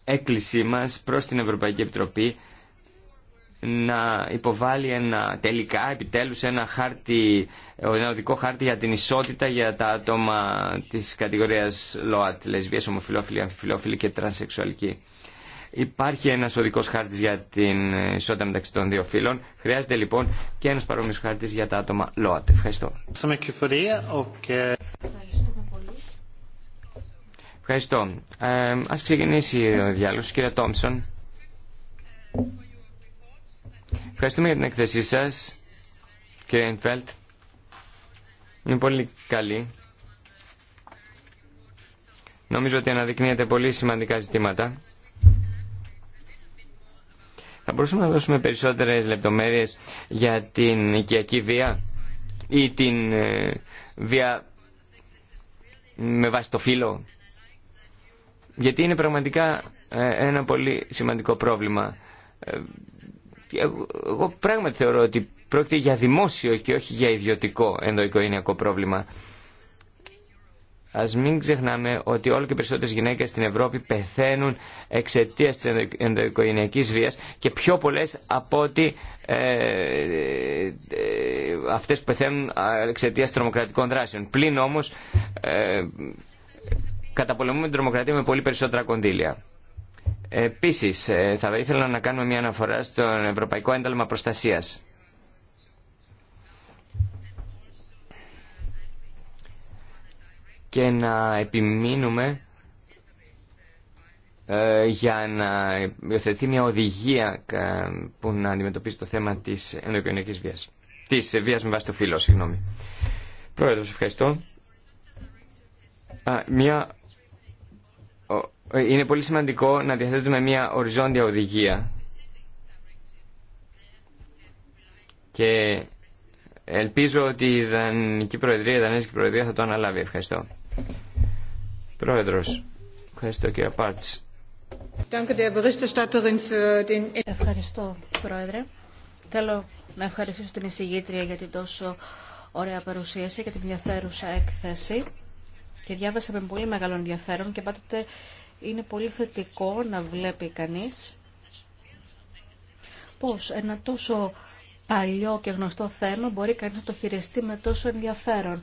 Speaker 3: έκκλησή μας προς την Ευρωπαϊκή Επιτροπή να υποβάλει ένα, τελικά επιτέλους ένα, χάρτη, ένα οδικό χάρτη για την ισότητα για τα άτομα της κατηγορίας ΛΟΑΤ, λεσβίες, ομοφιλόφιλοι, αμφιφιλόφιλοι και τρανσεξουαλικοί. Υπάρχει ένα οδικό χάρτη για την ισότητα μεταξύ των δύο φύλων. Χρειάζεται λοιπόν και ένα παρόμοιο χάρτη για τα άτομα ΛΟΑΤ. Ευχαριστώ. Ευχαριστώ. Ε, Α ξεκινήσει ο διάλογο. Κύριε Τόμψον. Ευχαριστούμε για την εκθεσή σα, κύριε Ενφέλτ. Είναι πολύ καλή. Νομίζω ότι αναδεικνύεται πολύ σημαντικά ζητήματα. Θα μπορούσαμε να δώσουμε περισσότερες λεπτομέρειες για την οικιακή βία ή την ε, βία με βάση το φύλλο. Γιατί είναι πραγματικά ε, ένα πολύ σημαντικό πρόβλημα. Ε, εγώ πράγματι θεωρώ ότι πρόκειται για δημόσιο και όχι για ιδιωτικό ενδοοικογενειακό πρόβλημα. Ας μην ξεχνάμε ότι όλο και περισσότερε γυναίκες στην Ευρώπη πεθαίνουν εξαιτία τη ενδοοικογενειακή βία και πιο πολλέ από ότι ε, ε, αυτές που πεθαίνουν εξαιτία τρομοκρατικών δράσεων. Πλην όμως ε, καταπολεμούμε την τρομοκρατία με πολύ περισσότερα κονδύλια. Επίσης, ε, θα ήθελα να κάνουμε μια αναφορά στο Ευρωπαϊκό Ένταλμα Προστασία. και να επιμείνουμε ε, για να υιοθετεί μια οδηγία που να αντιμετωπίσει το θέμα της ενδοκοινωνικής βίας. Της βίας με βάση το φύλλο, συγγνώμη. Πρόεδρος, ευχαριστώ. μια... Είναι πολύ σημαντικό να διαθέτουμε μια οριζόντια οδηγία και ελπίζω ότι η Δανική Προεδρία, η Δανέζικη Προεδρία θα το αναλάβει. Ευχαριστώ. Πρόεδρος, ευχαριστώ κύριε
Speaker 4: Ευχαριστώ, Πρόεδρε. Θέλω να ευχαριστήσω την εισηγήτρια για την τόσο ωραία παρουσίαση και την ενδιαφέρουσα έκθεση. Και διάβασα με πολύ μεγάλο ενδιαφέρον και πάντοτε είναι πολύ θετικό να βλέπει κανείς πώς ένα τόσο παλιό και γνωστό θέμα μπορεί κανείς να το χειριστεί με τόσο ενδιαφέρον.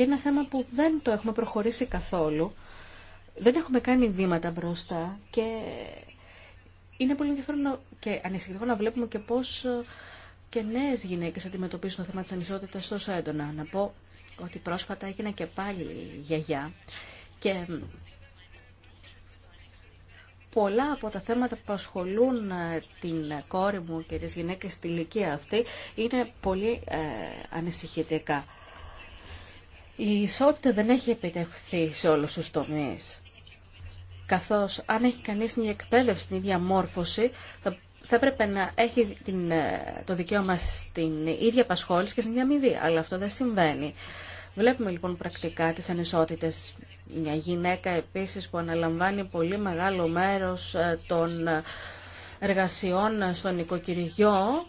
Speaker 4: Και είναι ένα θέμα που δεν το έχουμε προχωρήσει καθόλου. Δεν έχουμε κάνει βήματα μπροστά και είναι πολύ ενδιαφέρον και ανησυχητικό να βλέπουμε και πώ ε, και νέε γυναίκε αντιμετωπίζουν το θέμα της ανισότητα τόσο έντονα. Να πω ότι πρόσφατα έγινα και πάλι γιαγιά και πολλά από τα θέματα που ασχολούν ε, την κόρη μου και τις γυναίκες στη ηλικία αυτή είναι πολύ ε, ανησυχητικά η ισότητα δεν έχει επιτευχθεί σε όλους τους τομείς. Καθώς αν έχει κανείς την εκπαίδευση, την ίδια μόρφωση, θα, θα έπρεπε να έχει την, ε, το δικαίωμα στην ίδια απασχόληση και στην ίδια αμοιβή. Αλλά αυτό δεν συμβαίνει. Βλέπουμε λοιπόν πρακτικά τις ανισότητες. Μια γυναίκα επίσης που αναλαμβάνει πολύ μεγάλο μέρος ε, των εργασιών στον οικοκυριό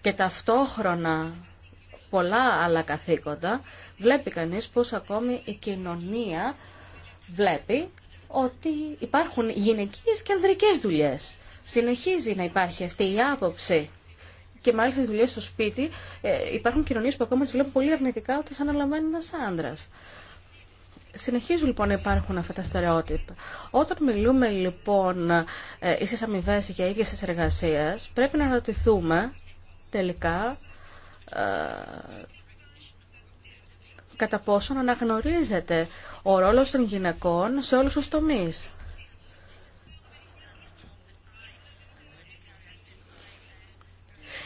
Speaker 4: και ταυτόχρονα πολλά άλλα καθήκοντα, βλέπει κανείς πως ακόμη η κοινωνία βλέπει ότι υπάρχουν γυναικείες και ανδρικές δουλειές. Συνεχίζει να υπάρχει αυτή η άποψη και μάλιστα οι δουλειέ στο σπίτι ε, υπάρχουν κοινωνίες που ακόμα τις βλέπουν πολύ αρνητικά ότι σαν αναλαμβάνει ένα άντρα. Συνεχίζουν λοιπόν να υπάρχουν αυτά τα στερεότυπα. Όταν μιλούμε λοιπόν ε, ίσε αμοιβέ για ίδιε εργασίες πρέπει να ρωτηθούμε τελικά κατά πόσον αναγνωρίζεται ο ρόλος των γυναικών σε όλους τους τομείς.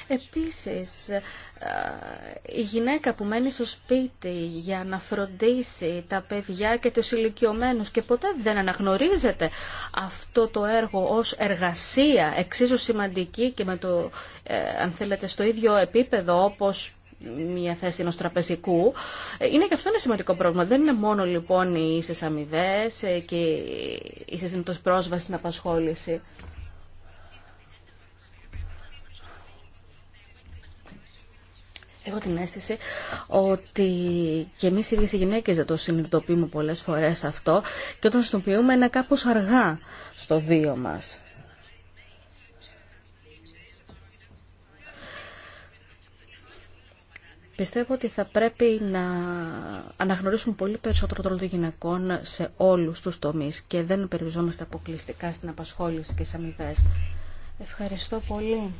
Speaker 4: Επίσης, ε, η γυναίκα που μένει στο σπίτι για να φροντίσει τα παιδιά και τους ηλικιωμένους και ποτέ δεν αναγνωρίζεται αυτό το έργο ως εργασία εξίσου σημαντική και με το, ε, αν θέλετε, στο ίδιο επίπεδο όπως μια θέση ενός τραπεζικού. Ε, είναι και αυτό ένα σημαντικό πρόβλημα. Δεν είναι μόνο λοιπόν οι ίσες αμοιβέ και οι ίσες πρόσβαση στην απασχόληση. Έχω την αίσθηση ότι και εμείς οι ίδιες οι γυναίκες δεν το συνειδητοποιούμε πολλές φορές αυτό και όταν συνειδητοποιούμε ένα κάπως αργά στο βίο μας. Πιστεύω ότι θα πρέπει να αναγνωρίσουμε πολύ περισσότερο τον ρόλο των γυναικών σε όλους τους τομείς και δεν περιοριζόμαστε αποκλειστικά στην απασχόληση και στις αμοιβές. Ευχαριστώ πολύ.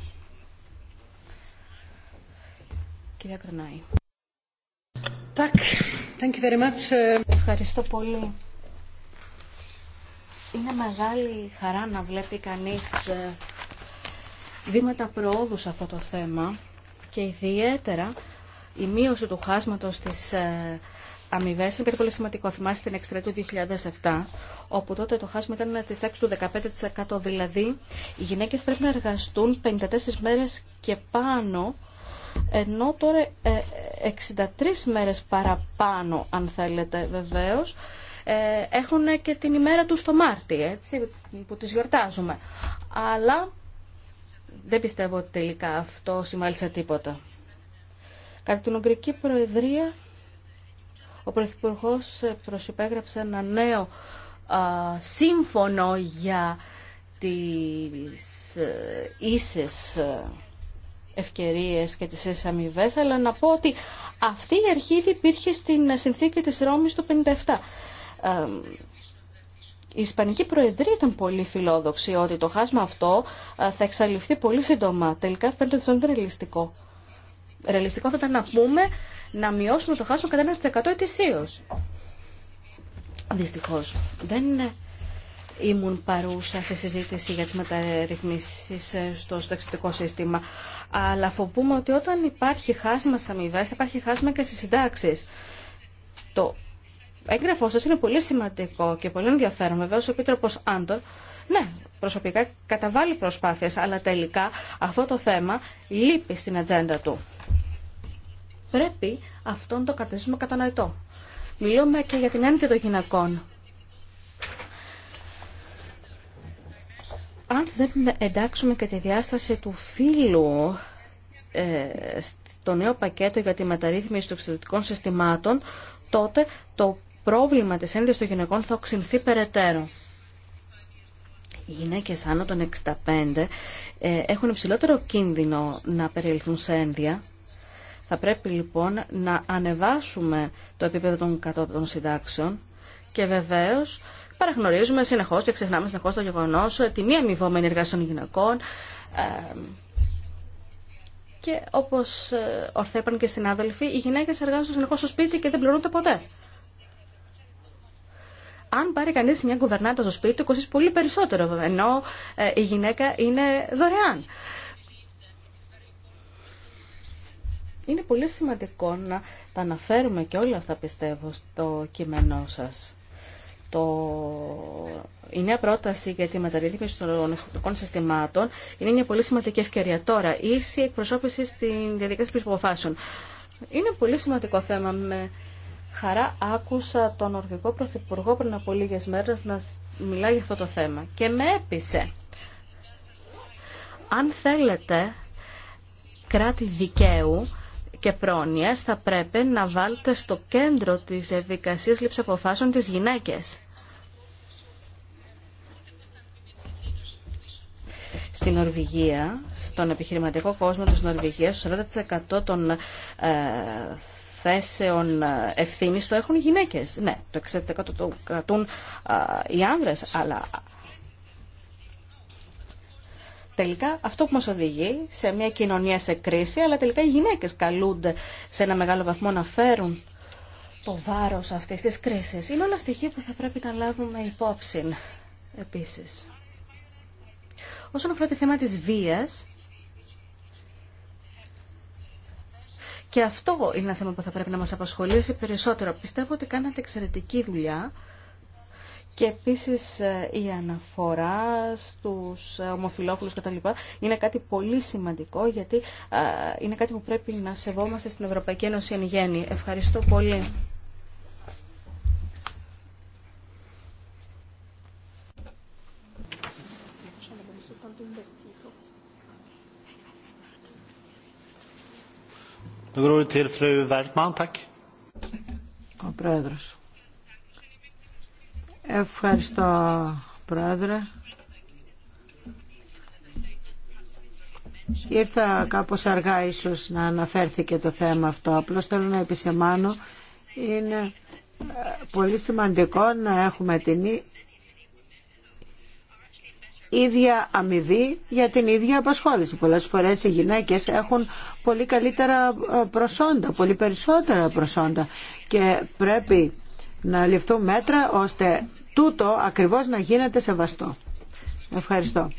Speaker 4: Ευχαριστώ πολύ. Είναι μεγάλη χαρά να βλέπει κανείς ε, βήματα προόδου σε αυτό το θέμα και ιδιαίτερα η μείωση του χάσματος της ε, αμοιβέ είναι πολύ σημαντικό. Θυμάστε την εξτρατή του 2007, όπου τότε το χάσμα ήταν τη τάξη του 15%. Δηλαδή, οι γυναίκε πρέπει να εργαστούν 54 μέρε και πάνω ενώ τώρα 63 ε, μέρες παραπάνω αν θέλετε βεβαίως ε, έχουν και την ημέρα του στο Μάρτι έτσι, που τις γιορτάζουμε αλλά δεν πιστεύω ότι τελικά αυτό σε τίποτα κατά την Ουγγρική Προεδρία ο Πρωθυπουργό προσυπέγραψε ένα νέο σύμφωνο για τις ε, ίσες ευκαιρίες και τις αμοιβέ, αλλά να πω ότι αυτή η αρχή υπήρχε στην συνθήκη της Ρώμης του 1957 Η Ισπανική Προεδρία ήταν πολύ φιλόδοξη ότι το χάσμα αυτό ε, θα εξαλειφθεί πολύ σύντομα. Τελικά φαίνεται ότι αυτό είναι ρεαλιστικό. Ρεαλιστικό θα ήταν να πούμε να μειώσουμε το χάσμα κατά 1% ετησίως Δυστυχώ. Δεν είναι ήμουν παρούσα στη συζήτηση για τις μεταρρυθμίσεις ε, στο συνταξιτικό σύστημα. Αλλά φοβούμαι ότι όταν υπάρχει χάσμα στις αμοιβές, θα υπάρχει χάσμα και στις συντάξεις. Το έγγραφό σας είναι πολύ σημαντικό και πολύ ενδιαφέρον. Βεβαίως ο Επίτροπος Άντορ ναι, προσωπικά καταβάλει προσπάθειες, αλλά τελικά αυτό το θέμα λείπει στην ατζέντα του. Πρέπει αυτόν το κατεστήσουμε κατανοητό. Μιλούμε και για την έννοια των γυναικών. αν δεν εντάξουμε και τη διάσταση του φύλου ε, στο νέο πακέτο για τη μεταρρύθμιση των εξωτερικών συστημάτων, τότε το πρόβλημα της ένδυσης των γυναικών θα οξυνθεί περαιτέρω. Οι γυναίκες άνω των 65 ε, έχουν υψηλότερο κίνδυνο να περιελθούν σε ένδυα. Θα πρέπει λοιπόν να ανεβάσουμε το επίπεδο των κατώτατων συντάξεων και βεβαίως παραγνωρίζουμε συνεχώ και ξεχνάμε συνεχώ το γεγονό τη μη αμοιβόμενη εργασία των γυναικών. Και όπω ε, ορθά είπαν και οι συνάδελφοι, οι γυναίκε εργάζονται συνεχώ στο σπίτι και δεν πληρώνονται ποτέ. Αν πάρει κανεί μια κουβερνάτα στο σπίτι, κοστίζει πολύ περισσότερο, ενώ ε, η γυναίκα είναι δωρεάν. Είναι πολύ σημαντικό να τα αναφέρουμε και όλα αυτά πιστεύω στο κείμενό σας. Το... Η νέα πρόταση για τη μεταρρύθμιση των εξωτερικών συστημάτων είναι μια πολύ σημαντική ευκαιρία τώρα. Η ίση εκπροσώπηση στην διαδικασία πληροφοριών. Είναι πολύ σημαντικό θέμα. Με χαρά άκουσα τον Ορβηγό Πρωθυπουργό πριν από λίγες μέρες να μιλάει για αυτό το θέμα. Και με έπεισε. Αν θέλετε κράτη δικαίου, και πρόνοιας θα πρέπει να βάλετε στο κέντρο της διαδικασία λήψη αποφάσεων τις γυναίκες. Στην Νορβηγία, στον επιχειρηματικό κόσμο της Νορβηγίας, το 40% των ε, θέσεων ε, ευθύνης το έχουν οι γυναίκες. Ναι, το 60% το κρατούν ε, οι άνδρες, αλλά Τελικά αυτό που μας οδηγεί σε μια κοινωνία σε κρίση, αλλά τελικά οι γυναίκες καλούνται σε ένα μεγάλο βαθμό να φέρουν το βάρος αυτής της κρίσης. Είναι όλα στοιχεία που θα πρέπει να λάβουμε υπόψη επίσης. Όσον αφορά το θέμα της βίας, και αυτό είναι ένα θέμα που θα πρέπει να μας απασχολήσει περισσότερο. Πιστεύω ότι κάνατε εξαιρετική δουλειά και επίσης ε, η αναφορά στους ε, ομοφυλόφιλου κτλ. είναι κάτι πολύ σημαντικό γιατί ε, είναι κάτι που πρέπει να σεβόμαστε στην Ευρωπαϊκή Ένωση εν γέννη. Ευχαριστώ πολύ.
Speaker 2: Ο Πρόεδρος. Ευχαριστώ, Πρόεδρε. Ήρθα κάπως αργά ίσως να αναφέρθηκε το θέμα αυτό. Απλώς θέλω να επισημάνω είναι ε, πολύ σημαντικό να έχουμε την ίδια αμοιβή για την ίδια απασχόληση. Πολλές φορές οι γυναίκες έχουν πολύ καλύτερα ε, προσόντα, πολύ περισσότερα προσόντα και πρέπει να ληφθούν μέτρα ώστε τούτο ακριβώς να γίνεται σεβαστό. Ευχαριστώ.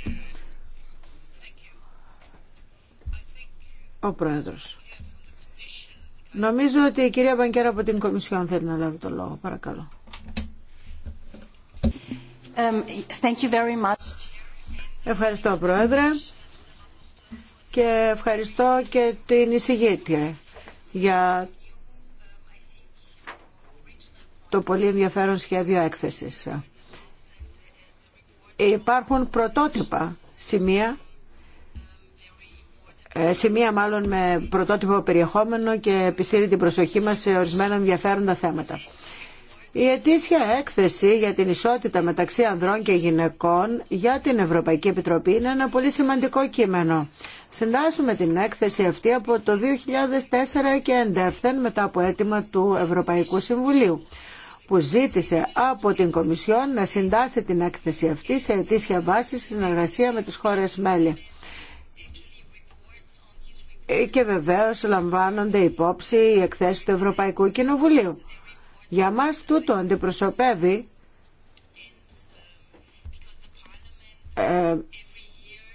Speaker 2: Ο Πρόεδρος. Νομίζω ότι η κυρία Βανκέρα από την Κομισιόν θέλει να λάβει το λόγο. Παρακαλώ. Um, ευχαριστώ Πρόεδρε και ευχαριστώ και την εισηγήτρια για το πολύ ενδιαφέρον σχέδιο έκθεσης. Υπάρχουν πρωτότυπα σημεία ε, σημεία μάλλον με πρωτότυπο περιεχόμενο και επισύρει την προσοχή μας σε ορισμένα ενδιαφέροντα θέματα. Η ετήσια έκθεση για την ισότητα μεταξύ ανδρών και γυναικών για την Ευρωπαϊκή Επιτροπή είναι ένα πολύ σημαντικό κείμενο. Συντάσσουμε την έκθεση αυτή από το 2004 και εντεύθεν μετά από αίτημα του Ευρωπαϊκού Συμβουλίου που ζήτησε από την Κομισιόν να συντάσσει την έκθεση αυτή σε αιτήσια βάση συνεργασία με τις χώρες μέλη. Και βεβαίως λαμβάνονται υπόψη οι εκθέσεις του Ευρωπαϊκού Κοινοβουλίου. Για μας τούτο αντιπροσωπεύει ε,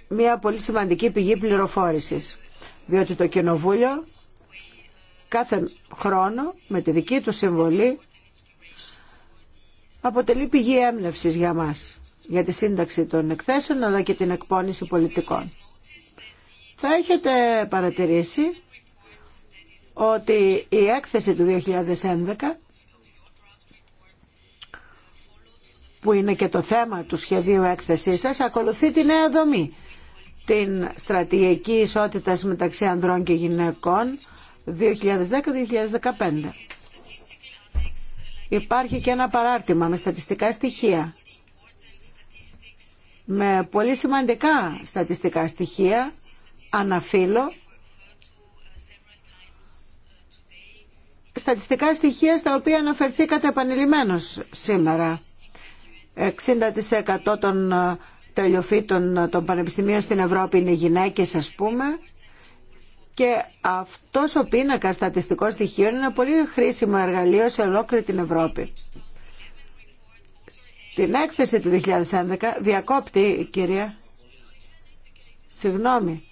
Speaker 2: μια πολύ σημαντική πηγή πληροφόρησης, διότι το Κοινοβούλιο κάθε χρόνο με τη δική του συμβολή αποτελεί πηγή έμπνευσης για μας, για τη σύνταξη των εκθέσεων αλλά και την εκπόνηση πολιτικών. Θα έχετε παρατηρήσει ότι η έκθεση του 2011 που είναι και το θέμα του σχεδίου έκθεσής σας, ακολουθεί τη νέα δομή. Την στρατηγική ισότητας μεταξύ ανδρών και γυναικών 2010-2015 υπάρχει και ένα παράρτημα με στατιστικά στοιχεία. Με πολύ σημαντικά στατιστικά στοιχεία αναφύλλω στατιστικά στοιχεία στα οποία αναφερθήκατε επανειλημμένως σήμερα. 60% των τελειοφύτων των πανεπιστημίων στην Ευρώπη είναι γυναίκες ας πούμε και αυτός ο πίνακα στατιστικών στοιχείων είναι ένα πολύ χρήσιμο εργαλείο σε ολόκληρη την Ευρώπη. Την έκθεση του 2011 διακόπτη, κυρία. Συγγνώμη.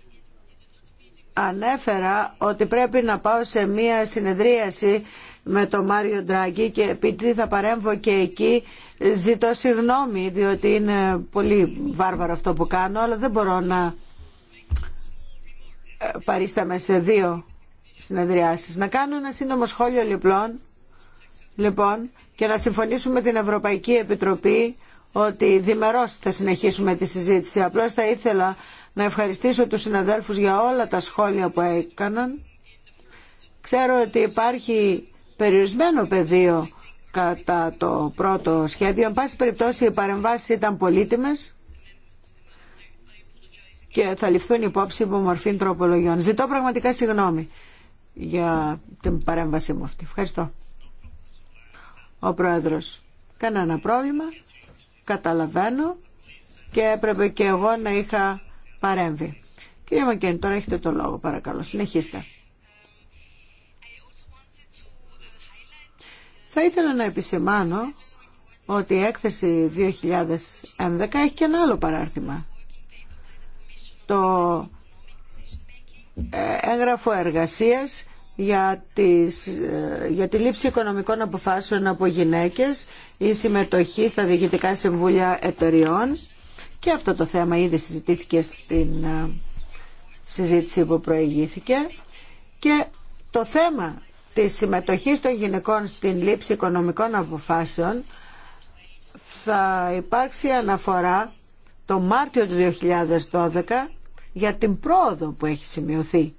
Speaker 2: Ανέφερα ότι πρέπει να πάω σε μία συνεδρίαση με τον Μάριο Ντράγκη και επειδή θα παρέμβω και εκεί ζητώ συγγνώμη διότι είναι πολύ βάρβαρο αυτό που κάνω αλλά δεν μπορώ να παρίσταμε σε δύο συνεδριάσεις. Να κάνω ένα σύντομο σχόλιο λοιπόν, λοιπόν και να συμφωνήσουμε με την Ευρωπαϊκή Επιτροπή ότι διμερώς θα συνεχίσουμε τη συζήτηση. Απλώς θα ήθελα να ευχαριστήσω τους συναδέλφους για όλα τα σχόλια που έκαναν. Ξέρω ότι υπάρχει περιορισμένο πεδίο κατά το πρώτο σχέδιο. Εν πάση περιπτώσει οι παρεμβάσεις ήταν πολύτιμες και θα ληφθούν υπόψη υπό μορφή τροπολογιών. Ζητώ πραγματικά συγγνώμη για την παρέμβασή μου αυτή. Ευχαριστώ. Ο Πρόεδρος, κανένα πρόβλημα, καταλαβαίνω και έπρεπε και εγώ να είχα παρέμβει. Κύριε Μακένη, τώρα έχετε το λόγο, παρακαλώ. Συνεχίστε. Θα ήθελα να επισημάνω ότι η έκθεση 2011 έχει και ένα άλλο παράρτημα το ε, έγγραφο εργασίας για, τις, ε, για τη λήψη οικονομικών αποφάσεων από γυναίκες, η συμμετοχή στα διοικητικά συμβούλια εταιριών και αυτό το θέμα ήδη συζητήθηκε στην ε, συζήτηση που προηγήθηκε και το θέμα της συμμετοχής των γυναικών στην λήψη οικονομικών αποφάσεων θα υπάρξει αναφορά το Μάρτιο του 2012 για την πρόοδο που έχει σημειωθεί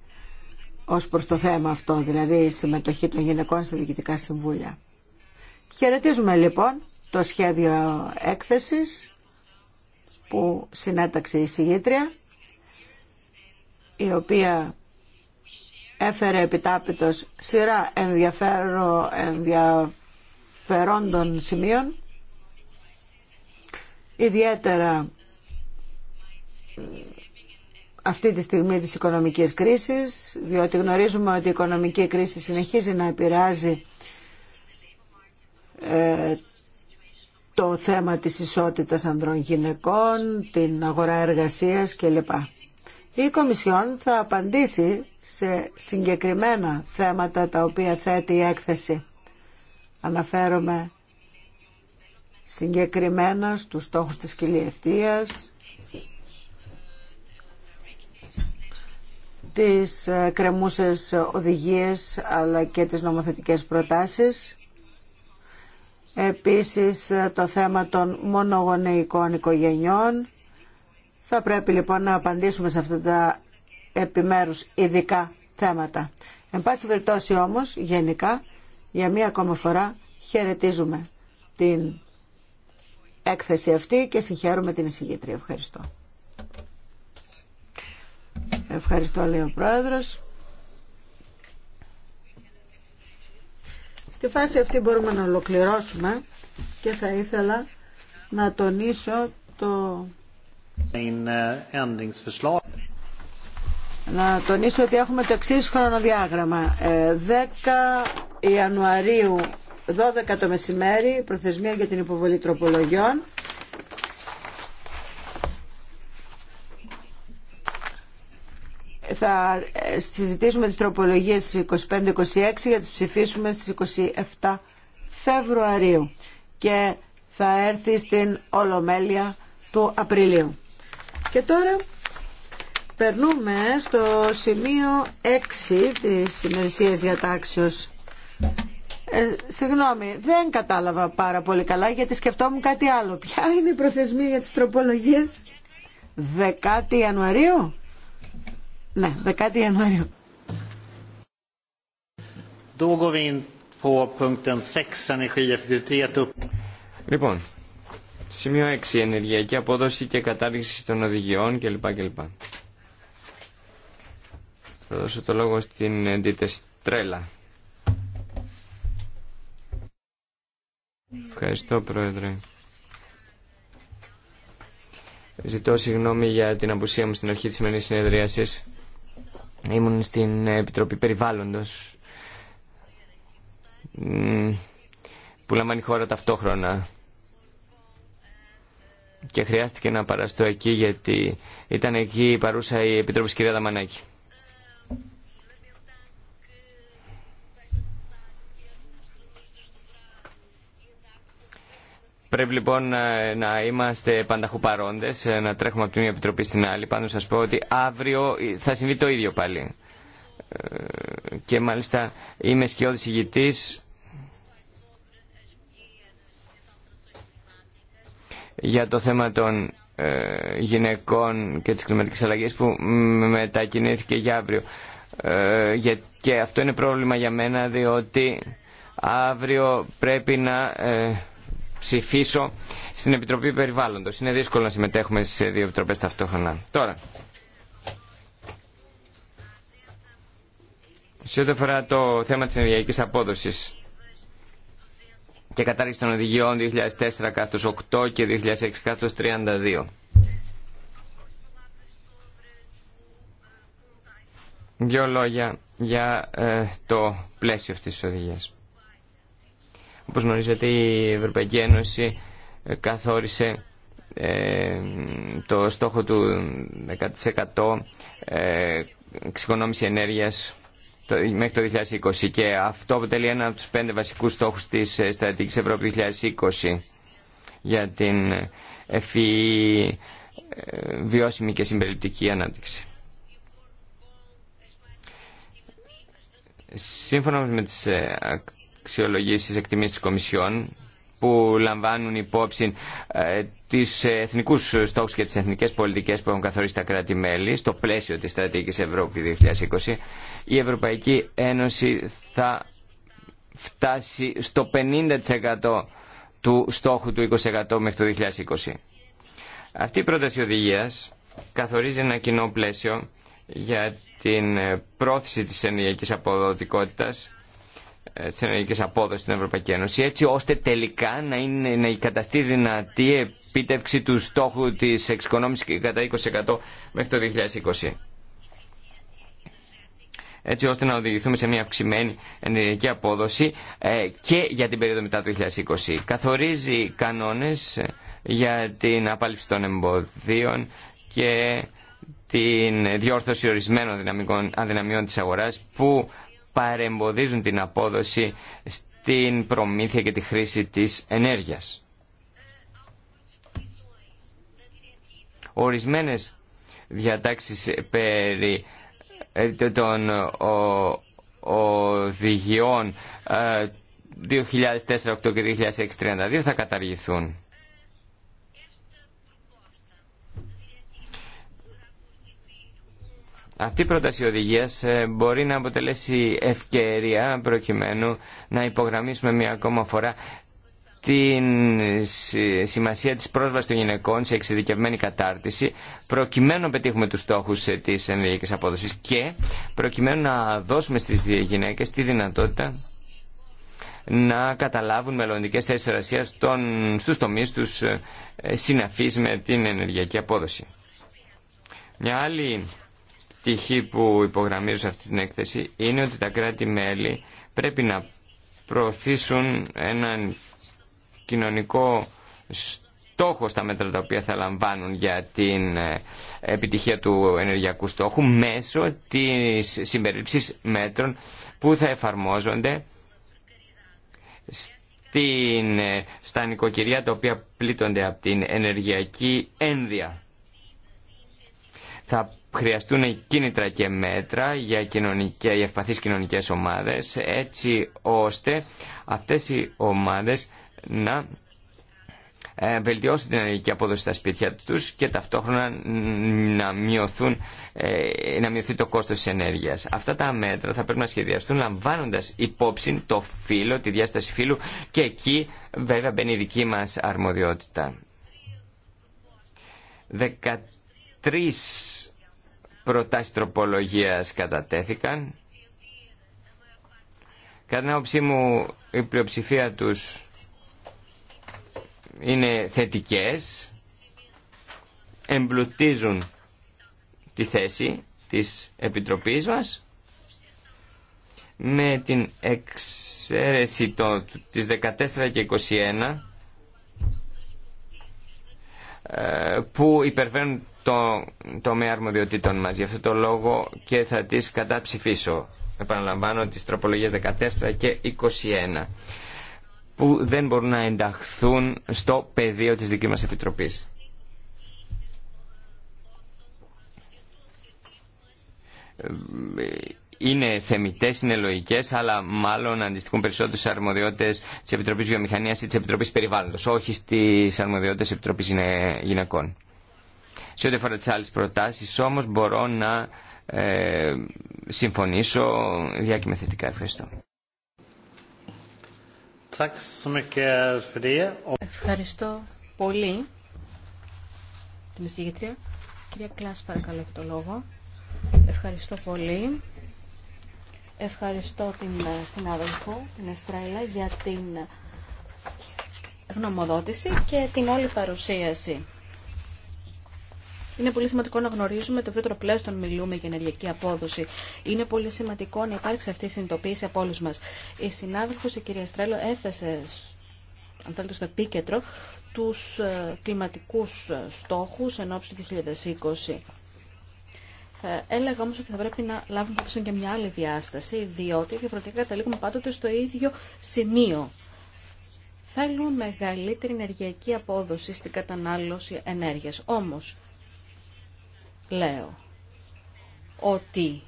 Speaker 2: ως προς το θέμα αυτό, δηλαδή η συμμετοχή των γυναικών στα διοικητικά συμβούλια. Χαιρετίζουμε λοιπόν το σχέδιο έκθεσης που συνέταξε η συγγήτρια, η οποία έφερε επιτάπητος σειρά ενδιαφέρον, ενδιαφερόντων σημείων, ιδιαίτερα αυτή τη στιγμή της οικονομικής κρίσης, διότι γνωρίζουμε ότι η οικονομική κρίση συνεχίζει να επηρεάζει ε, το θέμα της ισότητας ανδρών γυναικών, την αγορά εργασίας κλπ. Η Κομισιόν θα απαντήσει σε συγκεκριμένα θέματα τα οποία θέτει η έκθεση. Αναφέρομαι συγκεκριμένα στους στόχους της τις ε, κρεμούσες οδηγίες αλλά και τις νομοθετικές προτάσεις. Επίσης ε, το θέμα των μονογονεϊκών οικογενειών. Θα πρέπει λοιπόν να απαντήσουμε σε αυτά τα επιμέρους ειδικά θέματα. Εν πάση περιπτώσει όμως γενικά για μία ακόμα φορά χαιρετίζουμε την έκθεση αυτή και συγχαίρουμε την εισηγήτρια. Ευχαριστώ. Ευχαριστώ, λέει ο Πρόεδρος. Στη φάση αυτή μπορούμε να ολοκληρώσουμε και θα ήθελα να τονίσω το... Να τονίσω ότι έχουμε το εξή χρονοδιάγραμμα. 10 ε, Ιανουαρίου, 12 το μεσημέρι, προθεσμία για την υποβολή τροπολογιών θα ε, συζητήσουμε τις τροπολογίες στις 25-26 για τις ψηφίσουμε στις 27 Φεβρουαρίου και θα έρθει στην Ολομέλεια του Απριλίου. Και τώρα περνούμε στο σημείο 6 της σημερισίας διατάξεως. Ε, συγγνώμη, δεν κατάλαβα πάρα πολύ καλά γιατί σκεφτόμουν κάτι άλλο. Ποια είναι η προθεσμία για τις τροπολογίες? 10 Ιανουαρίου? Ναι, 10 Ιανουαρίου. Λοιπόν, σημείο
Speaker 3: 6. Ενεργειακή απόδοση και κατάργηση των οδηγιών κλπ. κλπ. Θα δώσω το λόγο στην Τρέλα. Ευχαριστώ, Πρόεδρε. Ζητώ συγγνώμη για την απουσία μου στην αρχή της σημερινής συνεδρίασης. Ήμουν στην Επιτροπή Περιβάλλοντος που λαμβάνει χώρα ταυτόχρονα και χρειάστηκε να παραστώ εκεί γιατί ήταν εκεί παρούσα η Επιτροπή κυρία Δαμανάκη. Πρέπει λοιπόν ε, να είμαστε πανταχού παρόντε, ε, να τρέχουμε από τη μία επιτροπή στην άλλη. Πάντως σας πω ότι αύριο ε, θα συμβεί το ίδιο πάλι. Και μάλιστα είμαι σκιώδη ηγητή. για το θέμα των γυναικών και της κλιματικής αλλαγής που μετακινήθηκε για αύριο. Και αυτό είναι πρόβλημα για μένα διότι αύριο πρέπει να ψηφίσω στην Επιτροπή Περιβάλλοντος. Είναι δύσκολο να συμμετέχουμε σε δύο επιτροπές ταυτόχρονα. Τώρα, σε ό,τι αφορά το θέμα της ενεργειακής απόδοσης και κατάργηση των οδηγιών 2004-8 και 2006-32. Δύο λόγια για ε, το πλαίσιο αυτής της οδηγίας. Όπως γνωρίζετε η Ευρωπαϊκή Ένωση ε, καθόρισε ε, το στόχο του 10% ε, εξοικονόμηση ενέργειας μέχρι το 2020 και αυτό αποτελεί ένα από τους πέντε βασικούς στόχους της Στρατηγικής Ευρώπη 2020 για την ευφυή e e, βιώσιμη και συμπεριληπτική ανάπτυξη. Σύμφωνα με τις αξιολογήσεις εκτιμήσεις κομισιών που λαμβάνουν υπόψη ε, τις εθνικούς στόχους και τις εθνικές πολιτικές που έχουν καθορίσει τα κράτη-μέλη στο πλαίσιο της στρατηγικής Ευρώπη 2020, η Ευρωπαϊκή Ένωση θα φτάσει στο 50% του στόχου του 20% μέχρι το 2020. Αυτή η πρόταση οδηγίας καθορίζει ένα κοινό πλαίσιο για την πρόθεση της ενεργειακής αποδοτικότητας ε, Τη ενεργικής απόδοση στην Ευρωπαϊκή Ένωση έτσι ώστε τελικά να, είναι, να καταστεί δυνατή επίτευξη του στόχου της εξοικονόμηση κατά 20% μέχρι το 2020 έτσι ώστε να οδηγηθούμε σε μια αυξημένη ενεργειακή απόδοση ε, και για την περίοδο μετά το 2020. Καθορίζει κανόνες για την απάλληψη των εμποδίων και την διόρθωση ορισμένων αδυναμιών της αγοράς που παρεμποδίζουν την απόδοση στην προμήθεια και τη χρήση της ενέργειας. Ορισμένες διατάξεις περί ε, των οδηγιών 2004 ε, και 2006 θα καταργηθούν. Αυτή η πρόταση οδηγία ε, μπορεί να αποτελέσει ευκαιρία προκειμένου να υπογραμμίσουμε μια ακόμα φορά την σημασία της πρόσβασης των γυναικών σε εξειδικευμένη κατάρτιση προκειμένου να πετύχουμε τους στόχους ε, της ενεργειακής απόδοσης και προκειμένου να δώσουμε στις γυναίκες τη δυνατότητα να καταλάβουν μελλοντικέ θέσει εργασία στου τομεί του ε, συναφεί με την ενεργειακή απόδοση. Μια άλλη πτυχή που υπογραμμίζω σε αυτή την έκθεση είναι ότι τα κράτη-μέλη πρέπει να προωθήσουν έναν κοινωνικό στόχο στα μέτρα τα οποία θα λαμβάνουν για την ε, επιτυχία του ενεργειακού στόχου μέσω της συμπερίληψης μέτρων που θα εφαρμόζονται στην, ε, στα νοικοκυριά τα οποία πλήττονται από την ενεργειακή ένδια. Θα χρειαστούν κίνητρα και μέτρα για, κοινωνικές, για ευπαθείς κοινωνικές ομάδες έτσι ώστε αυτές οι ομάδες να ε, βελτιώσουν την ενεργική απόδοση στα σπίτια τους και ταυτόχρονα να, μειωθούν, ε, να μειωθεί το κόστος της ενέργειας. Αυτά τα μέτρα θα πρέπει να σχεδιαστούν λαμβάνοντας υπόψη το φύλλο, τη διάσταση φύλλου και εκεί βέβαια μπαίνει η δική μας αρμοδιότητα. 13 προτάσεις τροπολογίας κατατέθηκαν. Κατά την άποψή μου η πλειοψηφία τους είναι θετικές, εμπλουτίζουν τη θέση της Επιτροπής μας με την εξαίρεση το, της 14 και 21 ε, που υπερβαίνουν το τομέα αρμοδιοτήτων μας. Γι' αυτό το λόγο και θα τις καταψηφίσω. Επαναλαμβάνω τις τροπολογίες 14 και 21 που δεν μπορούν να ενταχθούν στο πεδίο της δική μας Επιτροπής. είναι θεμητέ, είναι λογικέ, αλλά μάλλον αντιστοιχούν περισσότερο στι αρμοδιότητε τη Επιτροπή Βιομηχανία ή τη Επιτροπή Περιβάλλοντο, όχι στι αρμοδιότητε τη Επιτροπή Γυναικών. Σε ό,τι αφορά τι άλλες προτάσει, όμω μπορώ να ε, συμφωνήσω με θετικά. Ευχαριστώ.
Speaker 4: Ευχαριστώ πολύ την εισηγητρία. Κυρία Κλάς, παρακαλώ, έχει το λόγο. Ευχαριστώ πολύ. Ευχαριστώ την ε, συνάδελφο, την Εστρέλα, για την γνωμοδότηση και την όλη παρουσίαση. Είναι πολύ σημαντικό να γνωρίζουμε το ευρύτερο πλαίσιο πλέον μιλούμε για ενεργειακή απόδοση. Είναι πολύ σημαντικό να υπάρξει αυτή η συνειδητοποίηση από όλου μα. Η συνάδελφο, η κυρία Στρέλο, έθεσε αν θέλετε, στο επίκεντρο τους ε, κλιματικού ε, στόχου εν ώψη του 2020. Θα ε, έλεγα όμω ότι θα πρέπει να λάβουμε υπόψη και μια άλλη διάσταση, διότι διαφορετικά καταλήγουμε πάντοτε στο ίδιο σημείο. Θέλουν μεγαλύτερη ενεργειακή απόδοση στην κατανάλωση ενέργεια. Όμω, λέω ότι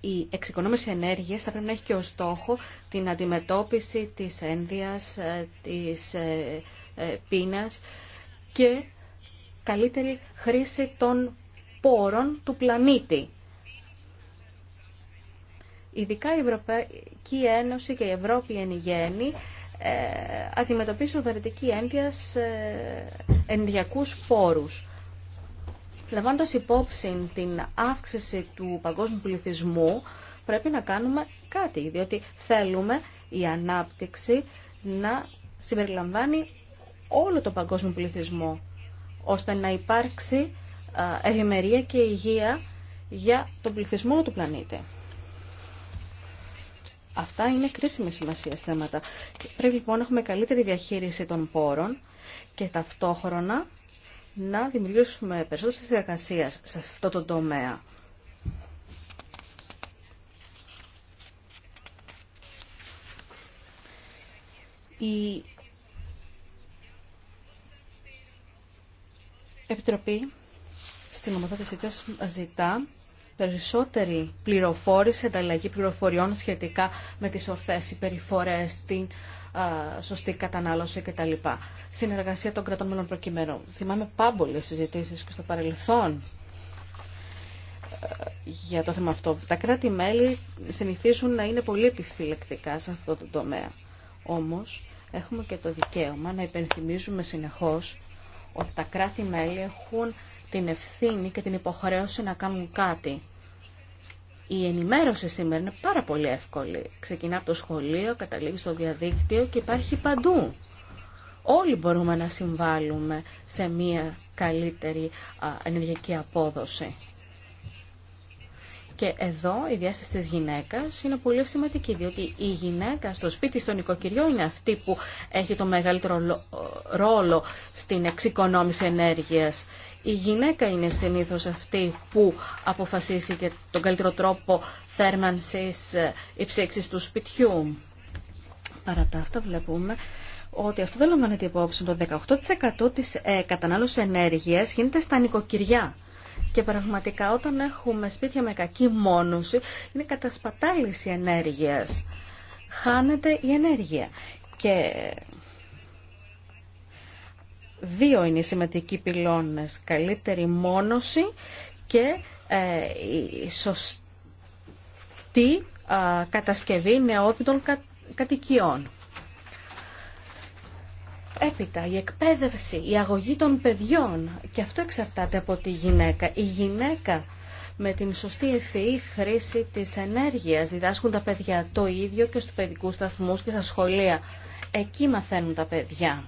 Speaker 4: η εξοικονόμηση ενέργειας θα πρέπει να έχει και ως στόχο την αντιμετώπιση της ένδυας, ε, της ε, ε, πείνας και καλύτερη χρήση των πόρων του πλανήτη. Ειδικά η Ευρωπαϊκή Ένωση και η Ευρώπη εν γέννη αντιμετωπίζουν βαρετική ένδυα ενδιακούς πόρους. Λαμβάνοντα υπόψη την αύξηση του παγκόσμιου πληθυσμού, πρέπει να κάνουμε κάτι, διότι θέλουμε η ανάπτυξη να συμπεριλαμβάνει όλο το παγκόσμιο πληθυσμό, ώστε να υπάρξει ευημερία και υγεία για τον πληθυσμό του πλανήτη. Αυτά είναι κρίσιμη σημασία θέματα. Πρέπει λοιπόν να έχουμε καλύτερη διαχείριση των πόρων και ταυτόχρονα να δημιουργήσουμε περισσότερες διακασίες σε αυτό το τομέα. Η Επιτροπή στην ομοθέτησή της ζητά περισσότερη πληροφόρηση, ανταλλαγή πληροφοριών σχετικά με τις ορθές υπερηφορές, την σωστή κατανάλωση κτλ. Συνεργασία των κρατών μελών προκειμένου. Θυμάμαι πάμπολες συζητήσει και στο παρελθόν ε, για το θέμα αυτό. Τα κράτη-μέλη συνηθίζουν να είναι πολύ επιφυλακτικά σε αυτό το τομέα. Όμως, έχουμε και το δικαίωμα να υπενθυμίζουμε συνεχώς ότι τα κράτη-μέλη έχουν την ευθύνη και την υποχρέωση να κάνουν κάτι η ενημέρωση σήμερα είναι πάρα πολύ εύκολη. Ξεκινά από το σχολείο, καταλήγει στο διαδίκτυο και υπάρχει παντού. Όλοι μπορούμε να συμβάλλουμε σε μια καλύτερη ενεργειακή απόδοση. Και εδώ η διάσταση της γυναίκας είναι πολύ σημαντική, διότι η γυναίκα στο σπίτι, στο νοικοκυριό είναι αυτή που έχει το μεγαλύτερο ρόλο στην εξοικονόμηση ενέργειας. Η γυναίκα είναι συνήθως αυτή που αποφασίσει και τον καλύτερο τρόπο θέρμανσης ε, υψήξης του σπιτιού. Παρά τα αυτά βλέπουμε ότι αυτό δεν λαμβάνεται υπόψη. Το 18% της ε, κατανάλωσης ενέργειας γίνεται στα νοικοκυριά. Και πραγματικά όταν έχουμε σπίτια με κακή μόνωση είναι κατασπατάληση ενέργειας. Χάνεται η ενέργεια. Και δύο είναι οι σημαντικοί πυλώνες. Καλύτερη μόνωση και ε, η σωστή κατασκευή νεόπιτων κατοικιών. Έπειτα, η εκπαίδευση, η αγωγή των παιδιών και αυτό εξαρτάται από τη γυναίκα. Η γυναίκα με την σωστή ευφυή χρήση της ενέργειας διδάσκουν τα παιδιά το ίδιο και στους παιδικούς σταθμούς και στα σχολεία. Εκεί μαθαίνουν τα παιδιά.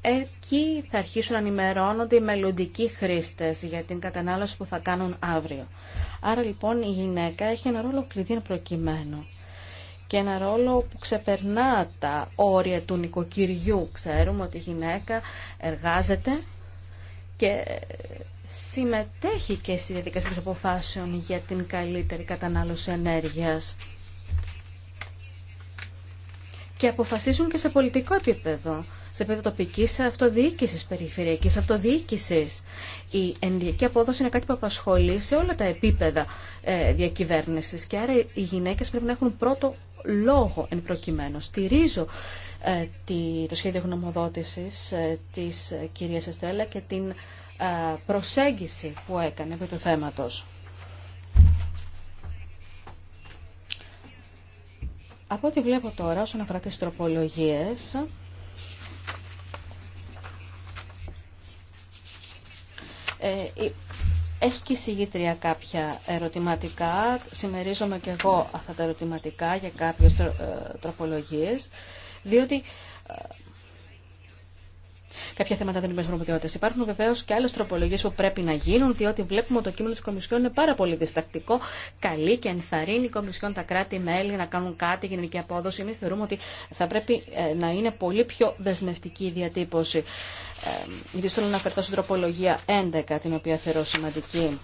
Speaker 4: Εκεί θα αρχίσουν να ενημερώνονται οι μελλοντικοί χρήστες για την κατανάλωση που θα κάνουν αύριο. Άρα λοιπόν η γυναίκα έχει ένα ρόλο κλειδί προκειμένου και ένα ρόλο που ξεπερνά τα όρια του νοικοκυριού. Ξέρουμε ότι η γυναίκα εργάζεται και συμμετέχει και στη διαδικασία των αποφάσεων για την καλύτερη κατανάλωση ενέργειας. Και αποφασίζουν και σε πολιτικό επίπεδο, σε επίπεδο τοπικής αυτοδιοίκησης, περιφερειακής αυτοδιοίκησης. Η ενεργειακή απόδοση είναι κάτι που απασχολεί σε όλα τα επίπεδα ε, διακυβέρνησης και άρα οι γυναίκες πρέπει να έχουν πρώτο λόγο εν προκειμένου. Στηρίζω ε, το σχέδιο γνωμοδότησης ε, της κυρίας Εστέλα και την ε, προσέγγιση που έκανε επί του θέματος. Από ό,τι βλέπω τώρα, όσον αφορά τις τροπολογίες, έχει και η συγγήτρια κάποια ερωτηματικά. Συμμερίζομαι και εγώ αυτά τα ερωτηματικά για κάποιες ε, τροπολογίες, διότι Κάποια θέματα δεν υπάρχουν αρμοδιότητε. Υπάρχουν βεβαίω και άλλε τροπολογίε που πρέπει να γίνουν, διότι βλέπουμε ότι το κείμενο τη Κομισιόν είναι πάρα πολύ διστακτικό, καλή και ενθαρρύνει η Κομισιόν τα κράτη-μέλη να κάνουν κάτι, γενική απόδοση. Εμεί θεωρούμε ότι θα πρέπει ε, να είναι πολύ πιο δεσμευτική η διατύπωση. Ε, θέλω να αναφερθώ στην τροπολογία 11, την οποία θεωρώ σημαντική.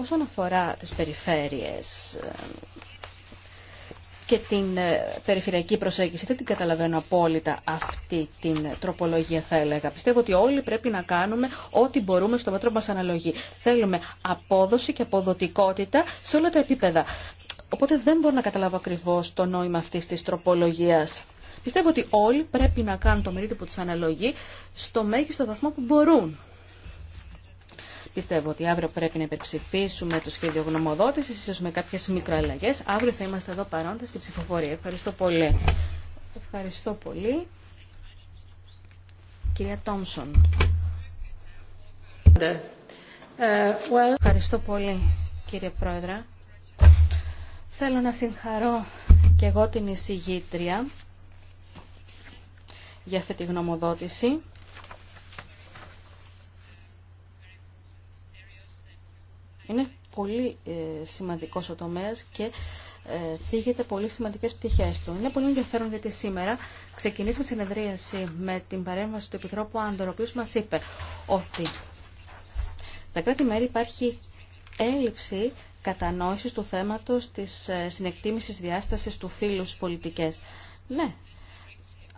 Speaker 4: Όσον αφορά τις περιφέρειες, ε, και την ε, περιφερειακή προσέγγιση. Δεν την καταλαβαίνω απόλυτα αυτή την τροπολογία θα έλεγα. Πιστεύω ότι όλοι πρέπει να κάνουμε ό,τι μπορούμε στο μέτρο μα αναλογή. Θέλουμε απόδοση και αποδοτικότητα σε όλα τα επίπεδα. Οπότε δεν μπορώ να καταλάβω ακριβώ το νόημα αυτής της τροπολογίας. Πιστεύω ότι όλοι πρέπει να κάνουν το μερίδιο που του αναλογεί στο μέγιστο βαθμό που μπορούν. Πιστεύω ότι αύριο πρέπει να υπερψηφίσουμε το σχέδιο γνωμοδότηση, ίσω με κάποιε μικροαλλαγέ. Αύριο θα είμαστε εδώ παρόντε στη ψηφοφορία. Ευχαριστώ πολύ. Ευχαριστώ πολύ. Κυρία Τόμσον. Ε, Ευχαριστώ πολύ, κύριε Πρόεδρε. Θέλω να συγχαρώ και εγώ την εισηγήτρια για αυτή τη γνωμοδότηση. Είναι πολύ ε, σημαντικός ο τομέας και ε, θίγεται πολύ σημαντικές πτυχές του. Είναι πολύ ενδιαφέρον γιατί σήμερα ξεκινήσαμε συνεδρίαση με την παρέμβαση του Επιτρόπου Άντορ, ο οποίος μας είπε ότι στα κράτη-μέρη υπάρχει έλλειψη κατανόησης του θέματος της ε, συνεκτίμησης διάστασης του φύλου στις πολιτικές. Ναι,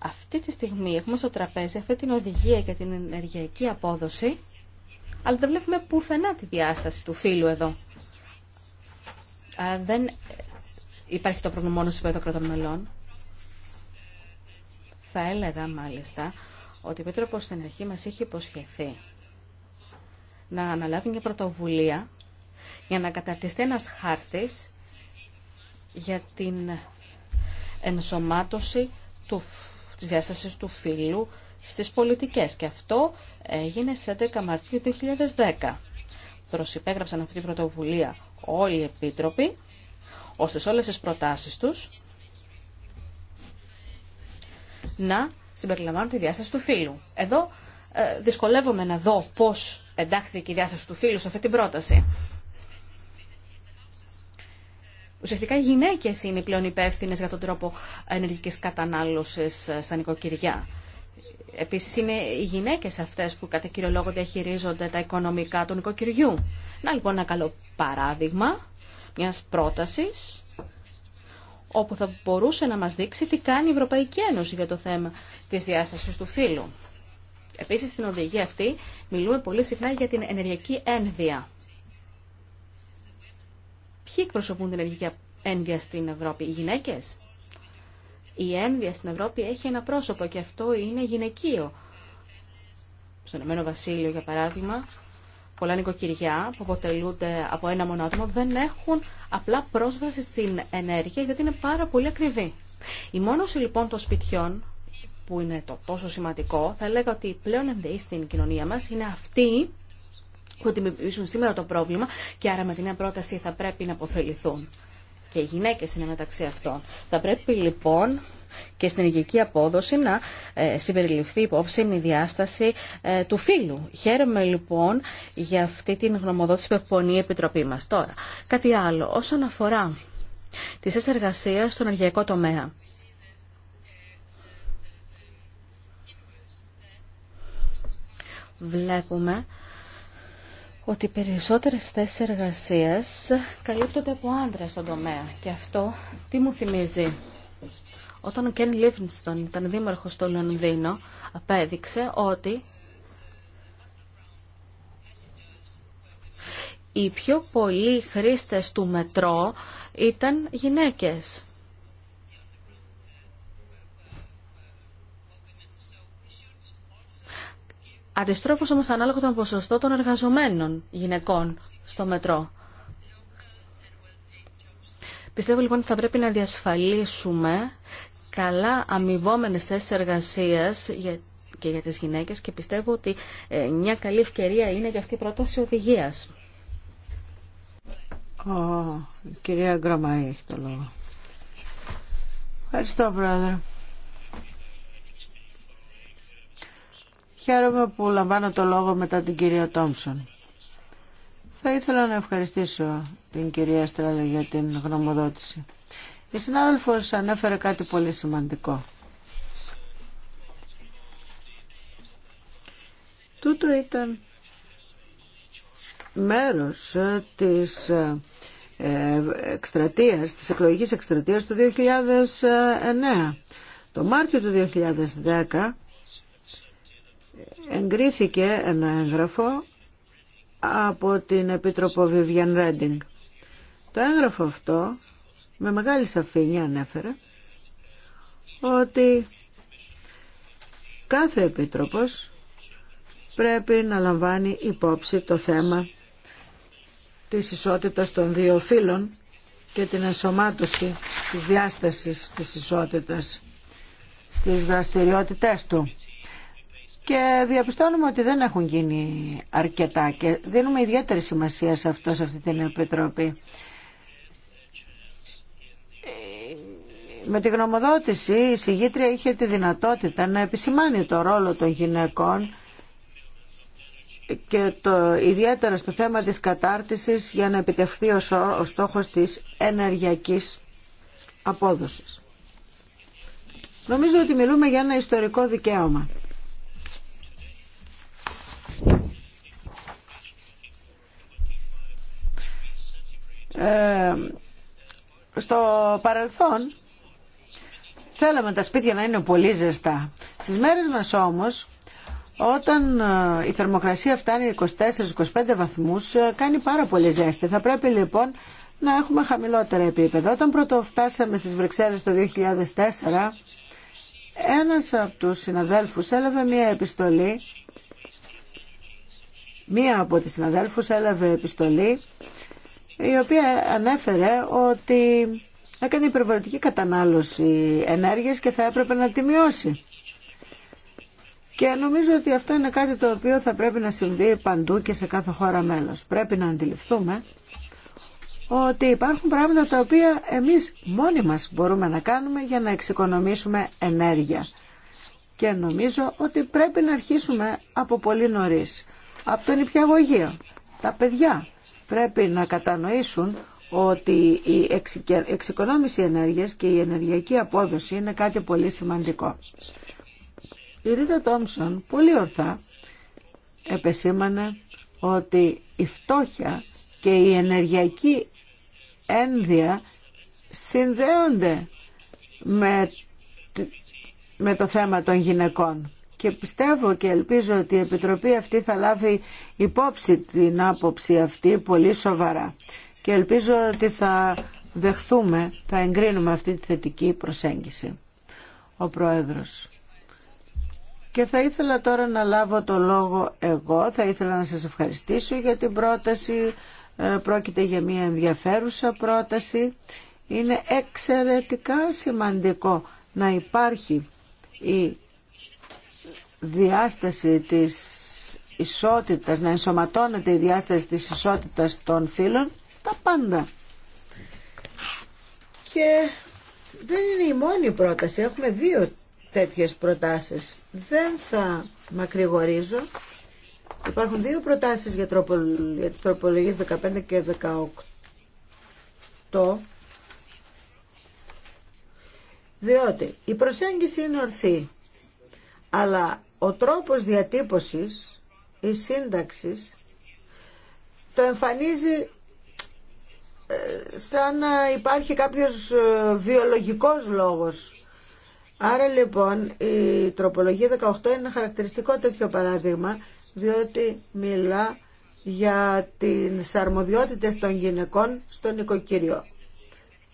Speaker 4: αυτή τη στιγμή έχουμε στο τραπέζι αυτή την οδηγία για την ενεργειακή απόδοση αλλά δεν βλέπουμε πουθενά τη διάσταση του φύλου εδώ. Άρα δεν υπάρχει το πρόβλημα μόνο σε επίπεδο μελών. Θα έλεγα μάλιστα ότι ο Επίτροπο στην αρχή μα είχε υποσχεθεί να αναλάβει μια πρωτοβουλία για να καταρτιστεί ένας χάρτης για την ενσωμάτωση του, της διάστασης του φύλου στις πολιτικές και αυτό έγινε στις 11 Μαρτίου 2010. Προσυπέγραψαν αυτή την πρωτοβουλία όλοι οι επίτροποι, ώστε σε όλες τις προτάσεις τους να συμπεριλαμβάνουν τη διάσταση του φύλου. Εδώ ε, δυσκολεύομαι να δω πώς εντάχθηκε η διάσταση του φύλου σε αυτή την πρόταση. Ουσιαστικά οι γυναίκες είναι πλέον υπεύθυνε για τον τρόπο ενεργικής κατανάλωσης ε, στα νοικοκυριά. Επίσης είναι οι γυναίκες αυτές που κατά κύριο λόγο διαχειρίζονται τα οικονομικά του νοικοκυριού. Να λοιπόν ένα καλό παράδειγμα μιας πρότασης όπου θα μπορούσε να μας δείξει τι κάνει η Ευρωπαϊκή Ένωση για το θέμα της διάστασης του φύλου. Επίσης στην οδηγία αυτή μιλούμε πολύ συχνά για την ενεργειακή ένδυα. Ποιοι εκπροσωπούν την ενεργειακή ένδυα στην Ευρώπη, οι γυναίκες, η ένδυα στην Ευρώπη έχει ένα πρόσωπο και αυτό είναι γυναικείο. Στο Ενωμένο Βασίλειο, για παράδειγμα, πολλά νοικοκυριά που αποτελούνται από ένα μόνο δεν έχουν απλά πρόσβαση στην ενέργεια γιατί είναι πάρα πολύ ακριβή. Η μόνωση λοιπόν των σπιτιών που είναι το τόσο σημαντικό, θα έλεγα ότι πλέον ενδεεί στην κοινωνία μας είναι αυτοί που αντιμετωπίζουν σήμερα το πρόβλημα και άρα με την νέα πρόταση θα πρέπει να αποφεληθούν και οι γυναίκε είναι μεταξύ αυτών. Θα πρέπει λοιπόν και στην ηλικιακή απόδοση να ε, συμπεριληφθεί υπόψη η διάσταση ε, του φύλου. Χαίρομαι λοιπόν για αυτή την γνωμοδότηση που εκπονεί η Επιτροπή μας. Τώρα, κάτι άλλο όσον αφορά τις εργασίες στον ενεργειακό τομέα. Βλέπουμε ότι οι περισσότερες θέσεις εργασίας καλύπτονται από άντρες στον τομέα. Και αυτό τι μου θυμίζει. Όταν ο Κέν Λίβνιστον ήταν δήμαρχος στο Λονδίνο, απέδειξε ότι οι πιο πολλοί χρήστες του μετρό ήταν γυναίκες. Αντιστρόφω όμως ανάλογα τον ποσοστό των εργαζομένων γυναικών στο μετρό. Πιστεύω λοιπόν ότι θα πρέπει να διασφαλίσουμε καλά αμοιβόμενες θέσεις εργασίας και για τις γυναίκες και πιστεύω ότι ε, μια καλή ευκαιρία είναι για αυτή η πρόταση οδηγίας.
Speaker 2: κυρία Γκραμαή έχει το λόγο. Ευχαριστώ, Πρόεδρε. Χαίρομαι που λαμβάνω το λόγο μετά την κυρία Τόμσον. Θα ήθελα να ευχαριστήσω την κυρία Στράλη για την γνωμοδότηση. Η συνάδελφος ανέφερε κάτι πολύ σημαντικό. Τούτο ήταν μέρος της ε, εκστρατείας, της εκλογικής εκστρατείας του 2009. Το Μάρτιο του 2010 εγκρίθηκε ένα έγγραφο από την Επίτροπο Βιβιαν Ρέντινγκ. Το έγγραφο αυτό με μεγάλη σαφήνεια ανέφερε ότι κάθε Επίτροπος πρέπει να λαμβάνει υπόψη το θέμα της ισότητας των δύο φύλων και την ενσωμάτωση της διάστασης της ισότητας στις δραστηριότητές του και διαπιστώνουμε ότι δεν έχουν γίνει αρκετά και δίνουμε ιδιαίτερη σημασία σε αυτό, σε αυτή την Επιτροπή. Με τη γνωμοδότηση η συγγήτρια είχε τη δυνατότητα να επισημάνει το ρόλο των γυναικών και το, ιδιαίτερα στο θέμα της κατάρτισης για να επιτευχθεί ο, ο στόχος της ενεργειακής απόδοσης. Νομίζω ότι μιλούμε για ένα ιστορικό δικαίωμα ε, στο παρελθόν θέλαμε τα σπίτια να είναι πολύ ζεστά. Στις μέρες μας όμως όταν ε, η θερμοκρασία φτάνει 24-25 βαθμούς ε, κάνει πάρα πολύ ζέστη. Θα πρέπει λοιπόν να έχουμε χαμηλότερα επίπεδα. Όταν πρώτο φτάσαμε στις Βρυξέλλες το 2004 ένας από τους συναδέλφους έλαβε μια επιστολή Μία από τις συναδέλφους έλαβε επιστολή η οποία ανέφερε ότι έκανε υπερβολική κατανάλωση ενέργειας και θα έπρεπε να τη μειώσει. Και νομίζω ότι αυτό είναι κάτι το οποίο θα πρέπει να συμβεί παντού και σε κάθε χώρα μέλος. Πρέπει να αντιληφθούμε ότι υπάρχουν πράγματα τα οποία εμείς μόνοι μας μπορούμε να κάνουμε για να εξοικονομήσουμε ενέργεια. Και νομίζω ότι πρέπει να αρχίσουμε από πολύ νωρίς από τον υπηαγωγείο. Τα παιδιά πρέπει να κατανοήσουν ότι η εξοικονόμηση ενέργειας και η ενεργειακή απόδοση είναι κάτι πολύ σημαντικό. Η Ρίτα Τόμσον πολύ ορθά επεσήμανε ότι η φτώχεια και η ενεργειακή ένδια συνδέονται με, με το θέμα των γυναικών και πιστεύω και ελπίζω ότι η Επιτροπή αυτή θα λάβει υπόψη την άποψη αυτή πολύ σοβαρά και ελπίζω ότι θα δεχθούμε, θα εγκρίνουμε αυτή τη θετική προσέγγιση. Ο Πρόεδρος. Και θα ήθελα τώρα να λάβω το λόγο εγώ, θα ήθελα να σας ευχαριστήσω για την πρόταση, ε, πρόκειται για μια ενδιαφέρουσα πρόταση. Είναι εξαιρετικά σημαντικό να υπάρχει η διάσταση της ισότητας, να ενσωματώνεται η διάσταση της ισότητας των φύλων στα πάντα. Και δεν είναι η μόνη πρόταση, έχουμε δύο τέτοιες προτάσεις. Δεν θα μακρηγορίζω. Υπάρχουν δύο προτάσεις για, για τις 15 και 18. Διότι η προσέγγιση είναι ορθή, αλλά ο τρόπος διατύπωσης ή σύνταξη, το εμφανίζει ε, σαν να υπάρχει κάποιος ε, βιολογικός λόγος. Άρα λοιπόν η τροπολογία 18 είναι ένα χαρακτηριστικό τέτοιο παράδειγμα διότι μιλά για την αρμοδιότητες των γυναικών στον οικοκύριο.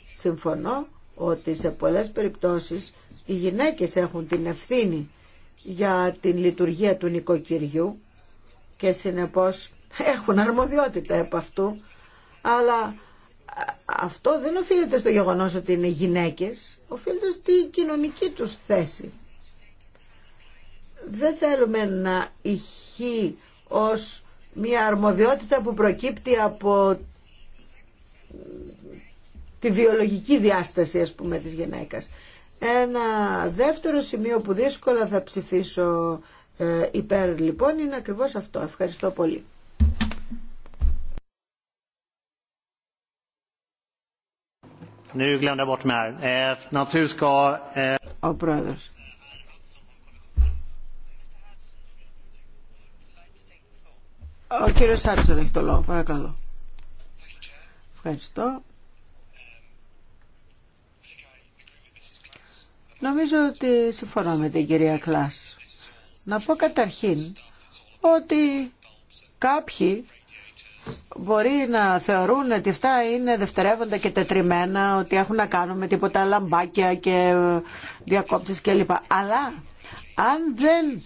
Speaker 2: Συμφωνώ ότι σε πολλές περιπτώσεις οι γυναίκες έχουν την ευθύνη για την λειτουργία του νοικοκυριού και συνεπώς έχουν αρμοδιότητα από αυτού αλλά αυτό δεν οφείλεται στο γεγονός ότι είναι γυναίκες οφείλεται στη κοινωνική τους θέση δεν θέλουμε να ηχεί ως μια αρμοδιότητα που προκύπτει από τη βιολογική διάσταση ας πούμε της γυναίκας ένα δεύτερο σημείο που δύσκολα θα ψηφίσω ε, υπέρ λοιπόν είναι ακριβώς αυτό. Ευχαριστώ πολύ. Ο πρόεδρος. Ο κύριο Άψον έχει το λόγο, παρακαλώ. Ευχαριστώ. Νομίζω ότι συμφωνώ με την κυρία Κλάς. Να πω καταρχήν ότι κάποιοι μπορεί να θεωρούν ότι αυτά είναι δευτερεύοντα και τετριμένα, ότι έχουν να κάνουν με τίποτα λαμπάκια και διακόπτες κλπ. Αλλά αν δεν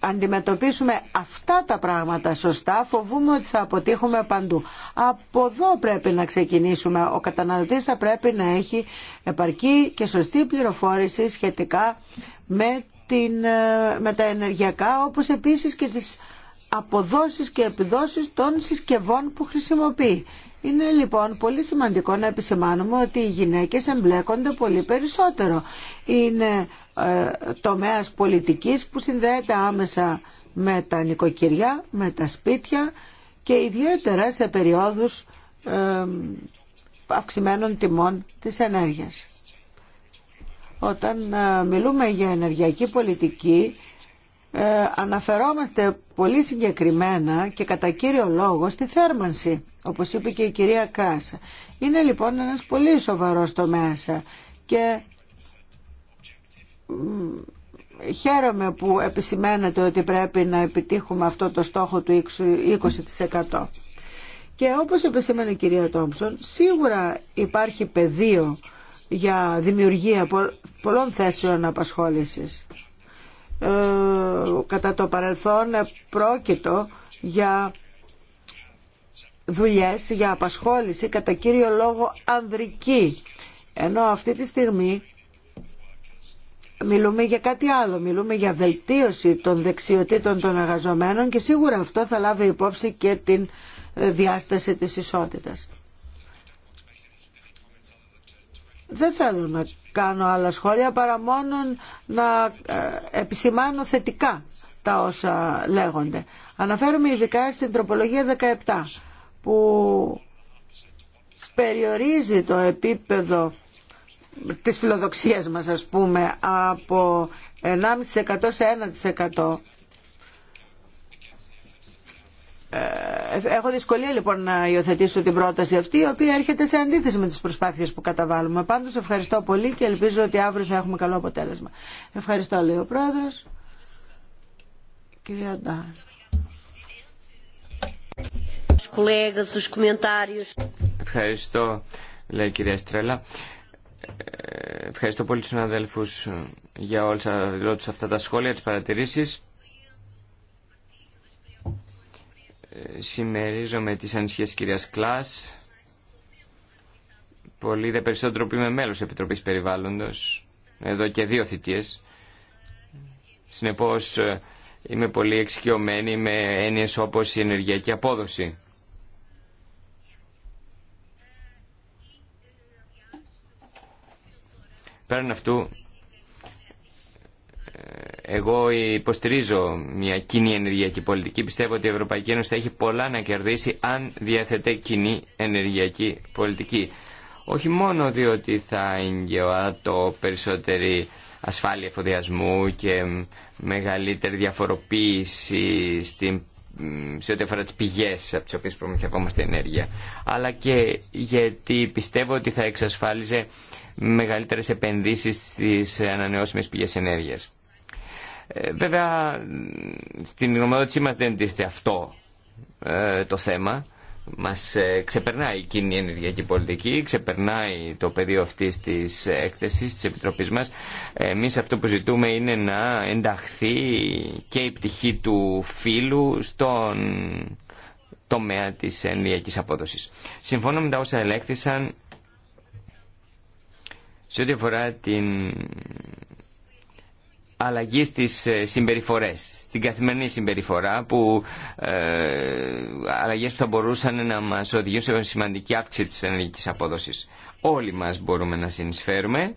Speaker 2: αντιμετωπίσουμε αυτά τα πράγματα σωστά φοβούμε ότι θα αποτύχουμε παντού. Από εδώ πρέπει να ξεκινήσουμε. Ο καταναλωτής θα πρέπει να έχει επαρκή και σωστή πληροφόρηση σχετικά με, την, ε, με τα ενεργειακά όπως επίσης και τις αποδόσεις και επιδόσεις των συσκευών που χρησιμοποιεί. Είναι λοιπόν πολύ σημαντικό να επισημάνουμε ότι οι γυναίκες εμπλέκονται πολύ περισσότερο. Είναι ε, τομέας πολιτικής που συνδέεται άμεσα με τα νοικοκυριά, με τα σπίτια και ιδιαίτερα σε περιόδους ε, αυξημένων τιμών της ενέργειας. Όταν ε, μιλούμε για ενεργειακή πολιτική ε, αναφερόμαστε πολύ συγκεκριμένα και κατά κύριο λόγο στη θέρμανση, όπως είπε και η κυρία Κράσα. Είναι λοιπόν ένας πολύ σοβαρός τομέας και χαίρομαι που επισημαίνεται ότι πρέπει να επιτύχουμε αυτό το στόχο του 20%. Και όπως επισημαίνει η κυρία Τόμψον, σίγουρα υπάρχει πεδίο για δημιουργία πολλών θέσεων απασχόλησης. Ε, κατά το παρελθόν πρόκειτο για δουλειές, για απασχόληση κατά κύριο λόγο ανδρική. Ενώ αυτή τη στιγμή Μιλούμε για κάτι άλλο, μιλούμε για βελτίωση των δεξιοτήτων των εργαζομένων και σίγουρα αυτό θα λάβει υπόψη και την ε, διάσταση της ισότητας. Δεν θέλω να κάνω άλλα σχόλια παρά μόνο να ε, επισημάνω θετικά τα όσα λέγονται. Αναφέρομαι ειδικά στην τροπολογία 17 που περιορίζει το επίπεδο της φιλοδοξίας μας ας πούμε από 1,5% σε 1% ε, έχω δυσκολία λοιπόν να υιοθετήσω την πρόταση αυτή η οποία έρχεται σε αντίθεση με τις προσπάθειες που καταβάλουμε. Πάντως ευχαριστώ πολύ και ελπίζω ότι αύριο θα έχουμε καλό αποτέλεσμα. Ευχαριστώ λέει ο Πρόεδρος. Κυρία
Speaker 3: Ευχαριστώ λέει η κυρία Στρέλα. Ε, ευχαριστώ πολύ τους συναδέλφους για όλα αυτά τα σχόλια, τις παρατηρήσεις. συμμερίζομαι τις ανησυχίες κυρίας Κλάς. Πολύ δε περισσότερο που είμαι μέλος Επιτροπής Περιβάλλοντος, εδώ και δύο θητείες. Συνεπώς ε, είμαι πολύ εξοικειωμένη με έννοιες όπως η ενεργειακή απόδοση. Πέραν αυτού, εγώ υποστηρίζω μια κοινή ενεργειακή πολιτική. Πιστεύω ότι η Ευρωπαϊκή Ένωση θα έχει πολλά να κερδίσει αν διαθέτει κοινή ενεργειακή πολιτική. Όχι μόνο διότι θα το περισσότερη ασφάλεια εφοδιασμού και μεγαλύτερη διαφοροποίηση στην, σε ό,τι αφορά τις πηγές από τις οποίες προμηθευόμαστε ενέργεια, αλλά και γιατί πιστεύω ότι θα εξασφάλιζε μεγαλύτερες επενδύσεις στις ανανεώσιμες πηγές ενέργειας. Ε, βέβαια, στην γνωμοδότησή μας δεν τίθεται αυτό ε, το θέμα. Μας ε, ξεπερνάει η κοινή ενεργειακή πολιτική, ξεπερνάει το πεδίο αυτή της έκθεσης της Επιτροπής μας. Εμείς αυτό που ζητούμε είναι να ενταχθεί και η πτυχή του φύλου στον τομέα της ενεργειακή απόδοσης. Συμφωνώ με τα όσα ελέγχθησαν σε ό,τι αφορά την αλλαγή στις ε, συμπεριφορές, στην καθημερινή συμπεριφορά, που ε, αλλαγές που θα μπορούσαν να μας οδηγήσουν σε σημαντική αύξηση της ενεργικής απόδοσης. Όλοι μας μπορούμε να συνεισφέρουμε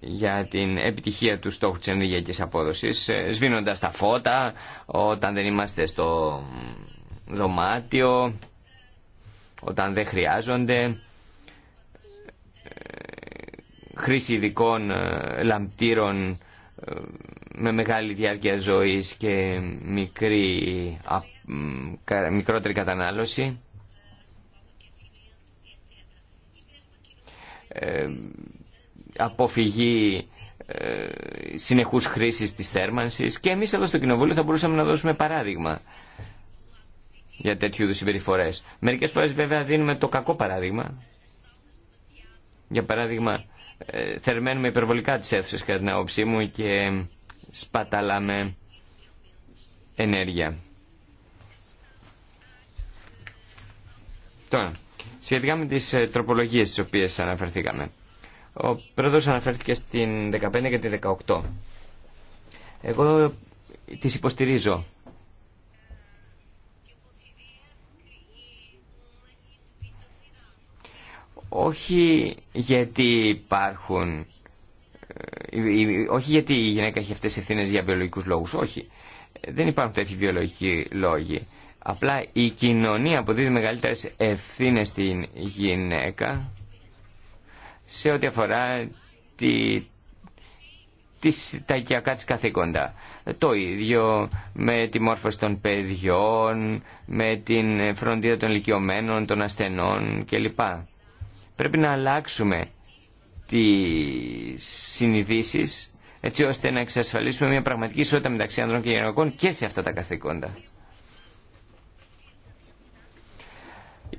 Speaker 3: για την επιτυχία του στόχου της ενεργειακής απόδοσης, ε, σβήνοντας τα φώτα όταν δεν είμαστε στο δωμάτιο, όταν δεν χρειάζονται, χρήση ειδικών λαμπτήρων με μεγάλη διάρκεια ζωής και μικρή, μικρότερη κατανάλωση. Ε, αποφυγή ε, συνεχούς χρήσης της θέρμανσης και εμείς εδώ στο Κοινοβούλιο θα μπορούσαμε να δώσουμε παράδειγμα για τέτοιου είδους συμπεριφορές. Μερικές φορές βέβαια δίνουμε το κακό παράδειγμα. Για παράδειγμα ε, θερμαίνουμε υπερβολικά τις αίθουσες κατά την άποψή μου και σπαταλάμε ενέργεια. Τώρα, σχετικά με τις ε, τροπολογίες τις οποίες αναφερθήκαμε. Ο πρόεδρος αναφέρθηκε στην 15 και την 18. Εγώ τις υποστηρίζω όχι γιατί υπάρχουν ε, όχι γιατί η γυναίκα έχει αυτές τις ευθύνες για βιολογικούς λόγους, όχι. Ε, δεν υπάρχουν τέτοιοι βιολογικοί λόγοι. Απλά η κοινωνία αποδίδει μεγαλύτερες ευθύνες στην γυναίκα σε ό,τι αφορά τη, τις, τα οικιακά της καθήκοντα. Το ίδιο με τη μόρφωση των παιδιών, με την φροντίδα των ηλικιωμένων, των ασθενών κλπ. Πρέπει να αλλάξουμε τις συνειδήσεις έτσι ώστε να εξασφαλίσουμε μια πραγματική ισότητα μεταξύ ανδρών και γυναικών και σε αυτά τα καθήκοντα.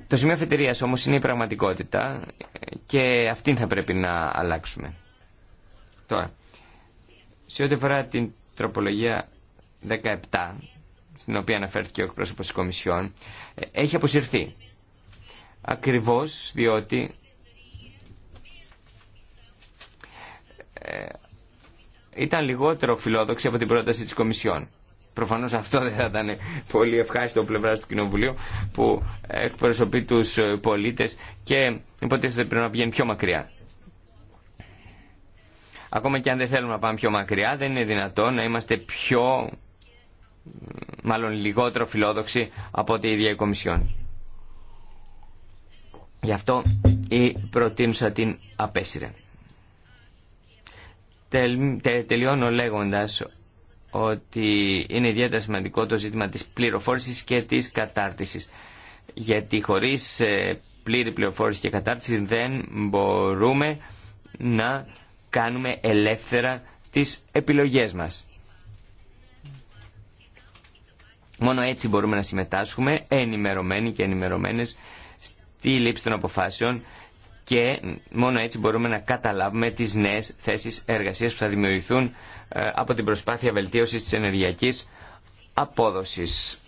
Speaker 3: Το σημείο αφετηρίας όμως είναι η πραγματικότητα και αυτήν θα πρέπει να αλλάξουμε. Τώρα, σε ό,τι αφορά την τροπολογία 17, στην οποία αναφέρθηκε ο εκπρόσωπος της Κομισιόν, ε, έχει αποσυρθεί. Ακριβώς διότι Ε, ήταν λιγότερο φιλόδοξη από την πρόταση της Κομισιόν. Προφανώς αυτό δεν θα ήταν πολύ ευχάριστο από πλευράς του Κοινοβουλίου που εκπροσωπεί τους πολίτες και υποτίθεται πρέπει να πηγαίνει πιο μακριά. Ακόμα και αν δεν θέλουμε να πάμε πιο μακριά δεν είναι δυνατόν να είμαστε πιο, μάλλον λιγότερο φιλόδοξοι από η ίδια η Κομισιόν. Γι' αυτό η προτείνουσα την απέσυρε τελειώνω λέγοντας ότι είναι ιδιαίτερα σημαντικό το ζήτημα της πληροφόρησης και της κατάρτισης. Γιατί χωρίς ε, πλήρη πληροφόρηση και κατάρτιση δεν μπορούμε να κάνουμε ελεύθερα τις επιλογές μας. Μόνο έτσι μπορούμε να συμμετάσχουμε ενημερωμένοι και ενημερωμένες στη λήψη των αποφάσεων και μόνο έτσι μπορούμε να καταλάβουμε τις νέες θέσεις εργασίας που θα δημιουργηθούν ε, από την προσπάθεια βελτίωσης της ενεργειακής απόδοσης.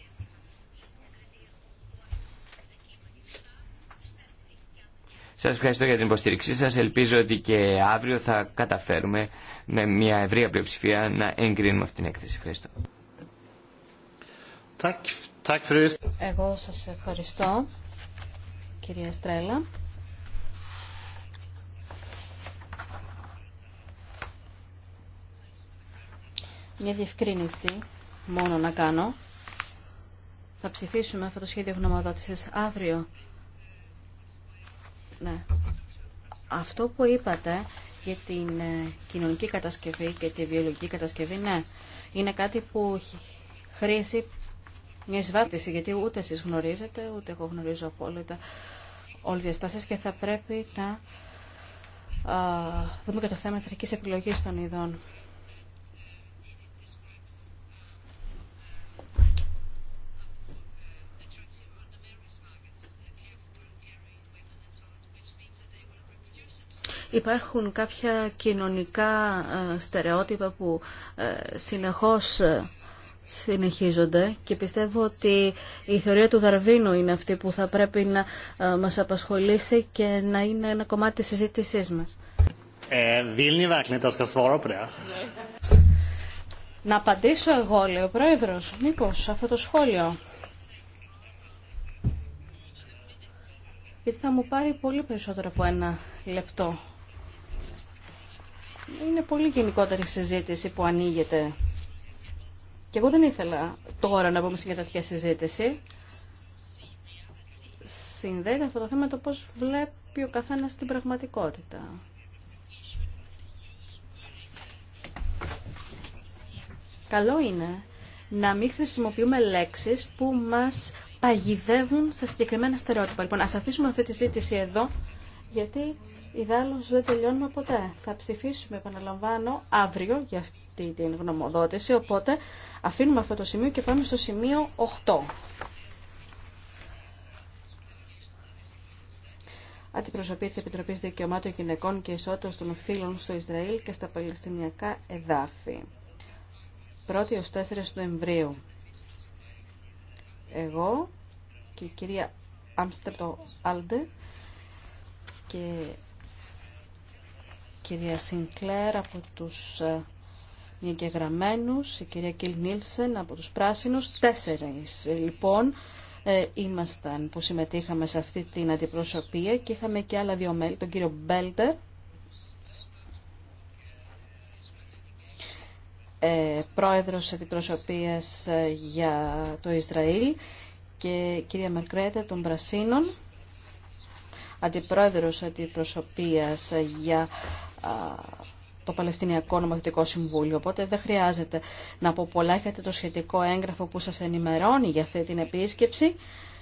Speaker 3: Σας ευχαριστώ για την υποστήριξή σας. Ελπίζω ότι και αύριο θα καταφέρουμε με μια ευρία πλειοψηφία να εγκρίνουμε αυτή την έκθεση. Ευχαριστώ.
Speaker 4: Εγώ σας ευχαριστώ, κυρία Στρέλα. Μια διευκρίνηση μόνο να κάνω. Θα ψηφίσουμε αυτό το σχέδιο γνωμοδότησης αύριο. Ναι. Αυτό που είπατε για την ε, κοινωνική κατασκευή και τη βιολογική κατασκευή, ναι, είναι κάτι που χρήση μια εισβάτηση, γιατί ούτε εσείς γνωρίζετε, ούτε εγώ γνωρίζω απόλυτα όλες τις διαστάσεις και θα πρέπει να δούμε και το θέμα της επιλογής των ειδών. Υπάρχουν κάποια κοινωνικά ε, στερεότυπα που ε, συνεχώς ε, συνεχίζονται και πιστεύω ότι η θεωρία του Δαρβίνου είναι αυτή που θα πρέπει να μας απασχολήσει και να είναι ένα κομμάτι της συζήτησής μας. Ε, να απαντήσω εγώ, λέει ο Πρόεδρος, μήπως αυτό το σχόλιο. Γιατί θα μου πάρει πολύ περισσότερο από ένα λεπτό είναι πολύ γενικότερη συζήτηση που ανοίγεται. Και εγώ δεν ήθελα τώρα να πούμε σε τέτοια συζήτηση. Συνδέεται αυτό το θέμα το πώς βλέπει ο καθένας την πραγματικότητα. Καλό είναι να μην χρησιμοποιούμε λέξεις που μας παγιδεύουν σε συγκεκριμένα στερεότυπα. Λοιπόν, ας αφήσουμε αυτή τη ζήτηση εδώ, γιατί Ιδάλλως δεν τελειώνουμε ποτέ. Θα ψηφίσουμε, επαναλαμβάνω, αύριο για αυτή την γνωμοδότηση, οπότε αφήνουμε αυτό το σημείο και πάμε στο σημείο 8. Αντιπροσωπή της Επιτροπής Δικαιωμάτων Γυναικών και Ισότητας των Φίλων στο Ισραήλ και στα Παλαιστινιακά εδάφη. 1η ως 4 Νοεμβρίου. Εγώ και η κυρία Άμστερτο Άλντε και κυρία Σινκλέρ από τους διαγεγραμμένους, ε, η κυρία Κιλ Νίλσεν από τους πράσινους, τέσσερις λοιπόν ε, ήμασταν που συμμετείχαμε σε αυτή την αντιπροσωπεία και είχαμε και άλλα δύο μέλη, τον κύριο Μπέλτερ ε, πρόεδρος αντιπροσωπείας για το Ισραήλ και κυρία Μαρκρέτα των Πρασίνων αντιπρόεδρος αντιπροσωπείας για το Παλαιστινιακό Νομοθετικό Συμβούλιο. Οπότε δεν χρειάζεται να πω το σχετικό έγγραφο που σας ενημερώνει για αυτή την επίσκεψη.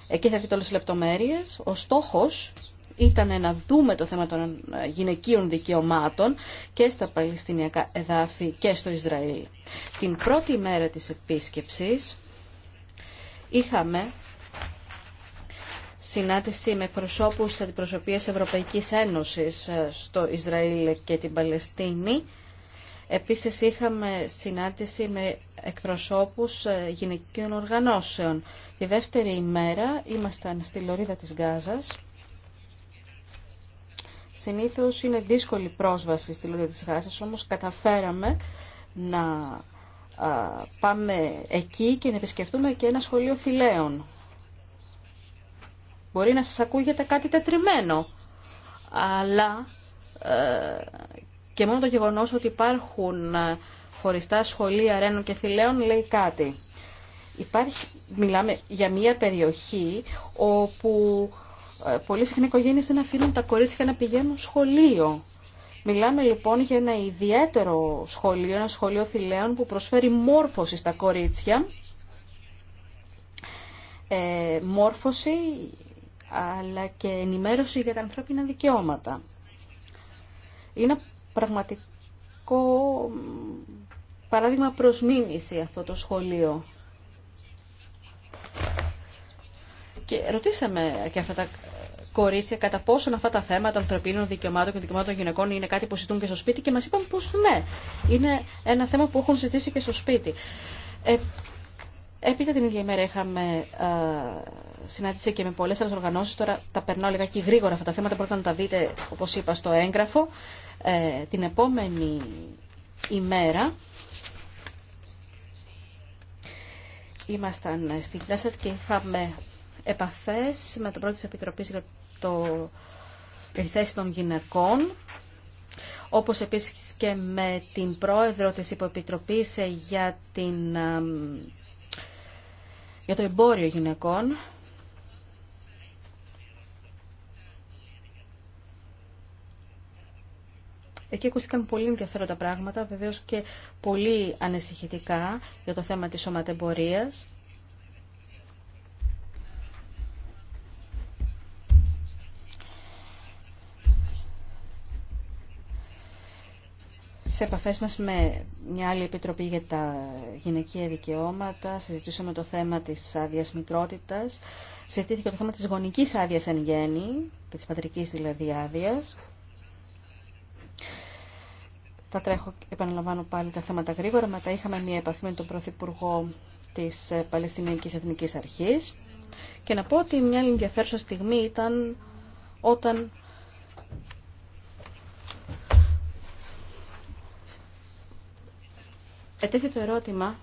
Speaker 4: Εκεί θα δείτε όλες τις λεπτομέρειες. Ο στόχος ήταν να δούμε το θέμα των γυναικείων δικαιωμάτων και στα Παλαιστινιακά εδάφη και στο Ισραήλ. Την πρώτη μέρα της επίσκεψης είχαμε συνάντηση με προσώπους της Αντιπροσωπείας Ευρωπαϊκής Ένωσης ε, στο Ισραήλ και την Παλαιστίνη. Επίσης είχαμε συνάντηση με εκπροσώπους ε, γυναικείων οργανώσεων. Τη δεύτερη ημέρα ήμασταν στη Λωρίδα της Γάζας. Συνήθως είναι δύσκολη πρόσβαση στη Λωρίδα της Γάζας, όμως καταφέραμε να πάμε εκεί και να επισκεφτούμε και ένα σχολείο φιλέων. Μπορεί να σας ακούγεται κάτι τετριμένο, αλλά ε, και μόνο το γεγονός ότι υπάρχουν ε, χωριστά σχολεία αρένων και Θηλαίων λέει κάτι. Υπάρχει, μιλάμε για μια περιοχή όπου ε, πολύ συχνά οικογένειες δεν αφήνουν τα κορίτσια να πηγαίνουν σχολείο. Μιλάμε λοιπόν για ένα ιδιαίτερο σχολείο, ένα σχολείο θηλαίων που προσφέρει μόρφωση στα κορίτσια. μόρφωση αλλά και ενημέρωση για τα ανθρώπινα δικαιώματα. Είναι πραγματικό παράδειγμα προς μίμηση αυτό το σχολείο. Και ρωτήσαμε και αυτά τα κορίτσια κατά πόσον αυτά τα θέματα ανθρωπίνων δικαιωμάτων και δικαιωμάτων γυναικών είναι κάτι που ζητούν και στο σπίτι και μας είπαν πως ναι, είναι ένα θέμα που έχουν ζητήσει και στο σπίτι. Ε, Έπειτα την ίδια ημέρα είχαμε ε, συνάντηση και με πολλές άλλες οργανώσεις. Τώρα τα περνάω λιγάκι γρήγορα αυτά τα θέματα. Μπορείτε να τα δείτε, όπως είπα, στο έγγραφο. Ε, την επόμενη ημέρα ήμασταν στην Κνέσσετ και είχαμε επαφές με τον πρώτο της Επιτροπής για, το, τη θέση των γυναικών όπως επίσης και με την πρόεδρο της Υποεπιτροπής για την ε, για το εμπόριο γυναικών. Εκεί ακούστηκαν πολύ ενδιαφέροντα πράγματα, βεβαίως και πολύ ανησυχητικά για το θέμα της σωματεμπορίας. Σε επαφές μας με μια άλλη επιτροπή για τα γυναικεία δικαιώματα, συζητήσαμε το θέμα της άδεια μητρότητα. συζητήθηκε το θέμα της γονικής άδεια εν γέννη και της πατρικής δηλαδή άδεια. Θα τρέχω, επαναλαμβάνω πάλι τα θέματα γρήγορα, μετά είχαμε μια επαφή με τον Πρωθυπουργό της Παλαιστινιακής Εθνικής Αρχής και να πω ότι μια ενδιαφέρουσα στιγμή ήταν όταν ετέθη το ερώτημα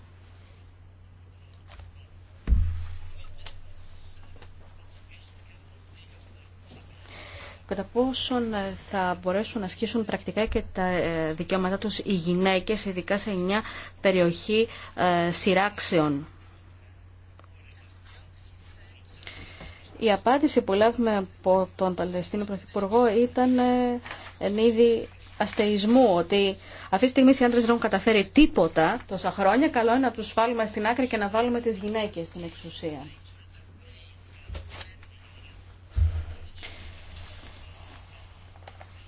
Speaker 4: κατά πόσον ε, θα μπορέσουν να ασκήσουν πρακτικά και τα ε, δικαιώματά τους οι γυναίκες, ειδικά σε μια περιοχή ε, σειράξεων. Η απάντηση που λάβουμε από τον Παλαιστίνο Πρωθυπουργό ήταν εν είδη αστεϊσμού ότι αυτή τη στιγμή οι άντρε δεν έχουν καταφέρει τίποτα τόσα χρόνια. Καλό είναι να του βάλουμε στην άκρη και να βάλουμε τι γυναίκε στην εξουσία.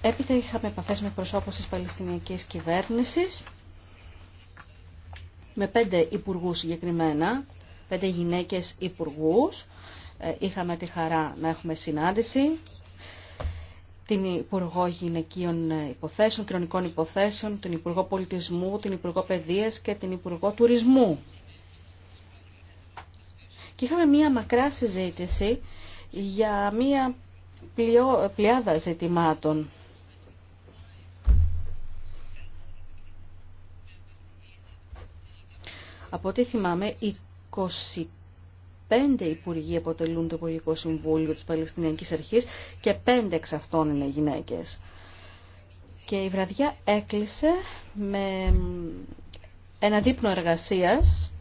Speaker 4: Έπειτα είχαμε επαφές με προσώπους της Παλαιστινιακής κυβέρνησης, με πέντε υπουργούς συγκεκριμένα, πέντε γυναίκες υπουργούς. Ε, είχαμε τη χαρά να έχουμε συνάντηση την Υπουργό Γυναικείων Υποθέσεων, Κοινωνικών Υποθέσεων, την Υπουργό Πολιτισμού, την Υπουργό Παιδείας και την Υπουργό Τουρισμού. Και είχαμε μία μακρά συζήτηση για μία πλειάδα ζητημάτων. Από ό,τι θυμάμαι, 25 πέντε υπουργοί αποτελούν το Υπουργικό Συμβούλιο της Παλαιστινιακής Αρχής και πέντε εξ αυτών είναι γυναίκες. Και η βραδιά έκλεισε με ένα δείπνο εργασίας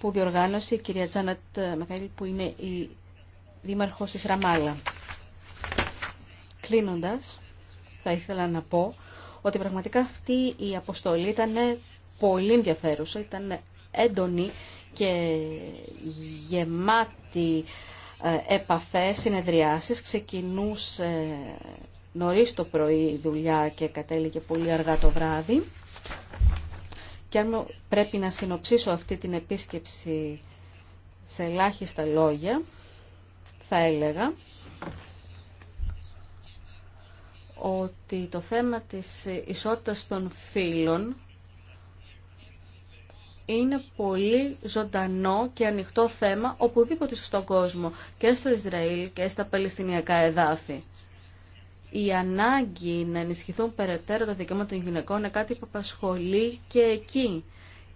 Speaker 4: που διοργάνωσε η κυρία Τζάνατ Μαχαήλ που είναι η δήμαρχος της Ραμάλα. Κλείνοντας, θα ήθελα να πω ότι πραγματικά αυτή η αποστολή ήταν πολύ ενδιαφέρουσα, ήταν έντονη και γεμάτη ε, επαφές, συνεδριάσεις. Ξεκινούσε ε, νωρίς το πρωί η δουλειά και κατέληγε πολύ αργά το βράδυ. Και αν πρέπει να συνοψίσω αυτή την επίσκεψη σε ελάχιστα λόγια, θα έλεγα ότι το θέμα της ισότητας των φίλων είναι πολύ ζωντανό και ανοιχτό θέμα οπουδήποτε στον κόσμο, και στο Ισραήλ και στα Παλαιστινιακά εδάφη. Η ανάγκη να ενισχυθούν περαιτέρω τα δικαιώματα των γυναικών είναι κάτι που απασχολεί και εκεί.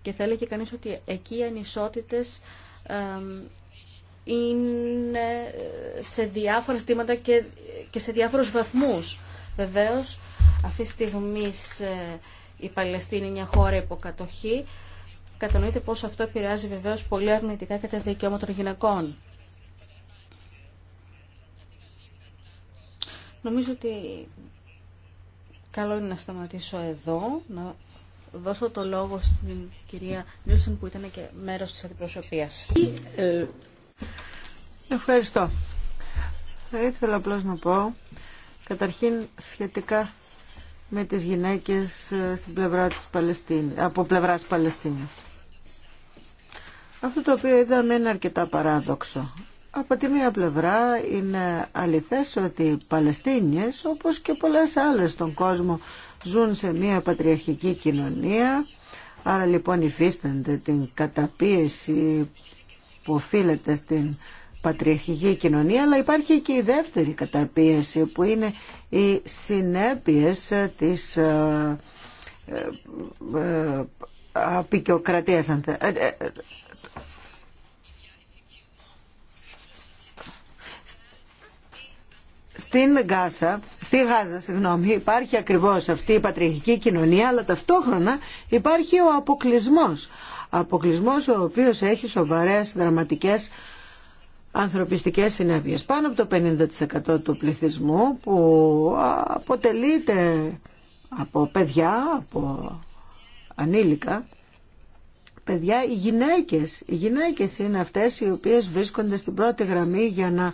Speaker 4: Και θα έλεγε κανείς ότι εκεί οι ανισότητες είναι σε διάφορα στήματα και, και σε διάφορους βαθμούς. Βεβαίως, αυτή τη στιγμή ε, η Παλαιστίνη είναι μια χώρα υποκατοχή, Κατανοείτε πως αυτό επηρεάζει βεβαίως πολύ αρνητικά και τα δικαιώματα των γυναικών. Νομίζω ότι καλό είναι να σταματήσω εδώ, να δώσω το λόγο στην κυρία Νίλσεν που ήταν και μέρος της αντιπροσωπείας. Ευχαριστώ. Θα ήθελα
Speaker 2: απλώ να πω, καταρχήν σχετικά με τις γυναίκες ε, στην πλευρά της από πλευράς Παλαιστίνης. Αυτό το οποίο είδαμε είναι αρκετά παράδοξο. Από τη μία πλευρά είναι αληθές ότι οι Παλαιστίνιες όπως και πολλές άλλες στον κόσμο ζουν σε μια πατριαρχική κοινωνία άρα λοιπόν υφίστανται την καταπίεση που οφείλεται στην πατριαρχική κοινωνία αλλά υπάρχει και η δεύτερη καταπίεση που είναι οι συνέπειες της ε, ε, ε, απεικιοκρατίας στην Γάζα, στη Γάζα συγγνώμη, υπάρχει ακριβώς αυτή η πατριαρχική κοινωνία αλλά ταυτόχρονα υπάρχει ο αποκλεισμός. Αποκλεισμός ο οποίος έχει σοβαρές δραματικές ανθρωπιστικές συνέπειες. Πάνω από το 50% του πληθυσμού που αποτελείται από παιδιά, από ανήλικα, παιδιά, οι γυναίκες. Οι γυναίκες είναι αυτές οι οποίες βρίσκονται στην πρώτη γραμμή για να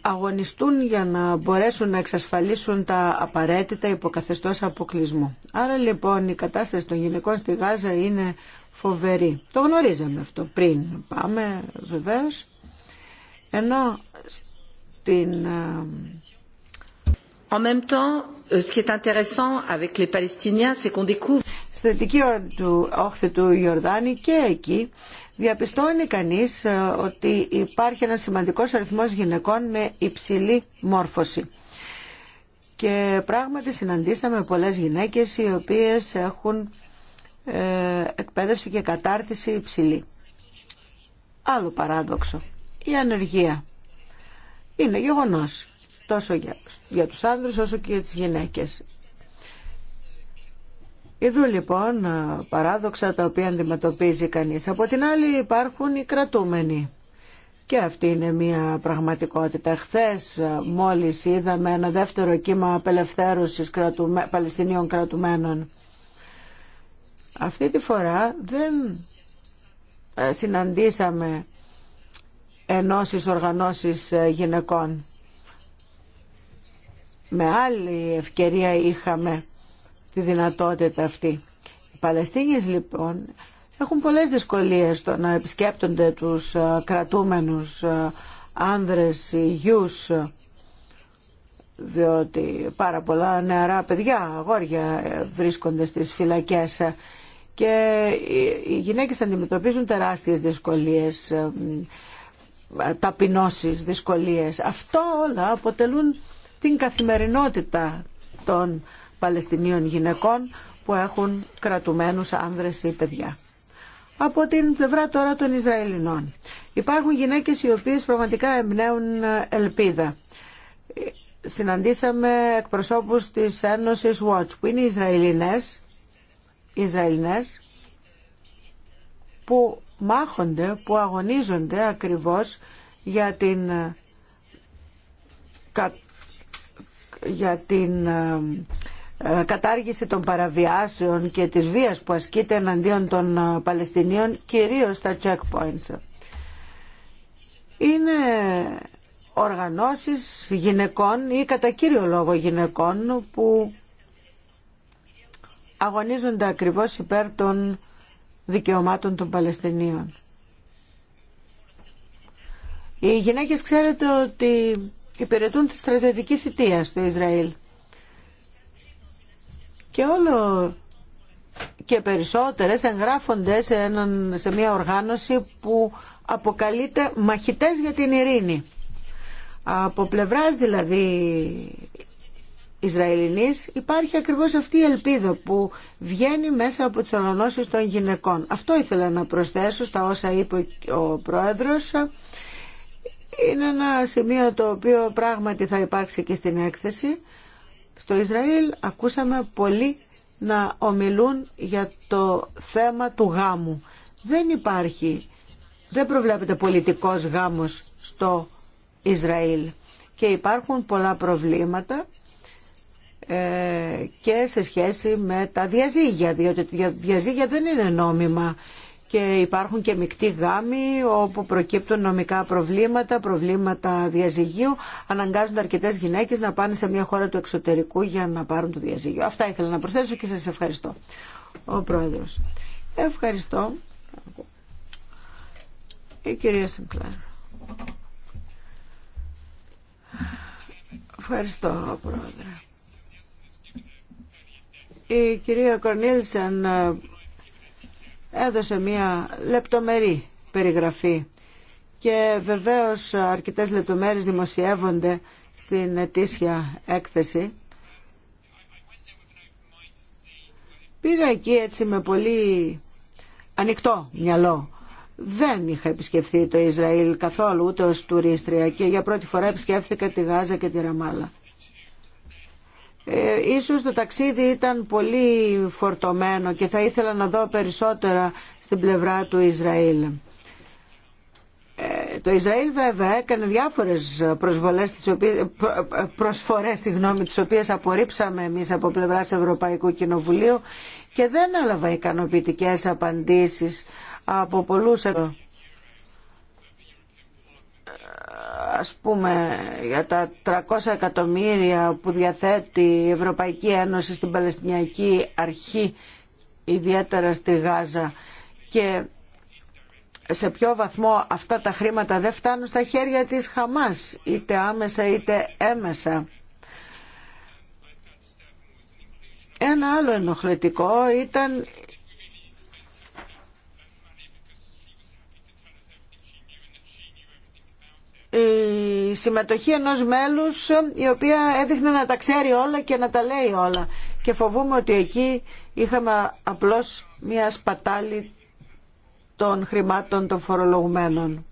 Speaker 2: αγωνιστούν για να μπορέσουν να εξασφαλίσουν τα απαραίτητα υποκαθεστώς αποκλεισμού. Άρα λοιπόν η κατάσταση των γυναικών στη Γάζα είναι φοβερή. Το γνωρίζαμε αυτό πριν πάμε βεβαίως. Ενώ
Speaker 4: στην... Ε, en même temps, euh, ce qui est intéressant avec les Palestiniens, c'est qu'on découvre
Speaker 2: στη θετική όχθη του Ιορδάνη και εκεί διαπιστώνει κανείς ε, ότι υπάρχει ένα σημαντικός αριθμός γυναικών με υψηλή μόρφωση. Και πράγματι συναντήσαμε πολλές γυναίκες οι οποίες έχουν ε, εκπαίδευση και κατάρτιση υψηλή. Άλλο παράδοξο. Η ανεργία. Είναι γεγονός τόσο για, για τους άνδρες όσο και για τις γυναίκες εδώ λοιπόν παράδοξα τα οποία αντιμετωπίζει κανείς. Από την άλλη υπάρχουν οι κρατούμενοι. Και αυτή είναι μια πραγματικότητα. Χθε μόλις είδαμε ένα δεύτερο κύμα απελευθέρωσης κρατουμε... Παλαιστινίων κρατουμένων. Αυτή τη φορά δεν ε, συναντήσαμε ενώσεις οργανώσεις ε, γυναικών. Με άλλη ευκαιρία είχαμε τη δυνατότητα αυτή. Οι Παλαιστίνιες λοιπόν έχουν πολλές δυσκολίες στο να επισκέπτονται τους ε, κρατούμενους ε, άνδρες γιους διότι πάρα πολλά νεαρά παιδιά, αγόρια ε, βρίσκονται στις φυλακές και οι γυναίκες αντιμετωπίζουν τεράστιες δυσκολίες, ταπεινώσεις, δυσκολίες. Αυτό όλα αποτελούν την καθημερινότητα των Παλαιστινίων γυναικών που έχουν κρατουμένους άνδρες ή παιδιά. Από την πλευρά τώρα των Ισραηλινών. Υπάρχουν γυναίκες οι οποίες πραγματικά εμπνέουν ελπίδα. Συναντήσαμε εκπροσώπους της Ένωσης Watch που είναι Ισραηλινές, Ισραηλινές που μάχονται, που αγωνίζονται ακριβώς για την, για την ε, ε, κατάργηση των παραβιάσεων και της βίας που ασκείται εναντίον των ε, Παλαιστινίων, κυρίως στα checkpoints. Είναι οργανώσεις γυναικών ή κατά κύριο λόγο γυναικών που αγωνίζονται ακριβώς υπέρ των δικαιωμάτων των Παλαιστινίων. Οι γυναίκες ξέρετε ότι υπηρετούν τη στρατιωτική θητεία στο Ισραήλ και όλο και περισσότερες εγγράφονται σε, έναν, μια οργάνωση που αποκαλείται μαχητές για την ειρήνη. Από πλευράς δηλαδή Ισραηλινής υπάρχει ακριβώς αυτή η ελπίδα που βγαίνει μέσα από τις οργανώσεις των γυναικών. Αυτό ήθελα να προσθέσω στα όσα είπε ο Πρόεδρος. Είναι ένα σημείο το οποίο πράγματι θα υπάρξει και στην έκθεση. Στο Ισραήλ ακούσαμε πολύ να ομιλούν για το θέμα του γάμου. Δεν υπάρχει, δεν προβλέπεται πολιτικός γάμος στο Ισραήλ και υπάρχουν πολλά προβλήματα ε, και σε σχέση με τα διαζύγια, διότι τα διαζύγια δεν είναι νόμιμα και υπάρχουν και μεικτοί γάμοι όπου προκύπτουν νομικά προβλήματα, προβλήματα διαζυγίου. Αναγκάζονται αρκετέ γυναίκε να πάνε σε μια χώρα του εξωτερικού για να πάρουν το διαζύγιο. Αυτά ήθελα να προσθέσω και σα ευχαριστώ. Ο Πρόεδρο. Ευχαριστώ. Η κυρία Συγκλάρ. Ευχαριστώ, Πρόεδρε. Η κυρία Κορνίλσεν έδωσε μια λεπτομερή περιγραφή και βεβαίως αρκετές λεπτομέρειες δημοσιεύονται στην ετήσια έκθεση. Πήγα εκεί έτσι με πολύ ανοιχτό μυαλό. Δεν είχα επισκεφθεί το Ισραήλ καθόλου ούτε ως τουρίστρια και για πρώτη φορά επισκέφθηκα τη Γάζα και τη Ραμάλα. Ε, ίσως το ταξίδι ήταν πολύ φορτωμένο και θα ήθελα να δω περισσότερα στην πλευρά του Ισραήλ. Ε, το Ισραήλ βέβαια έκανε διάφορες προσβολές, τις οποίες, προσφορές συγγνώμη, τις οποίες απορρίψαμε εμείς από πλευράς Ευρωπαϊκού Κοινοβουλίου και δεν έλαβα ικανοποιητικές απαντήσεις από πολλούς ας πούμε για τα 300 εκατομμύρια που διαθέτει η Ευρωπαϊκή Ένωση στην Παλαιστινιακή Αρχή ιδιαίτερα στη Γάζα και σε ποιο βαθμό αυτά τα χρήματα δεν φτάνουν στα χέρια της Χαμάς είτε άμεσα είτε έμεσα. Ένα άλλο ενοχλητικό ήταν
Speaker 4: η
Speaker 2: συμμετοχή ενός μέλους η οποία έδειχνε να τα ξέρει όλα και να τα λέει όλα και φοβούμαι ότι εκεί είχαμε απλώς μια σπατάλη των χρημάτων των φορολογουμένων.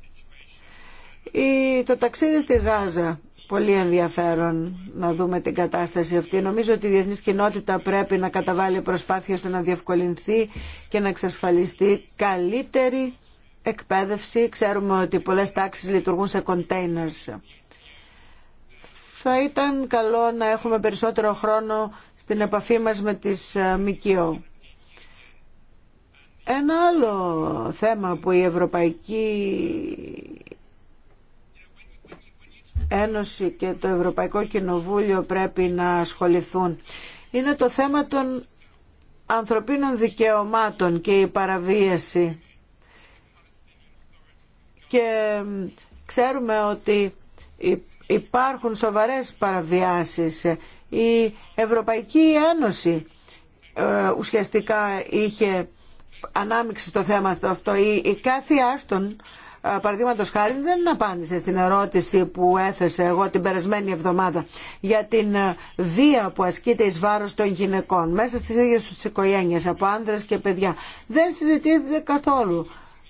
Speaker 2: Η, το ταξίδι στη Γάζα, πολύ ενδιαφέρον να δούμε την κατάσταση αυτή. Νομίζω ότι η διεθνής κοινότητα πρέπει να καταβάλει προσπάθειες στο να διευκολυνθεί και να εξασφαλιστεί καλύτερη εκπαίδευση. Ξέρουμε ότι πολλές τάξεις λειτουργούν σε containers. Θα ήταν καλό να έχουμε περισσότερο χρόνο στην επαφή μας με τις ε, ΜΚΟ. Ένα άλλο θέμα που η Ευρωπαϊκή Ένωση και το Ευρωπαϊκό Κοινοβούλιο πρέπει να ασχοληθούν είναι το θέμα των ανθρωπίνων δικαιωμάτων και η παραβίαση και ξέρουμε ότι υπάρχουν σοβαρές παραβιάσεις. Η Ευρωπαϊκή Ένωση ε, ουσιαστικά είχε ανάμειξη στο θέμα αυτό. Η, κάθε Άστον, ε, παραδείγματο χάρη, δεν απάντησε στην ερώτηση που έθεσε εγώ την περασμένη εβδομάδα για την ε, βία που ασκείται εις βάρος των γυναικών μέσα στις ίδιες τους οικογένειες από άνδρες και παιδιά. Δεν συζητήθηκε καθόλου.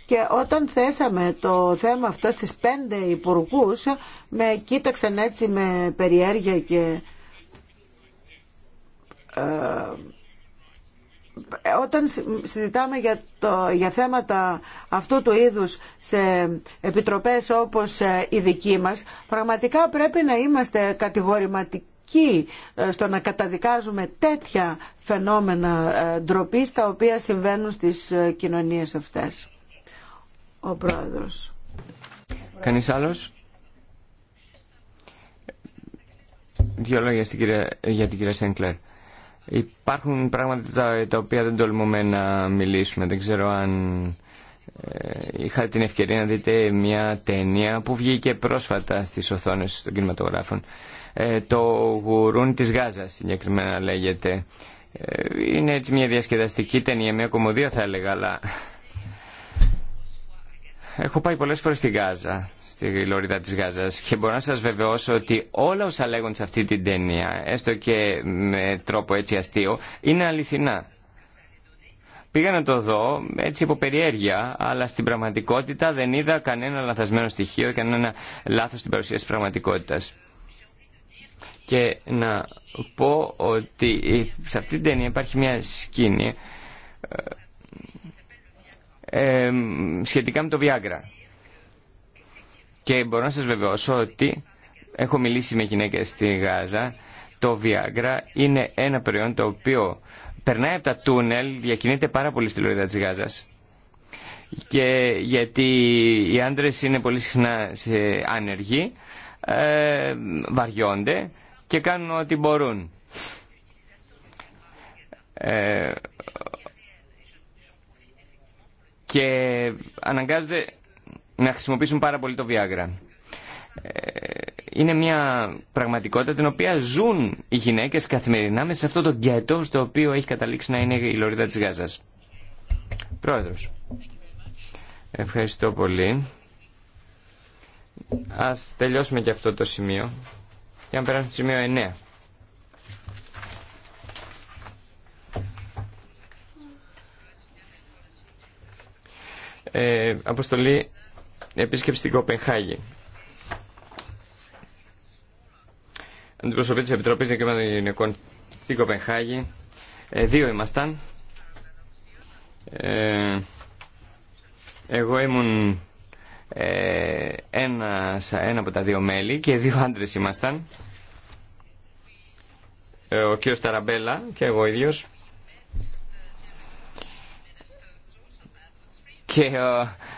Speaker 2: Και όταν θέσαμε το θέμα αυτό στις πέντε υπουργού, με κοίταξαν έτσι με περιέργεια και ε, όταν συζητάμε για, το, για θέματα αυτού του είδους σε επιτροπές όπως ε, η δική μας, πραγματικά πρέπει να είμαστε κατηγορηματικοί ε, στο να καταδικάζουμε τέτοια φαινόμενα ντροπή τα οποία συμβαίνουν στις κοινωνίες αυτές ο Πρόεδρος.
Speaker 3: Κανείς άλλος? Δύο λόγια κυρία, για την κυρία Σένκλερ. Υπάρχουν πράγματα τα, οποία δεν τολμούμε να μιλήσουμε. Δεν ξέρω αν ε, είχατε την ευκαιρία να δείτε μια ταινία που βγήκε πρόσφατα στις οθόνες των κινηματογράφων. Ε, το γουρούν της Γάζας συγκεκριμένα λέγεται. Ε, είναι έτσι μια διασκεδαστική ταινία, μια κομμωδία θα έλεγα, αλλά Έχω πάει πολλές φορές στη Γάζα, στη λωρίδα της Γάζας και μπορώ να σας βεβαιώσω ότι όλα όσα λέγονται σε αυτή την ταινία, έστω και με τρόπο έτσι αστείο, είναι αληθινά. Πήγα να το δω έτσι από περιέργεια, αλλά στην πραγματικότητα δεν είδα κανένα λαθασμένο στοιχείο, κανένα λάθος στην παρουσία της πραγματικότητας. Και να πω ότι σε αυτή την ταινία υπάρχει μια σκηνή ε, σχετικά με το Βιάγκρα Και μπορώ να σας βεβαιώσω ότι έχω μιλήσει με γυναίκες στη Γάζα. Το Βιάγκρα είναι ένα προϊόν το οποίο περνάει από τα τούνελ, διακινείται πάρα πολύ στη λωρίδα της Γάζας. Και γιατί οι άντρες είναι πολύ συχνά σε άνεργοι, ε, βαριώνται και κάνουν ό,τι μπορούν. Ε, και αναγκάζονται να χρησιμοποιήσουν πάρα πολύ το Viagra. Ε, είναι μια πραγματικότητα την οποία ζουν οι γυναίκες καθημερινά μέσα σε αυτό το γκέτο στο οποίο έχει καταλήξει να είναι η λωρίδα της Γάζας. Πρόεδρος, ευχαριστώ πολύ. Ας τελειώσουμε και αυτό το σημείο για να περάσουμε στο σημείο 9. Ε, αποστολή επίσκεψη στην Κοπενχάγη. Αντιπροσωπή τη Επιτροπή Δικαιωμάτων Γυναικών στην Κοπενχάγη. Ε, δύο ήμασταν. Ε, εγώ ήμουν ε, ένα, από τα δύο μέλη και δύο άντρε ήμασταν. ο κύριος Ταραμπέλα και εγώ ίδιος. και ε,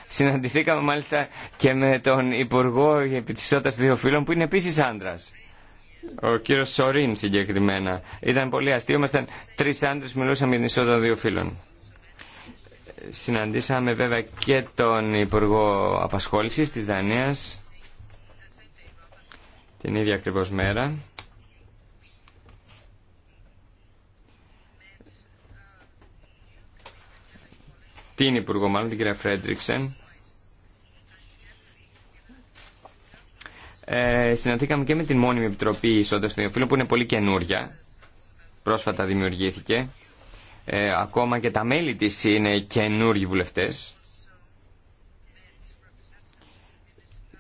Speaker 3: συναντηθήκαμε μάλιστα και με τον Υπουργό τη Δύο Φίλων των που είναι επίσης άντρας. Ο κύριο Σορίν συγκεκριμένα. Ήταν πολύ αστείο. Ήμασταν τρει άντρε, μιλούσαμε για την ισότητα δύο φίλων. Συναντήσαμε βέβαια και τον Υπουργό Απασχόληση τη Δανία την ίδια ακριβώ μέρα. την Υπουργό μάλλον, την κυρία Φρέντριξεν. Ε, συναντήκαμε και με την μόνιμη Επιτροπή Ισότητας των Ιωφύλων που είναι πολύ καινούρια. Πρόσφατα δημιουργήθηκε. Ε, ακόμα και τα μέλη της είναι καινούργιοι βουλευτές.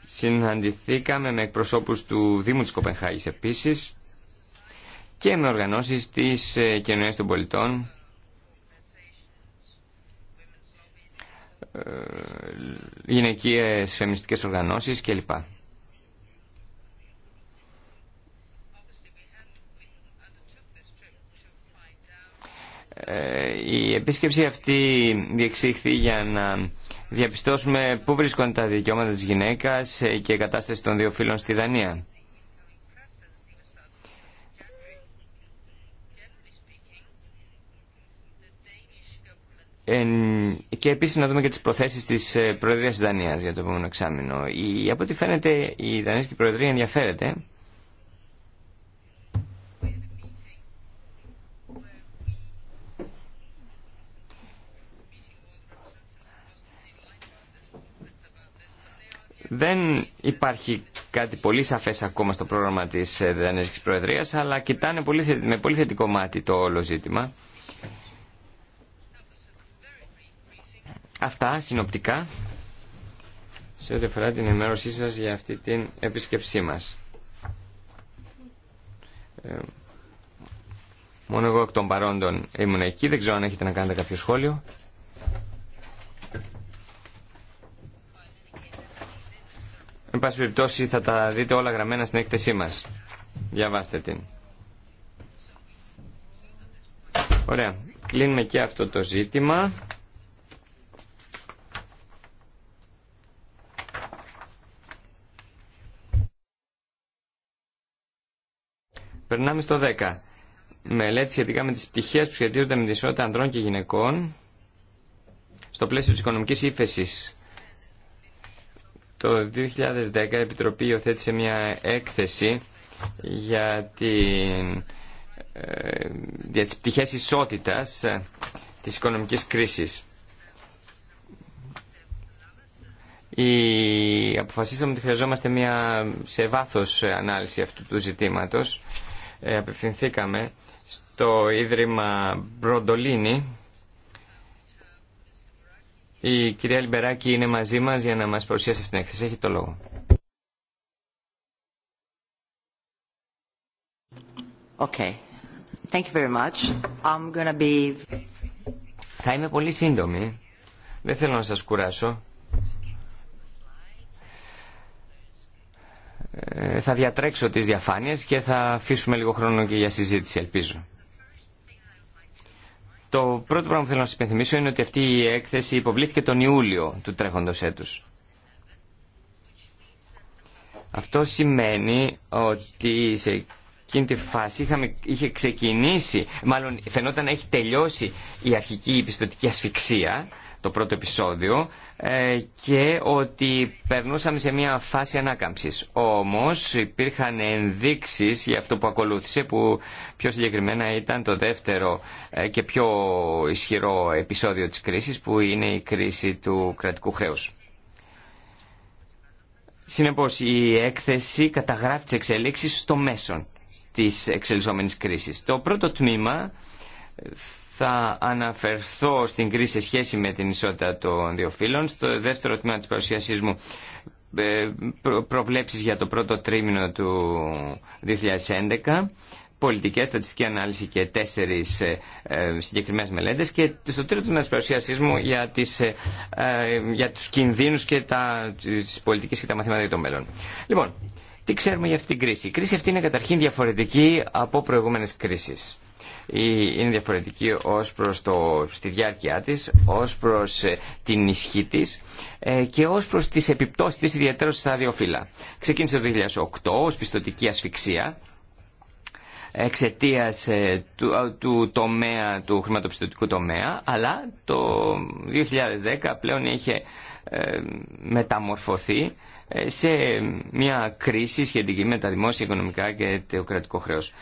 Speaker 3: Συναντηθήκαμε με εκπροσώπους του Δήμου της Κοπενχάγης επίσης και με οργανώσεις της ε, κοινωνίας των πολιτών γυναικείες ε, φεμινιστικές οργανώσεις κλπ. Ε, η επίσκεψη αυτή διεξήχθη για να διαπιστώσουμε πού βρίσκονται τα δικαιώματα της γυναίκας και η κατάσταση των δύο φίλων στη Δανία. και επίσης να δούμε και τις προθέσεις της ε, προεδρία τη Δανίας για το επόμενο εξάμεινο. από ό,τι φαίνεται η Δανέζικη Προεδρία ενδιαφέρεται Δεν υπάρχει κάτι πολύ σαφές ακόμα στο πρόγραμμα της ε, Δανέζικης Προεδρίας αλλά κοιτάνε με πολύ θετικό μάτι το όλο ζήτημα. Αυτά συνοπτικά σε ό,τι αφορά την ενημέρωσή σας για αυτή την επίσκεψή μας. Ε, μόνο εγώ εκ των παρόντων ήμουν εκεί, δεν ξέρω αν έχετε να κάνετε κάποιο σχόλιο. Εν πάση περιπτώσει θα τα δείτε όλα γραμμένα στην έκθεσή μας. Διαβάστε την. Ωραία. Κλείνουμε και αυτό το ζήτημα. Περνάμε στο 10. Μελέτη σχετικά με τις πτυχέ που σχετίζονται με τη ισότητα ανδρών και γυναικών στο πλαίσιο της οικονομικής ύφεση. Το 2010 η Επιτροπή υιοθέτησε μια έκθεση για, την, ε, για τις πτυχές ισότητας ε, της οικονομικής κρίσης. Η... Αποφασίσαμε ότι χρειαζόμαστε μια σε βάθος ε, ανάλυση αυτού του ζητήματος ε, απευθυνθήκαμε στο Ίδρυμα Μπροντολίνη. Η κυρία Λιμπεράκη είναι μαζί μας για να μας παρουσιάσει αυτήν την έκθεση. Έχει το λόγο. Okay.
Speaker 2: Thank you very much.
Speaker 3: I'm gonna be... Θα είμαι πολύ σύντομη. Δεν θέλω να σας κουράσω. Ε, θα διατρέξω τις διαφάνειες και θα αφήσουμε λίγο χρόνο και για συζήτηση, ελπίζω. Το πρώτο πράγμα που θέλω να σας υπενθυμίσω είναι ότι αυτή η έκθεση υποβλήθηκε τον Ιούλιο του τρέχοντος έτους. Αυτό σημαίνει ότι σε εκείνη τη φάση είχαμε, είχε ξεκινήσει, μάλλον φαινόταν να έχει τελειώσει η αρχική η πιστοτική ασφυξία το πρώτο επεισόδιο ε, και ότι περνούσαμε σε μια φάση ανάκαμψης. Όμως υπήρχαν ενδείξεις για αυτό που ακολούθησε που πιο συγκεκριμένα ήταν το δεύτερο ε, και πιο ισχυρό επεισόδιο της κρίσης που είναι η κρίση του κρατικού χρέους. Συνεπώς η έκθεση καταγράφει τις εξελίξεις στο μέσον της εξελισσόμενης κρίσης. Το πρώτο τμήμα θα αναφερθώ στην κρίση σε σχέση με την ισότητα των δύο φύλων. Στο δεύτερο τμήμα της παρουσίασής μου ε, προβλέψεις για το πρώτο τρίμηνο του 2011 πολιτικές, στατιστική ανάλυση και τέσσερις ε, ε, συγκεκριμένες μελέτες και στο τρίτο τμήμα της παρουσίασής μου για, τις, για τους κινδύνους και τα, τις πολιτικές και τα μαθήματα για το μέλλον. Λοιπόν, τι ξέρουμε για αυτή την κρίση. Η κρίση αυτή είναι καταρχήν διαφορετική από προηγούμενες κρίσεις είναι διαφορετική ως προς το, στη διάρκεια της, ως προς ε, την ισχύ της ε, και ως προς τις επιπτώσεις της ιδιαίτερα στα δύο φύλλα. Ξεκίνησε το 2008 ως πιστοτική ασφυξία εξαιτία ε, του, του, τομέα, του χρηματοπιστωτικού τομέα, αλλά το 2010 πλέον είχε μεταμορφωθεί σε μια κρίση σχετική με τα δημόσια οικονομικά και το κρατικό χρέος.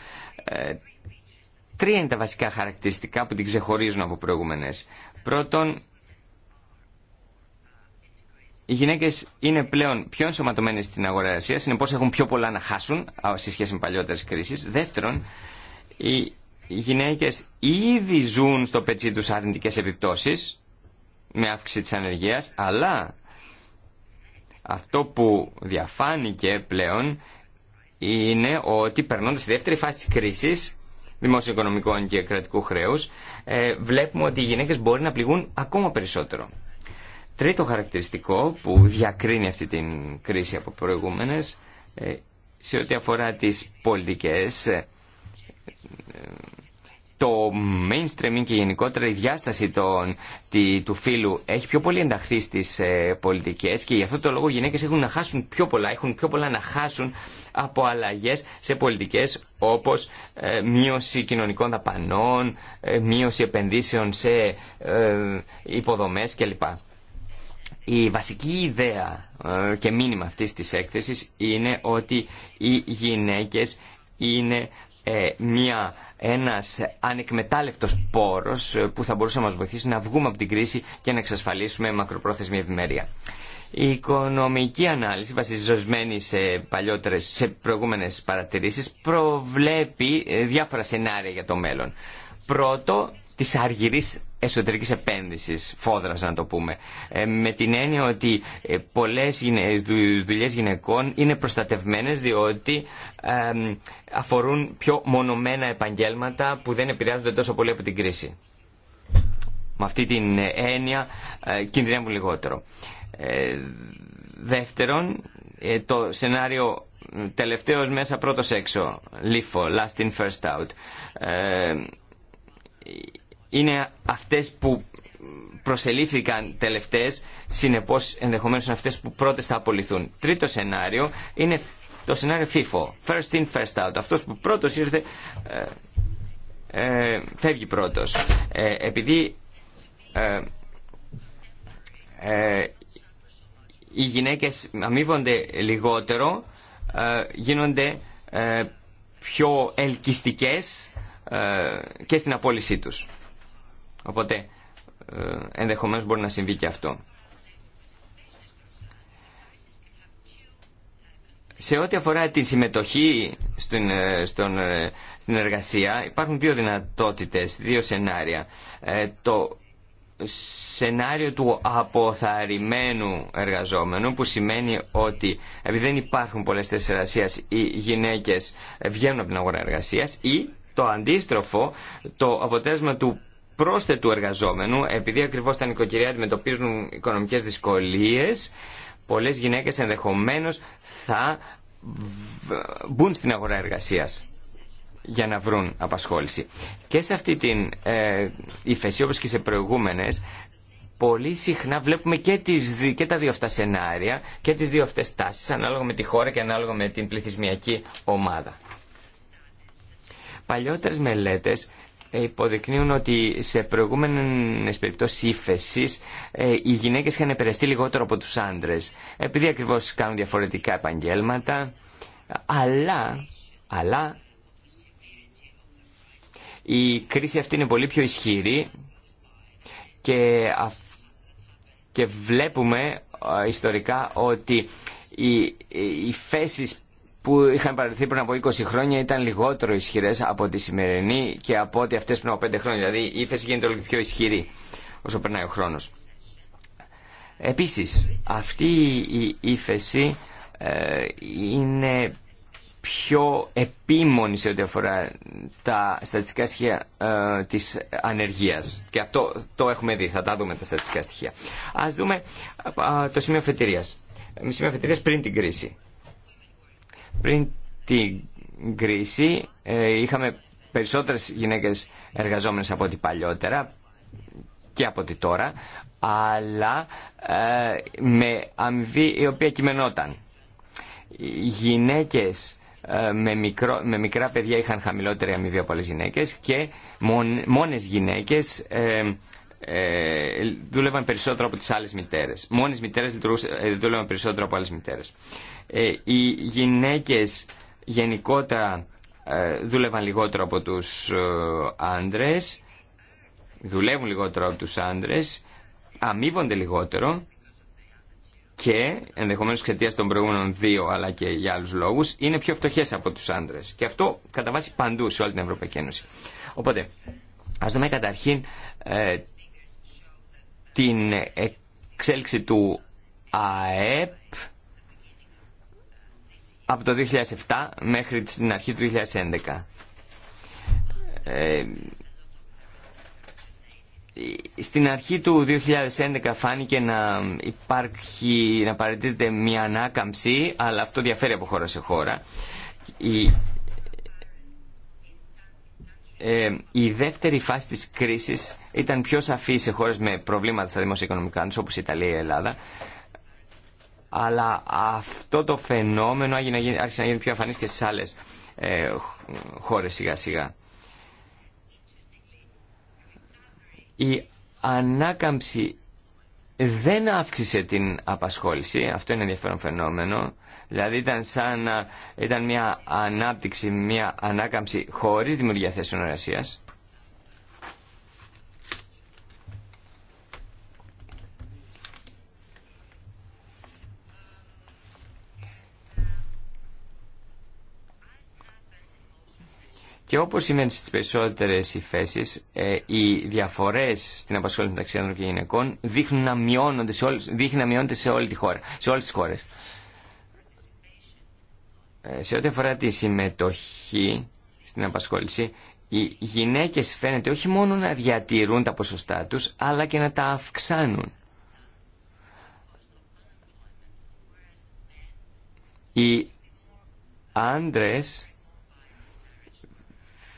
Speaker 3: Τρία είναι τα βασικά χαρακτηριστικά που την ξεχωρίζουν από προηγούμενες. Πρώτον, οι γυναίκε είναι πλέον πιο ενσωματωμένε στην αγορά εργασία, συνεπώ έχουν πιο πολλά να χάσουν σε σχέση με παλιότερε κρίσει. Δεύτερον, οι γυναίκε ήδη ζουν στο πετσί του αρνητικέ επιπτώσει με αύξηση τη ανεργία, αλλά αυτό που διαφάνηκε πλέον είναι ότι περνώντα στη δεύτερη φάση τη κρίση, δημοσιοοικονομικών και κρατικού ε, βλέπουμε ότι οι γυναίκες μπορεί να πληγούν ακόμα περισσότερο. Τρίτο χαρακτηριστικό που διακρίνει αυτή την κρίση από προηγούμενες ε, σε ό,τι αφορά τις πολιτικές ε, ε, το mainstreaming και γενικότερα η διάσταση τη, του φύλου έχει πιο πολύ ενταχθεί στις ε, πολιτικές και γι' αυτό το λόγο οι γυναίκες έχουν να χάσουν πιο πολλά, έχουν πιο πολλά να χάσουν από αλλαγές σε πολιτικές όπως ε, μείωση κοινωνικών δαπανών, ε, μείωση επενδύσεων σε ε, υποδομές κλπ. Η βασική ιδέα ε, και μήνυμα αυτή τη έκθεση είναι ότι οι γυναίκε είναι μια ένας ανεκμετάλλευτος πόρος ε, που θα μπορούσε να μας βοηθήσει να βγούμε από την κρίση και να εξασφαλίσουμε μακροπρόθεσμη ευημερία. Η οικονομική ανάλυση βασισμένη σε, παλιότερες, σε προηγούμενες παρατηρήσεις προβλέπει ε, διάφορα σενάρια για το μέλλον. Πρώτο, Τη αργυρή εσωτερική επένδυση φόδρα να το πούμε, ε, με την έννοια ότι ε, πολλές δουλειέ γυναικών είναι προστατευμένες διότι αφορούν πιο μονομένα επαγγέλματα που δεν επηρεάζονται τόσο πολύ από την κρίση. Με αυτή την έννοια ε, κινδυνεύουν λιγότερο. Δεύτερον, το σενάριο τελευταίος μέσα πρώτος έξω, «Λίφο», last in first out είναι αυτές που προσελήφθηκαν τελευταίες, συνεπώς ενδεχομένως είναι αυτές που πρώτες θα απολυθούν. Τρίτο σενάριο είναι το σενάριο FIFO, first in, first out. Αυτός που πρώτος ήρθε ε, ε φεύγει πρώτος. Ε, επειδή ε, οι γυναίκες αμείβονται λιγότερο, γίνονται πιο ελκυστικές και στην απόλυσή τους. Οπότε ε, ενδεχομένως μπορεί να συμβεί και αυτό. Σε ό,τι αφορά τη συμμετοχή στην, ε, στον, ε, στην εργασία υπάρχουν δύο δυνατότητες, δύο σενάρια. το σενάριο του αποθαρρυμένου εργαζόμενου που σημαίνει ότι επειδή δεν υπάρχουν πολλές θέσεις εργασίας οι γυναίκες βγαίνουν από την αγορά εργασίας ή το αντίστροφο, το αποτέλεσμα του πρόσθετου εργαζόμενου, επειδή ακριβώς τα νοικοκυριά αντιμετωπίζουν οικονομικές δυσκολίες, πολλές γυναίκες ενδεχομένως θα μπουν στην αγορά εργασίας για να βρουν απασχόληση. Και σε αυτή την ε, υφεσία, όπως και σε προηγούμενες, πολύ συχνά βλέπουμε και, τις, και τα δύο αυτά σενάρια και τις δύο αυτές τάσεις, ανάλογα με τη χώρα και ανάλογα με την πληθυσμιακή ομάδα. Παλιότερες μελέτες υποδεικνύουν ότι σε προηγούμενες περιπτώσεις ύφεση ε, οι γυναίκες είχαν επηρεαστεί λιγότερο από τους άντρες επειδή ακριβώς κάνουν διαφορετικά επαγγέλματα αλλά, αλλά η κρίση αυτή είναι πολύ πιο ισχυρή και, και βλέπουμε ε, ιστορικά ότι οι, οι φέσεις που είχαν παρελθεί πριν από 20 χρόνια ήταν λιγότερο ισχυρέ από τη σημερινή και από ό,τι αυτέ πριν από 5 χρόνια. Δηλαδή η ύφεση γίνεται όλο και πιο ισχυρή όσο περνάει ο χρόνο. Επίση, αυτή η ύφεση ε, είναι πιο επίμονη σε ό,τι αφορά τα στατιστικά στοιχεία ε, της ανεργίας. Και αυτό το έχουμε δει, θα τα δούμε τα στατιστικά στοιχεία. Ας δούμε το σημείο φετηρίας. Σημείο φετηρίας πριν την κρίση. Πριν την κρίση ε, είχαμε περισσότερες γυναίκες εργαζόμενες από ό,τι παλιότερα και από ό,τι τώρα, αλλά ε, με αμοιβή η οποία κειμενόταν. Οι γυναίκες ε, με, μικρό, με μικρά παιδιά είχαν χαμηλότερη αμοιβή από άλλες γυναίκες και μόνες γυναίκες ε, δούλευαν περισσότερο από τις άλλες μητέρες. Μόνες μητέρες ε, δούλευαν περισσότερο από άλλες μητέρες. Ε, οι γυναίκες γενικότερα ε, δούλευαν λιγότερο από τους ε, άντρες, δουλεύουν λιγότερο από τους άντρες, αμείβονται λιγότερο και ενδεχομένως εξαιτία των προηγούμενων δύο αλλά και για άλλους λόγους είναι πιο φτωχές από τους άντρες. Και αυτό κατά βάση παντού σε όλη την Ευρωπαϊκή Ένωση. Οπότε, ας δούμε καταρχήν την εξέλιξη του ΑΕΠ από το 2007 μέχρι την αρχή του 2011. Ε, στην αρχή του 2011 φάνηκε να υπάρχει, να παρατηρείται μια ανάκαμψη, αλλά αυτό διαφέρει από χώρα σε χώρα. Η ε, η δεύτερη φάση της κρίσης ήταν πιο σαφή σε χώρες με προβλήματα στα δημοσιοοικονομικά τους όπως η Ιταλία ή η Ελλάδα αλλά αυτό το φαινόμενο άρχισε να γίνει πιο αφανής και στις άλλες ε, χώρες σιγά σιγά. Η ανάκαμψη δεν αύξησε την απασχόληση, αυτό είναι ενδιαφέρον φαινόμενο. Δηλαδή ήταν σαν να ήταν μια ανάπτυξη, μια ανάκαμψη χωρίς δημιουργία θέσεων εργασία. Και όπως σημαίνει στις περισσότερες υφέσεις, ε, οι διαφορές στην απασχόληση μεταξύ άνδρων και γυναικών δείχνουν να μειώνονται σε δείχνουν να μειώνονται σε όλη τη χώρα, σε όλες τις χώρες. Ε, σε ό,τι αφορά τη συμμετοχή στην απασχόληση, οι γυναίκες φαίνεται όχι μόνο να διατηρούν τα ποσοστά τους, αλλά και να τα αυξάνουν. Οι άντρες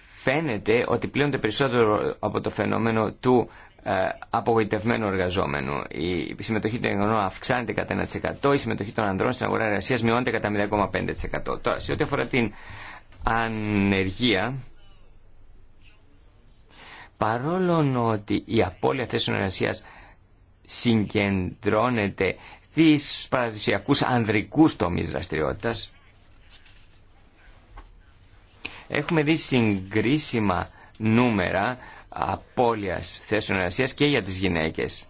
Speaker 3: φαίνεται ότι πλέονται περισσότερο από το φαινόμενο του ε, απογοητευμένου εργαζόμενου. Η συμμετοχή των γεγονών αυξάνεται κατά 1%, η συμμετοχή των ανδρών στην αγορά εργασία μειώνεται κατά 0,5%. Τώρα, σε ό,τι αφορά την ανεργία, παρόλο ότι η απώλεια θέσεων εργασία συγκεντρώνεται στις παραδοσιακούς ανδρικούς τομείς δραστηριότητας, έχουμε δει συγκρίσιμα νούμερα απώλειας θέσεων εργασία και για τις γυναίκες.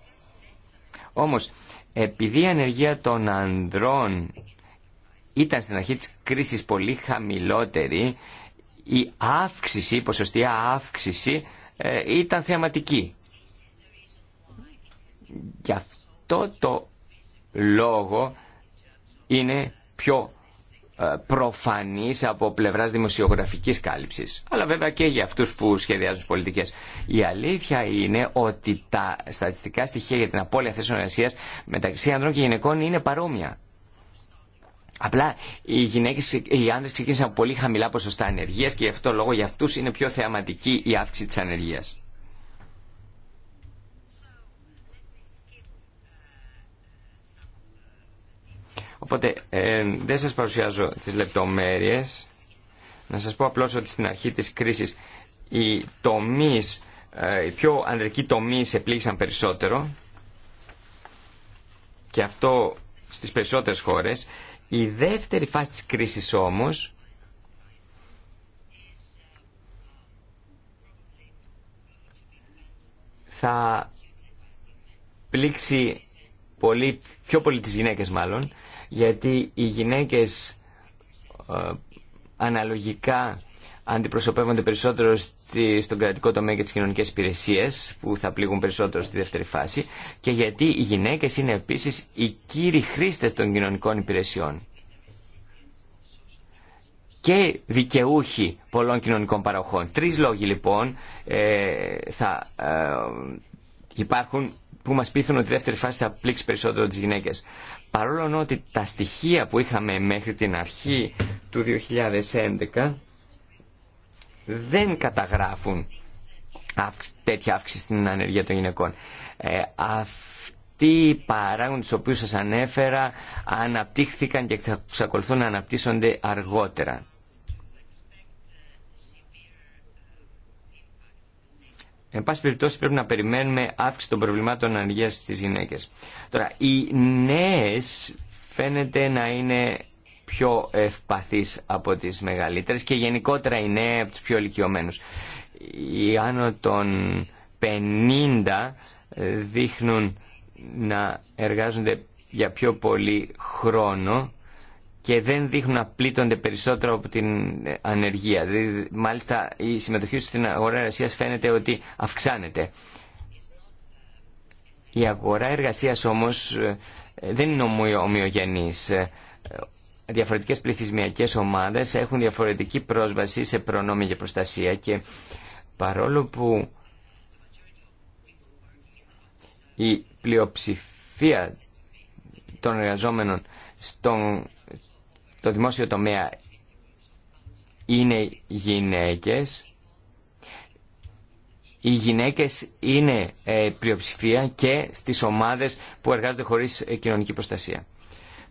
Speaker 3: Όμως, επειδή η ανεργία των ανδρών ήταν στην αρχή της κρίσης πολύ χαμηλότερη, η αύξηση, η ποσοστία αύξηση ε, ήταν θεαματική. Γι' αυτό το λόγο είναι πιο ε, προφανής από πλευράς δημοσιογραφικής κάλυψης. Αλλά βέβαια και για αυτούς που σχεδιάζουν πολιτικές. Η αλήθεια είναι ότι τα στατιστικά στοιχεία για την απώλεια θέσεων εργασία μεταξύ ανδρών και γυναικών είναι παρόμοια. Απλά οι, γυναίκες, οι άνδρες ξεκίνησαν από πολύ χαμηλά ποσοστά ανεργίας και γι' αυτό λόγο για αυτούς είναι πιο θεαματική η αύξηση της ανεργίας. Οπότε ε, δεν σας παρουσιάζω τις λεπτομέρειες. Να σας πω απλώς ότι στην αρχή της κρίσης οι τομείς, ε, οι πιο ανδρικοί τομείς επλήγησαν περισσότερο και αυτό στις περισσότερες χώρες. Η δεύτερη φάση της κρίσης όμως θα πλήξει πολύ, πιο πολύ τις γυναίκες μάλλον γιατί οι γυναίκες ε, αναλογικά αντιπροσωπεύονται περισσότερο στον κρατικό τομέα και τις κοινωνικές υπηρεσίες που θα πληγούν περισσότερο στη δεύτερη φάση και γιατί οι γυναίκες είναι επίσης οι κύριοι χρήστες των κοινωνικών υπηρεσιών και δικαιούχοι πολλών κοινωνικών παροχών. Τρεις λόγοι λοιπόν ε, θα ε, υπάρχουν που μας πείθουν ότι η δεύτερη φάση θα πλήξει περισσότερο τις γυναίκες. Παρόλο ότι τα στοιχεία που είχαμε μέχρι την αρχή του 2011 δεν καταγράφουν τέτοια αύξηση στην ανεργία των γυναικών. Ε, αυτοί οι παράγοντες οποίους σας ανέφερα αναπτύχθηκαν και θα εξακολουθούν να αναπτύσσονται αργότερα. Εν πάση περιπτώσει πρέπει να περιμένουμε αύξηση των προβλημάτων ανεργίας στις γυναίκες. Τώρα, οι νέες φαίνεται να είναι πιο ευπαθείς από τις μεγαλύτερες και γενικότερα οι νέοι από τους πιο ηλικιωμένους. Οι άνω των 50 δείχνουν να εργάζονται για πιο πολύ χρόνο και δεν δείχνουν να πλήττονται περισσότερο από την ανεργία. Δηλαδή, μάλιστα, η συμμετοχή στην αγορά εργασία φαίνεται ότι αυξάνεται. Η αγορά εργασίας όμως ε, δεν είναι ομοιογενής. Ε, διαφορετικές πληθυσμιακές ομάδες έχουν διαφορετική πρόσβαση σε προνόμια για προστασία και παρόλο που η πλειοψηφία των εργαζόμενων στον, το δημόσιο τομέα είναι γυναίκες. Οι γυναίκες είναι ε, πλειοψηφία και στις ομάδες που εργάζονται χωρίς ε, κοινωνική προστασία.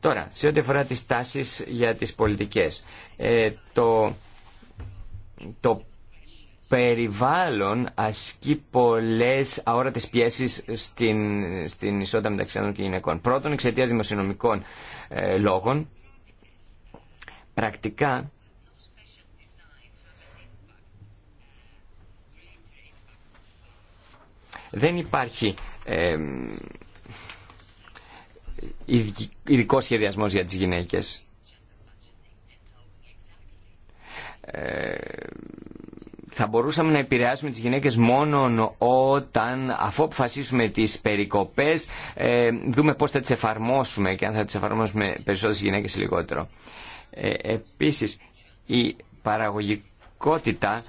Speaker 3: Τώρα, σε ό,τι αφορά τις τάσεις για τις πολιτικές. Ε, το, το περιβάλλον ασκεί πολλές αόρατες πιέσεις στην, στην ισότητα μεταξύ των και γυναικών. Πρώτον, εξαιτίας δημοσιονομικών λόγων, πρακτικά δεν υπάρχει ε, ειδικό σχεδιασμός για τις γυναίκες. Ε, θα μπορούσαμε να επηρεάσουμε τις γυναίκες μόνο όταν αφού αποφασίσουμε τις περικοπές ε, δούμε πώς θα τις εφαρμόσουμε και αν θα τις εφαρμόσουμε περισσότερες γυναίκες ή λιγότερο. Ε, επίσης, η παραγωγικότητα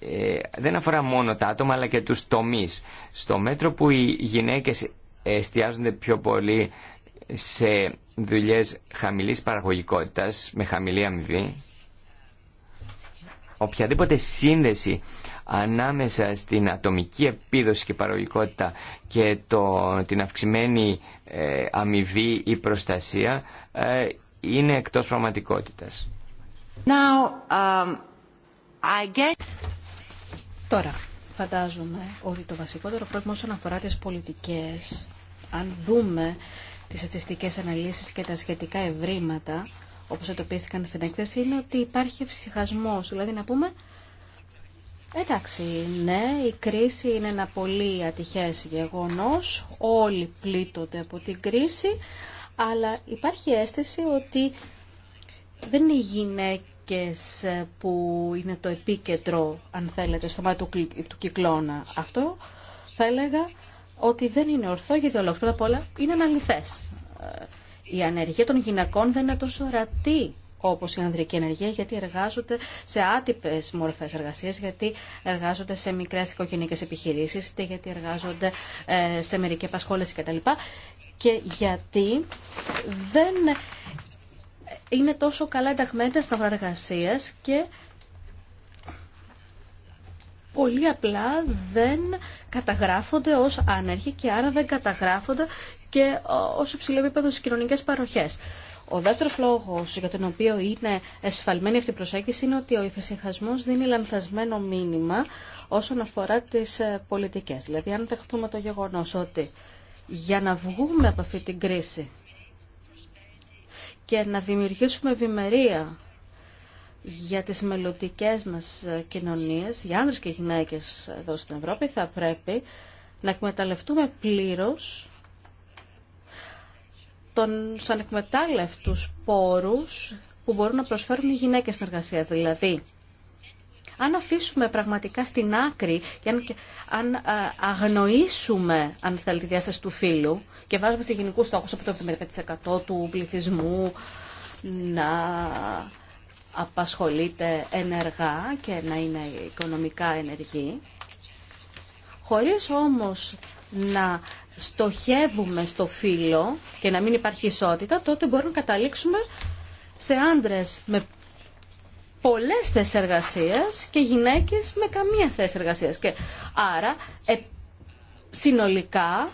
Speaker 3: ε, δεν αφορά μόνο τα άτομα αλλά και τους τομείς. Στο μέτρο που οι γυναίκες εστιάζονται πιο πολύ σε δουλειές χαμηλής παραγωγικότητας, με χαμηλή αμοιβή, οποιαδήποτε σύνδεση ανάμεσα στην ατομική επίδοση και παραγωγικότητα και το, την αυξημένη ε, αμοιβή ή προστασία ε, είναι εκτός πραγματικότητας.
Speaker 4: Um, τώρα, φαντάζομαι ότι το βασικότερο πρόβλημα όσον αφορά τις πολιτικές, αν δούμε τις στατιστικές αναλύσεις και τα σχετικά ευρήματα, όπως εντοπίστηκαν στην έκθεση, είναι ότι υπάρχει ψυχασμός. Δηλαδή να πούμε, εντάξει, ναι, η κρίση είναι ένα πολύ ατυχές γεγονός, όλοι πλήττονται από την κρίση, αλλά υπάρχει αίσθηση ότι δεν είναι οι γυναίκες που είναι το επίκεντρο, αν θέλετε, στο μάτι του κυκλώνα. Αυτό θα έλεγα ότι δεν είναι ορθό, γιατί ο λόγος πρώτα απ' όλα είναι αναλυθές. Ε, η ανεργία των γυναικών δεν είναι τόσο ορατή όπως η ανδρική ενεργεία, γιατί εργάζονται σε άτυπες μορφές εργασίας, γιατί εργάζονται σε μικρές οικογενειακές επιχειρήσεις, είτε γιατί εργάζονται ε, σε μερικές επασχόλες κτλ και γιατί δεν είναι τόσο καλά ενταγμένα στα αγορά και πολύ απλά δεν καταγράφονται ως άνεργοι και άρα δεν καταγράφονται και ως υψηλό επίπεδο στις κοινωνικές παροχές. Ο δεύτερος λόγος για τον οποίο είναι εσφαλμένη αυτή η προσέγγιση είναι ότι ο υφεσυχασμός δίνει λανθασμένο μήνυμα όσον αφορά τις ε, πολιτικές. Δηλαδή αν δεχτούμε το γεγονός ότι για να βγούμε από αυτή την κρίση και να δημιουργήσουμε ευημερία για τις μελλοντικέ μας κοινωνίες, για άνδρες και γυναίκες εδώ στην Ευρώπη, θα πρέπει να εκμεταλλευτούμε πλήρως τον εκμετάλλευτους πόρους που μπορούν να προσφέρουν οι γυναίκες στην εργασία. Δηλαδή, αν αφήσουμε πραγματικά στην άκρη και αν, ε, αγνοήσουμε, αν θέλετε, τη διάσταση του φύλου και βάζουμε σε γενικού στόχου από το 75% του πληθυσμού να απασχολείται ενεργά και να είναι οικονομικά ενεργή, χωρίς όμως να στοχεύουμε στο φύλλο και να μην υπάρχει ισότητα, τότε μπορούμε να καταλήξουμε σε άντρες με πολλές θέσεις εργασίας και γυναίκες με καμία θέση εργασίας. Και άρα ε, συνολικά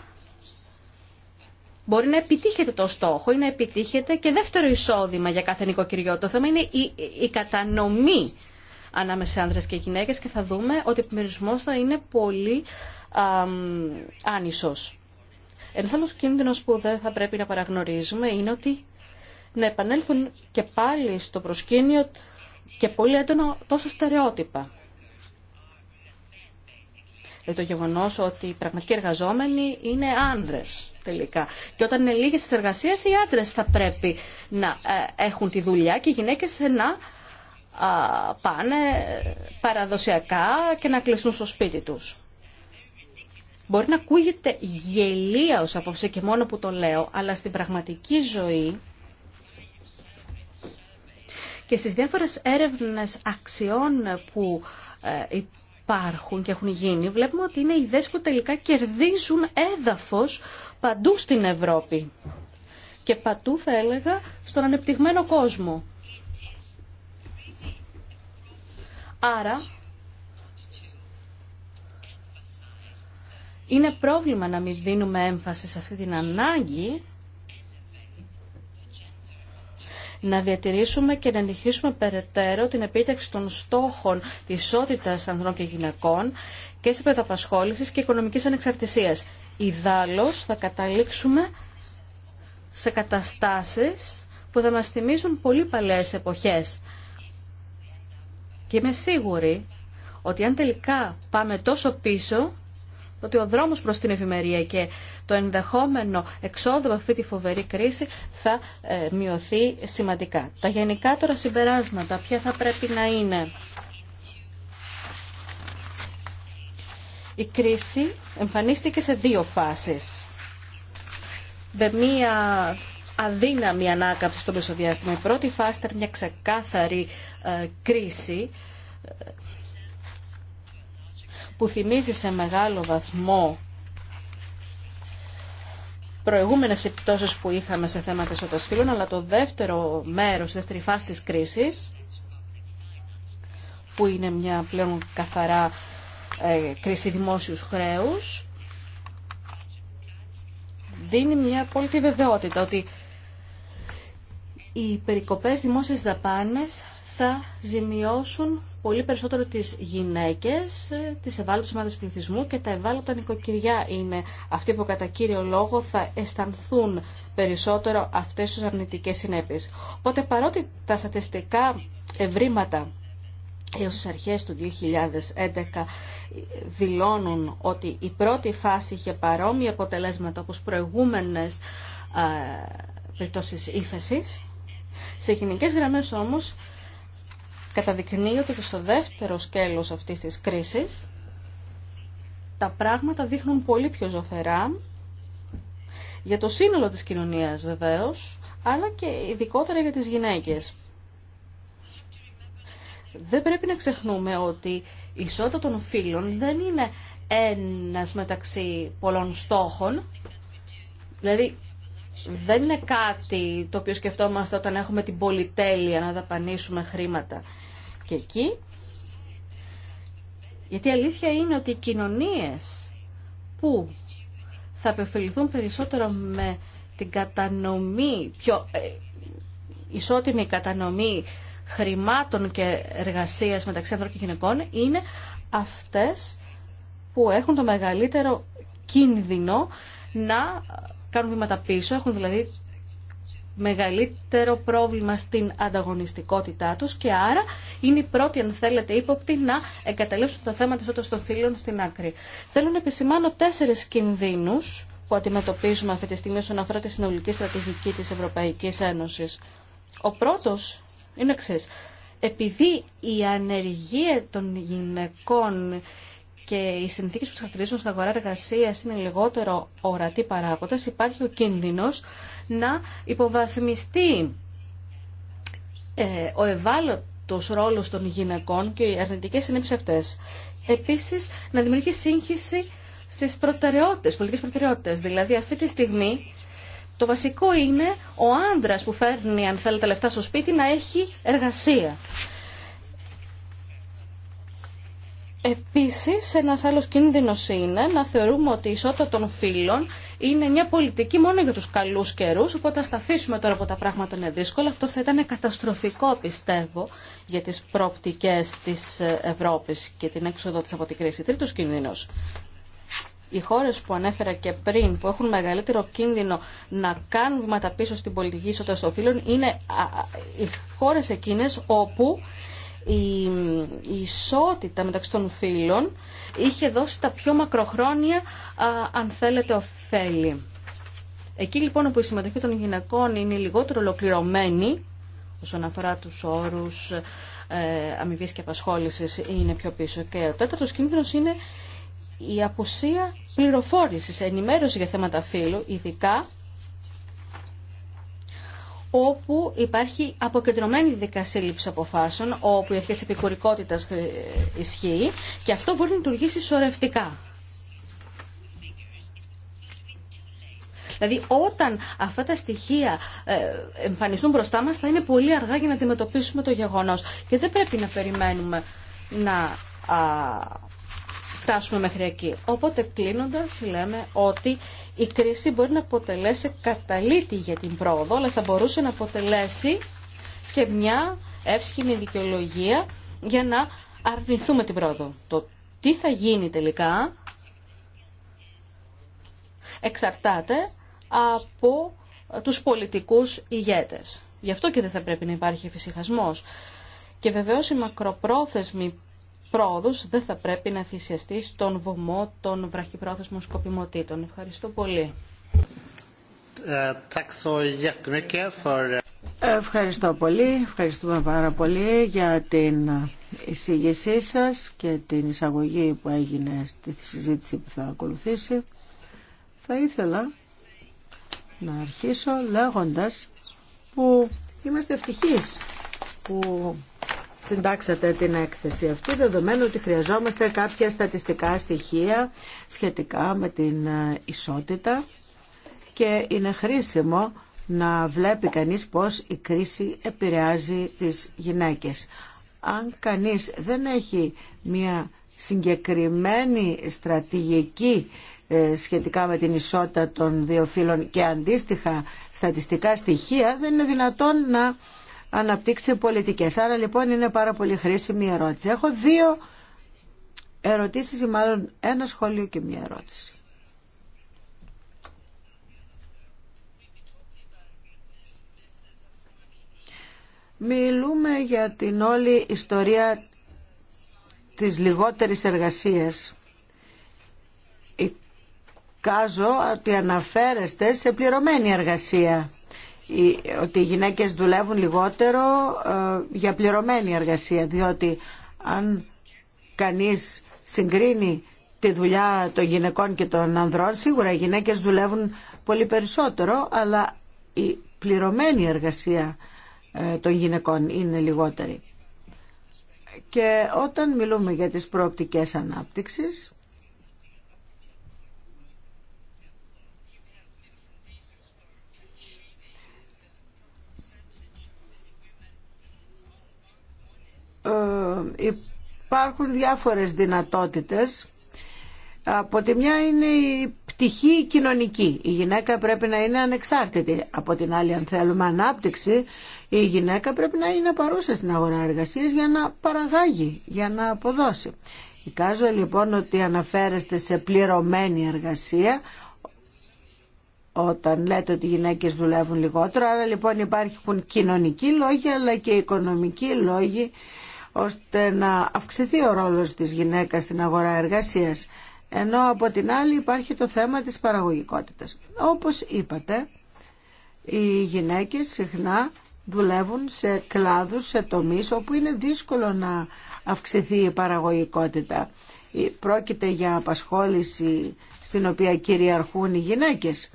Speaker 4: μπορεί να επιτύχετε το στόχο ή να επιτύχετε και δεύτερο εισόδημα για κάθε νοικοκυριό. Το θέμα είναι η, η κατανομή ανάμεσα άνδρες και γυναίκες και θα δούμε ότι ο επιμερισμός θα είναι πολύ α, άνισος. Ένας άλλος κίνδυνος που δεν θα πρέπει να παραγνωρίζουμε είναι ότι να επανέλθουν και πάλι στο προσκήνιο και πολύ έντονο τόσα στερεότυπα. Ε, το γεγονό ότι οι πραγματικοί εργαζόμενοι είναι άνδρε τελικά. Και όταν είναι λίγε τι εργασίε, οι άντρε θα πρέπει να ε, έχουν τη δουλειά και οι γυναίκε να πάνε παραδοσιακά και να κλειστούν στο σπίτι τους. Μπορεί να ακούγεται γελία ως απόψε και μόνο που το λέω, αλλά στην πραγματική ζωή και στις διάφορες έρευνες αξιών που ε, υπάρχουν και έχουν γίνει, βλέπουμε ότι είναι ιδέες που τελικά κερδίζουν έδαφος παντού στην Ευρώπη και παντού θα έλεγα στον ανεπτυγμένο κόσμο. Άρα, είναι πρόβλημα να μην δίνουμε έμφαση σε αυτή την ανάγκη να διατηρήσουμε και να ενισχύσουμε περαιτέρω την επίτευξη των στόχων της ισότητας ανδρών και γυναικών και σε παιδαπασχόλησης και οικονομικής ανεξαρτησίας. Ιδάλω θα καταλήξουμε σε καταστάσεις που θα μας θυμίζουν πολύ παλαιές εποχές. Και είμαι σίγουρη ότι αν τελικά πάμε τόσο πίσω, ότι ο δρόμος προς την ευημερία και το ενδεχόμενο εξόδου αυτή τη φοβερή κρίση θα ε, μειωθεί σημαντικά. Τα γενικά τώρα συμπεράσματα, ποια θα πρέπει να είναι. Η κρίση εμφανίστηκε σε δύο φάσεις. Με μία αδύναμη ανάκαμψη στο μεσοδιάστημα. Η πρώτη φάση ήταν μια ξεκάθαρη ε, κρίση ε, που θυμίζει σε μεγάλο βαθμό προηγούμενες επιπτώσεις που είχαμε σε θέματα ισότητας φύλων, αλλά το δεύτερο μέρος, η δεύτερη της κρίσης, που είναι μια πλέον καθαρά ε, κρίση δημόσιου χρέους, δίνει μια απόλυτη βεβαιότητα ότι οι περικοπές δημόσιες δαπάνες θα ζημιώσουν πολύ περισσότερο τις γυναίκες, ε, τις ευάλωτες ομάδες πληθυσμού και τα ευάλωτα νοικοκυριά είναι αυτοί που κατά κύριο λόγο θα αισθανθούν περισσότερο αυτές τι αρνητικές συνέπειες. Οπότε παρότι τα στατιστικά ευρήματα έως τις αρχές του 2011 δηλώνουν ότι η πρώτη φάση είχε παρόμοια αποτελέσματα όπως προηγούμενες ε, περιπτώσεις ύφεσης, σε γενικές γραμμές όμως καταδεικνύει ότι στο δεύτερο σκέλος αυτής της κρίσης τα πράγματα δείχνουν πολύ πιο ζωφερά για το σύνολο της κοινωνίας βεβαίως, αλλά και ειδικότερα για τις γυναίκες. Δεν πρέπει να ξεχνούμε ότι η ισότητα των φίλων δεν είναι ένας μεταξύ πολλών στόχων. Δηλαδή, δεν είναι κάτι το οποίο σκεφτόμαστε όταν έχουμε την πολυτέλεια να δαπανίσουμε χρήματα. Και εκεί, γιατί η αλήθεια είναι ότι οι κοινωνίες που θα απευθυνθούν περισσότερο με την κατανομή, πιο ε, ισότιμη κατανομή χρημάτων και εργασίας μεταξύ ανδρών και γυναικών, είναι αυτές που έχουν το μεγαλύτερο κίνδυνο να κάνουν βήματα πίσω, έχουν δηλαδή μεγαλύτερο πρόβλημα στην ανταγωνιστικότητά τους και άρα είναι οι πρώτοι, αν θέλετε, ύποπτοι να εγκαταλείψουν το θέμα της των φίλων στην άκρη. Θέλω να επισημάνω τέσσερις κινδύνους που αντιμετωπίζουμε αυτή τη στιγμή όσον αφορά τη συνολική στρατηγική της Ευρωπαϊκής Ένωσης. Ο πρώτος είναι εξή. Επειδή η ανεργία των γυναικών και οι συνθήκε που του χαρακτηρίζουν στην αγορά εργασία είναι λιγότερο ορατοί παράγοντε, υπάρχει ο κίνδυνο να υποβαθμιστεί ε, ο ευάλωτο ρόλο των γυναικών και οι αρνητικέ συνέπειε αυτέ. Επίση, να δημιουργεί σύγχυση στι προτεραιότητε, πολιτικέ προτεραιότητε. Δηλαδή, αυτή τη στιγμή το βασικό είναι ο άντρα που φέρνει, αν τα λεφτά στο σπίτι να έχει εργασία. Επίσης, ένας άλλος κίνδυνος είναι να θεωρούμε ότι η ισότητα των φύλων είναι μια πολιτική μόνο για τους καλούς καιρούς, οπότε τα αφήσουμε τώρα που τα πράγματα είναι δύσκολα. Αυτό θα ήταν καταστροφικό, πιστεύω, για τις προοπτικές της Ευρώπης και την έξοδο της από την κρίση. Τρίτος κίνδυνος. Οι χώρες που ανέφερα και πριν, που έχουν μεγαλύτερο κίνδυνο να κάνουν βήματα πίσω στην πολιτική ισότητα των φύλων, είναι οι χώρες εκείνες όπου η, η ισότητα μεταξύ των φύλων είχε δώσει τα πιο μακροχρόνια, αν θέλετε, ωφέλη. Εκεί λοιπόν όπου η συμμετοχή των γυναικών είναι λιγότερο ολοκληρωμένη, όσον αφορά τους όρους ε, αμοιβή και απασχόλησης, είναι πιο πίσω. Και ο τέταρτος κίνδυνος είναι η απουσία πληροφόρησης, ενημέρωση για θέματα φύλου, ειδικά όπου υπάρχει αποκεντρωμένη δικασία λήψη αποφάσεων, όπου η αρχή της επικουρικότητας ε, ισχύει και αυτό μπορεί να λειτουργήσει σωρευτικά. Δηλαδή όταν αυτά τα στοιχεία ε, εμφανιστούν μπροστά μας θα είναι πολύ αργά για να αντιμετωπίσουμε το γεγονός. Και δεν πρέπει να περιμένουμε να φτάσουμε μέχρι εκεί. Οπότε κλείνοντας λέμε ότι η κρίση μπορεί να αποτελέσει καταλήτη για την πρόοδο, αλλά θα μπορούσε να αποτελέσει και μια εύσχημη δικαιολογία για να αρνηθούμε την πρόοδο. Το τι θα γίνει τελικά εξαρτάται από τους πολιτικούς ηγέτες. Γι' αυτό και δεν θα πρέπει να υπάρχει εφησυχασμός. Και βεβαίως η μακροπρόθεσμη πρόοδο δεν θα πρέπει να θυσιαστεί στον βωμό των βραχυπρόθεσμων σκοπιμοτήτων. Ευχαριστώ πολύ. Ευχαριστώ
Speaker 2: πολύ. Ευχαριστούμε πάρα πολύ για την εισήγησή σας και την εισαγωγή που έγινε στη συζήτηση που θα ακολουθήσει. Θα ήθελα να αρχίσω λέγοντας που είμαστε ευτυχείς που συντάξατε την έκθεση αυτή, δεδομένου ότι χρειαζόμαστε κάποια στατιστικά στοιχεία σχετικά με την ε, ισότητα και είναι χρήσιμο να βλέπει κανείς πώς η κρίση επηρεάζει τις γυναίκες. Αν κανείς δεν έχει μια συγκεκριμένη στρατηγική ε, σχετικά με την ισότητα των δύο φύλων και αντίστοιχα στατιστικά στοιχεία, δεν είναι δυνατόν να αναπτύξει πολιτικές. Άρα λοιπόν είναι πάρα πολύ χρήσιμη η ερώτηση. Έχω δύο ερωτήσεις ή μάλλον ένα σχόλιο και μία ερώτηση. Μιλούμε για την όλη ιστορία της λιγότερης εργασίας. Κάζω ότι αναφέρεστε σε πληρωμένη εργασία ότι οι γυναίκες δουλεύουν λιγότερο ε, για πληρωμένη εργασία διότι αν κανείς συγκρίνει τη δουλειά των γυναικών και των ανδρών σίγουρα οι γυναίκες δουλεύουν πολύ περισσότερο αλλά η πληρωμένη εργασία ε, των γυναικών είναι λιγότερη. Και όταν μιλούμε για τις προοπτικές ανάπτυξης Ε, υπάρχουν διάφορες δυνατότητες. Από τη μια είναι η πτυχή κοινωνική. Η γυναίκα πρέπει να είναι ανεξάρτητη. Από την άλλη, αν θέλουμε ανάπτυξη, η γυναίκα πρέπει να είναι παρούσα στην αγορά εργασίας για να παραγάγει, για να αποδώσει. Εικάζω λοιπόν ότι αναφέρεστε σε πληρωμένη εργασία, όταν λέτε ότι οι γυναίκες δουλεύουν λιγότερο. Άρα λοιπόν υπάρχουν κοινωνικοί λόγοι αλλά και οικονομικοί λόγοι ώστε να αυξηθεί ο ρόλος της γυναίκας στην αγορά εργασίας. Ενώ από την άλλη υπάρχει το θέμα της παραγωγικότητας. Όπως είπατε, οι γυναίκες συχνά δουλεύουν σε κλάδους, σε τομείς όπου είναι δύσκολο να αυξηθεί η παραγωγικότητα. Πρόκειται για απασχόληση στην οποία κυριαρχούν οι γυναίκες.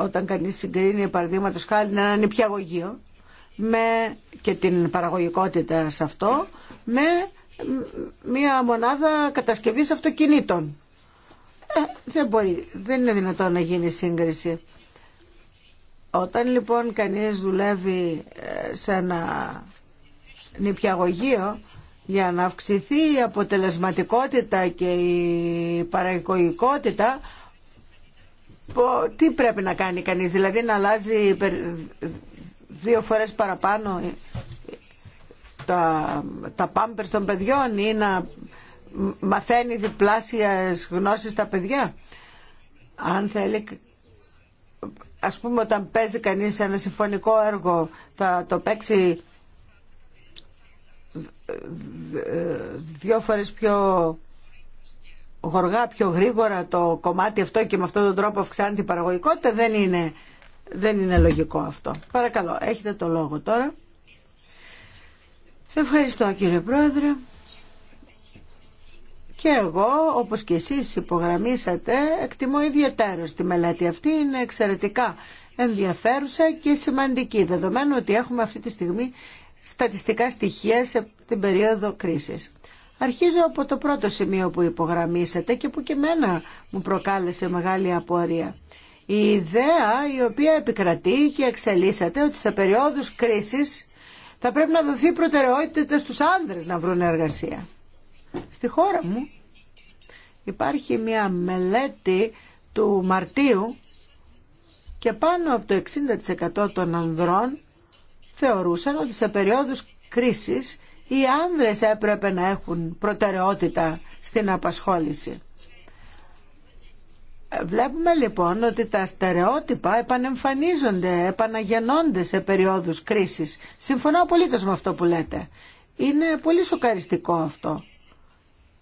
Speaker 2: Όταν κανείς συγκρίνει παραδείγματος χάρη ένα νηπιαγωγείο με, και την παραγωγικότητα σε αυτό με μία μονάδα κατασκευής αυτοκινήτων. Ε, δεν, μπορεί, δεν είναι δυνατόν να γίνει σύγκριση. Όταν λοιπόν κανείς δουλεύει ε, σε ένα νηπιαγωγείο για να αυξηθεί η αποτελεσματικότητα και η παραγωγικότητα τι πρέπει να κάνει κανείς, δηλαδή να αλλάζει δύο φορές παραπάνω τα, τα πάμπερς των παιδιών ή να μαθαίνει διπλάσια γνώσεις τα παιδιά. Αν θέλει, ας πούμε όταν παίζει κανείς ένα συμφωνικό έργο θα το παίξει δύο φορές πιο γοργά, πιο γρήγορα το κομμάτι αυτό και με αυτόν τον τρόπο αυξάνει την παραγωγικότητα δεν είναι δεν είναι λογικό αυτό. Παρακαλώ, έχετε το λόγο τώρα. Ευχαριστώ κύριε Πρόεδρε. Και εγώ, όπως και εσείς υπογραμμίσατε, εκτιμώ ιδιαίτερος τη μελέτη αυτή. Είναι εξαιρετικά ενδιαφέρουσα και σημαντική, δεδομένου ότι έχουμε αυτή τη στιγμή στατιστικά στοιχεία σε την περίοδο κρίσης. Αρχίζω από το πρώτο σημείο που υπογραμμίσατε και που και μένα μου προκάλεσε μεγάλη απορία η ιδέα η οποία επικρατεί και εξελίσσεται ότι σε περίοδους κρίσης θα πρέπει να δοθεί προτεραιότητα στους άνδρες να βρουν εργασία. Στη χώρα μου υπάρχει μια μελέτη του Μαρτίου και πάνω από το 60% των ανδρών θεωρούσαν ότι σε περίοδους κρίσης οι άνδρες έπρεπε να έχουν προτεραιότητα στην απασχόληση. Βλέπουμε λοιπόν ότι τα στερεότυπα επανεμφανίζονται, επαναγεννώνται σε περιόδους κρίσης. Συμφωνώ απολύτως με αυτό που λέτε. Είναι πολύ σοκαριστικό αυτό.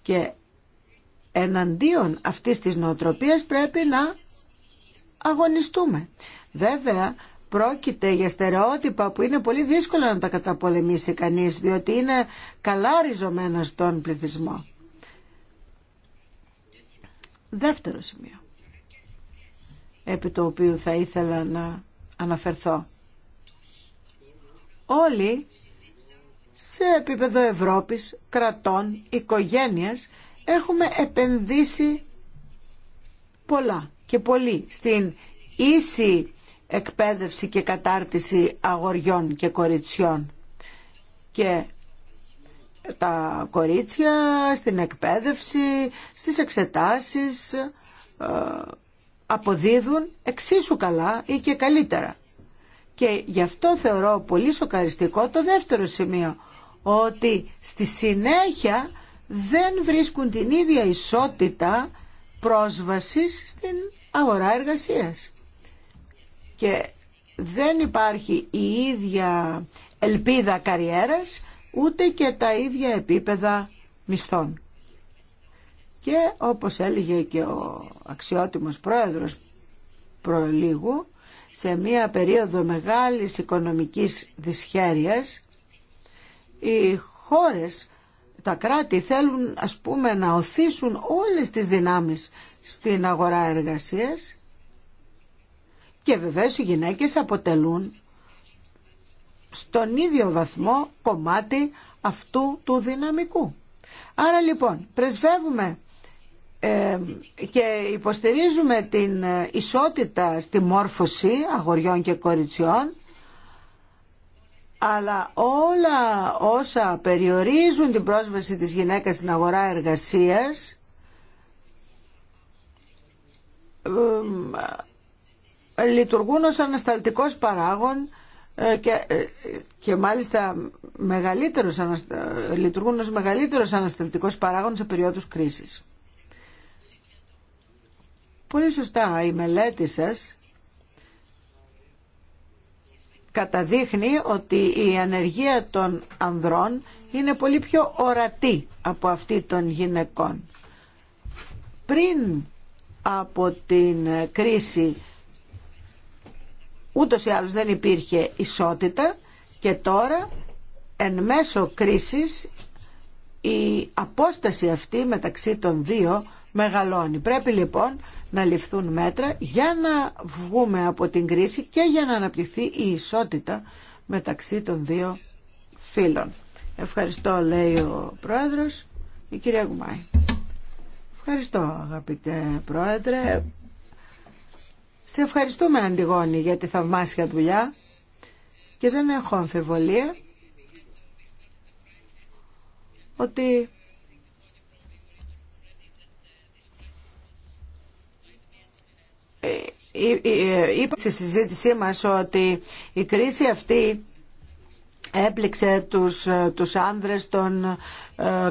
Speaker 2: Και εναντίον αυτής της νοοτροπίας πρέπει να αγωνιστούμε. Βέβαια, πρόκειται για στερεότυπα που είναι πολύ δύσκολο να τα καταπολεμήσει κανείς, διότι είναι καλά ριζωμένα στον πληθυσμό. Δεύτερο σημείο επί του οποίου θα ήθελα να αναφερθώ. Όλοι σε επίπεδο Ευρώπης, κρατών, οικογένειας έχουμε επενδύσει πολλά και πολύ στην ίση εκπαίδευση και κατάρτιση αγοριών και κοριτσιών και τα κορίτσια στην εκπαίδευση, στις εξετάσεις ε, αποδίδουν εξίσου καλά ή και καλύτερα. Και γι' αυτό θεωρώ πολύ σοκαριστικό το δεύτερο σημείο, ότι στη συνέχεια δεν βρίσκουν την ίδια ισότητα πρόσβασης στην αγορά εργασίας. Και δεν υπάρχει η ίδια ελπίδα καριέρας, ούτε και τα ίδια επίπεδα μισθών. Και όπως έλεγε και ο αξιότιμος πρόεδρος προλίγου σε μια περίοδο μεγάλης οικονομικής δυσχέρειας οι χώρες, τα κράτη θέλουν ας πούμε να οθήσουν όλες τις δυνάμεις στην αγορά εργασίας και βεβαίως οι γυναίκες αποτελούν στον ίδιο βαθμό κομμάτι αυτού του δυναμικού. Άρα λοιπόν πρεσβεύουμε και υποστηρίζουμε την ε, ισότητα στη μόρφωση αγοριών και κοριτσιών αλλά όλα όσα περιορίζουν την πρόσβαση της γυναίκας στην αγορά εργασίας λειτουργούν ως ανασταλτικός παράγων ε, και, ε, και μάλιστα μεγαλύτερος, λειτουργούν ως μεγαλύτερος ανασταλτικός παράγων σε περίοδους κρίσης. Πολύ σωστά η μελέτη σας καταδείχνει ότι η ανεργία των ανδρών είναι πολύ πιο ορατή από αυτή των γυναικών. Πριν από την κρίση ούτως ή άλλως δεν υπήρχε ισότητα και τώρα εν μέσω κρίσης η απόσταση αυτή μεταξύ των δύο μεγαλώνει. Πρέπει λοιπόν να ληφθούν μέτρα για να βγούμε από την κρίση και για να αναπτυχθεί η ισότητα μεταξύ των δύο φύλων. Ευχαριστώ, λέει ο Πρόεδρος, η κυρία Γουμάη. Ευχαριστώ, αγαπητέ Πρόεδρε. Σε ευχαριστούμε, Αντιγόνη, για τη θαυμάσια δουλειά και δεν έχω αμφιβολία ότι Ε, ε, ε, είπα στη συζήτησή μας ότι η κρίση αυτή έπληξε τους, τους άνδρες, τον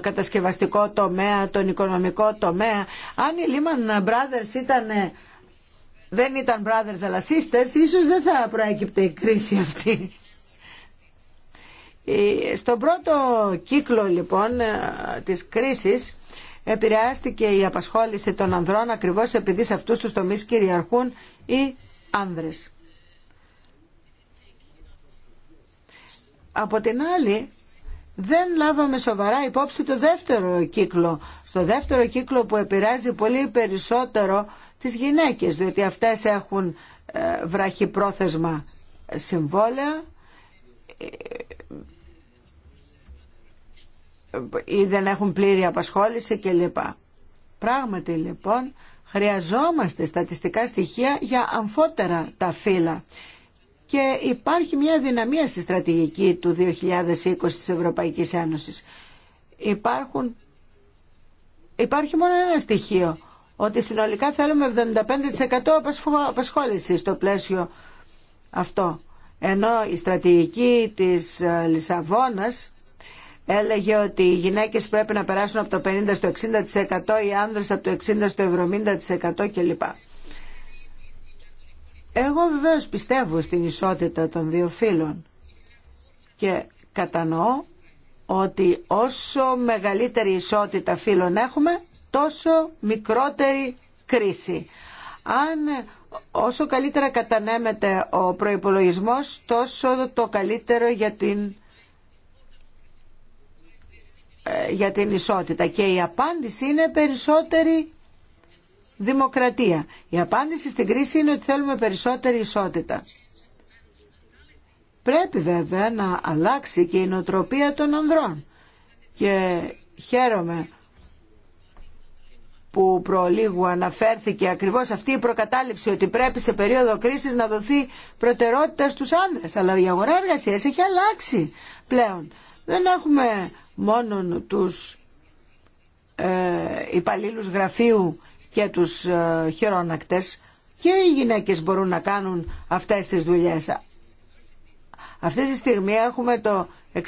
Speaker 2: κατασκευαστικό τομέα, τον οικονομικό τομέα. Αν οι Lehman Brothers ήταν, δεν ήταν brothers αλλά sisters, ίσως δεν θα προέκυπτε η κρίση αυτή. Στον πρώτο κύκλο λοιπόν της κρίσης επηρεάστηκε η απασχόληση των ανδρών ακριβώς επειδή σε αυτούς τους τομείς κυριαρχούν οι άνδρες. Από την άλλη, δεν λάβαμε σοβαρά υπόψη το δεύτερο κύκλο. Στο δεύτερο κύκλο που επηρεάζει πολύ περισσότερο τις γυναίκες, διότι αυτές έχουν ε, βραχυπρόθεσμα συμβόλαια, ε, ή δεν έχουν πλήρη απασχόληση κλπ. Πράγματι λοιπόν χρειαζόμαστε στατιστικά στοιχεία για αμφότερα τα φύλλα και υπάρχει μια δυναμία στη στρατηγική του 2020 της Ευρωπαϊκής Ένωσης. Υπάρχουν, υπάρχει μόνο ένα στοιχείο, ότι συνολικά θέλουμε 75% απασχόληση στο πλαίσιο αυτό. Ενώ η στρατηγική της ε, Λισαβόνας έλεγε ότι οι γυναίκες πρέπει να περάσουν από το 50% στο 60%, οι άνδρες από το 60% στο 70% κλπ. Εγώ βεβαίως πιστεύω στην ισότητα των δύο φύλων και κατανοώ ότι όσο μεγαλύτερη ισότητα φύλων έχουμε, τόσο μικρότερη κρίση. Αν όσο καλύτερα κατανέμεται ο προϋπολογισμός, τόσο το καλύτερο για την ε, για την ισότητα και η απάντηση είναι περισσότερη δημοκρατία. Η απάντηση στην κρίση είναι ότι θέλουμε περισσότερη ισότητα. Πρέπει βέβαια να αλλάξει και η νοτροπία των ανδρών και χαίρομαι που προλίγου αναφέρθηκε ακριβώς αυτή η προκατάληψη ότι πρέπει σε περίοδο κρίσης να δοθεί προτερότητα στους άνδρες. Αλλά η αγορά εργασίας έχει αλλάξει πλέον. Δεν έχουμε μόνον τους ε, υπαλλήλους γραφείου και τους ε, χειρόνακτες και οι γυναίκες μπορούν να κάνουν αυτές τις δουλειές. Αυτή τη στιγμή έχουμε το 60%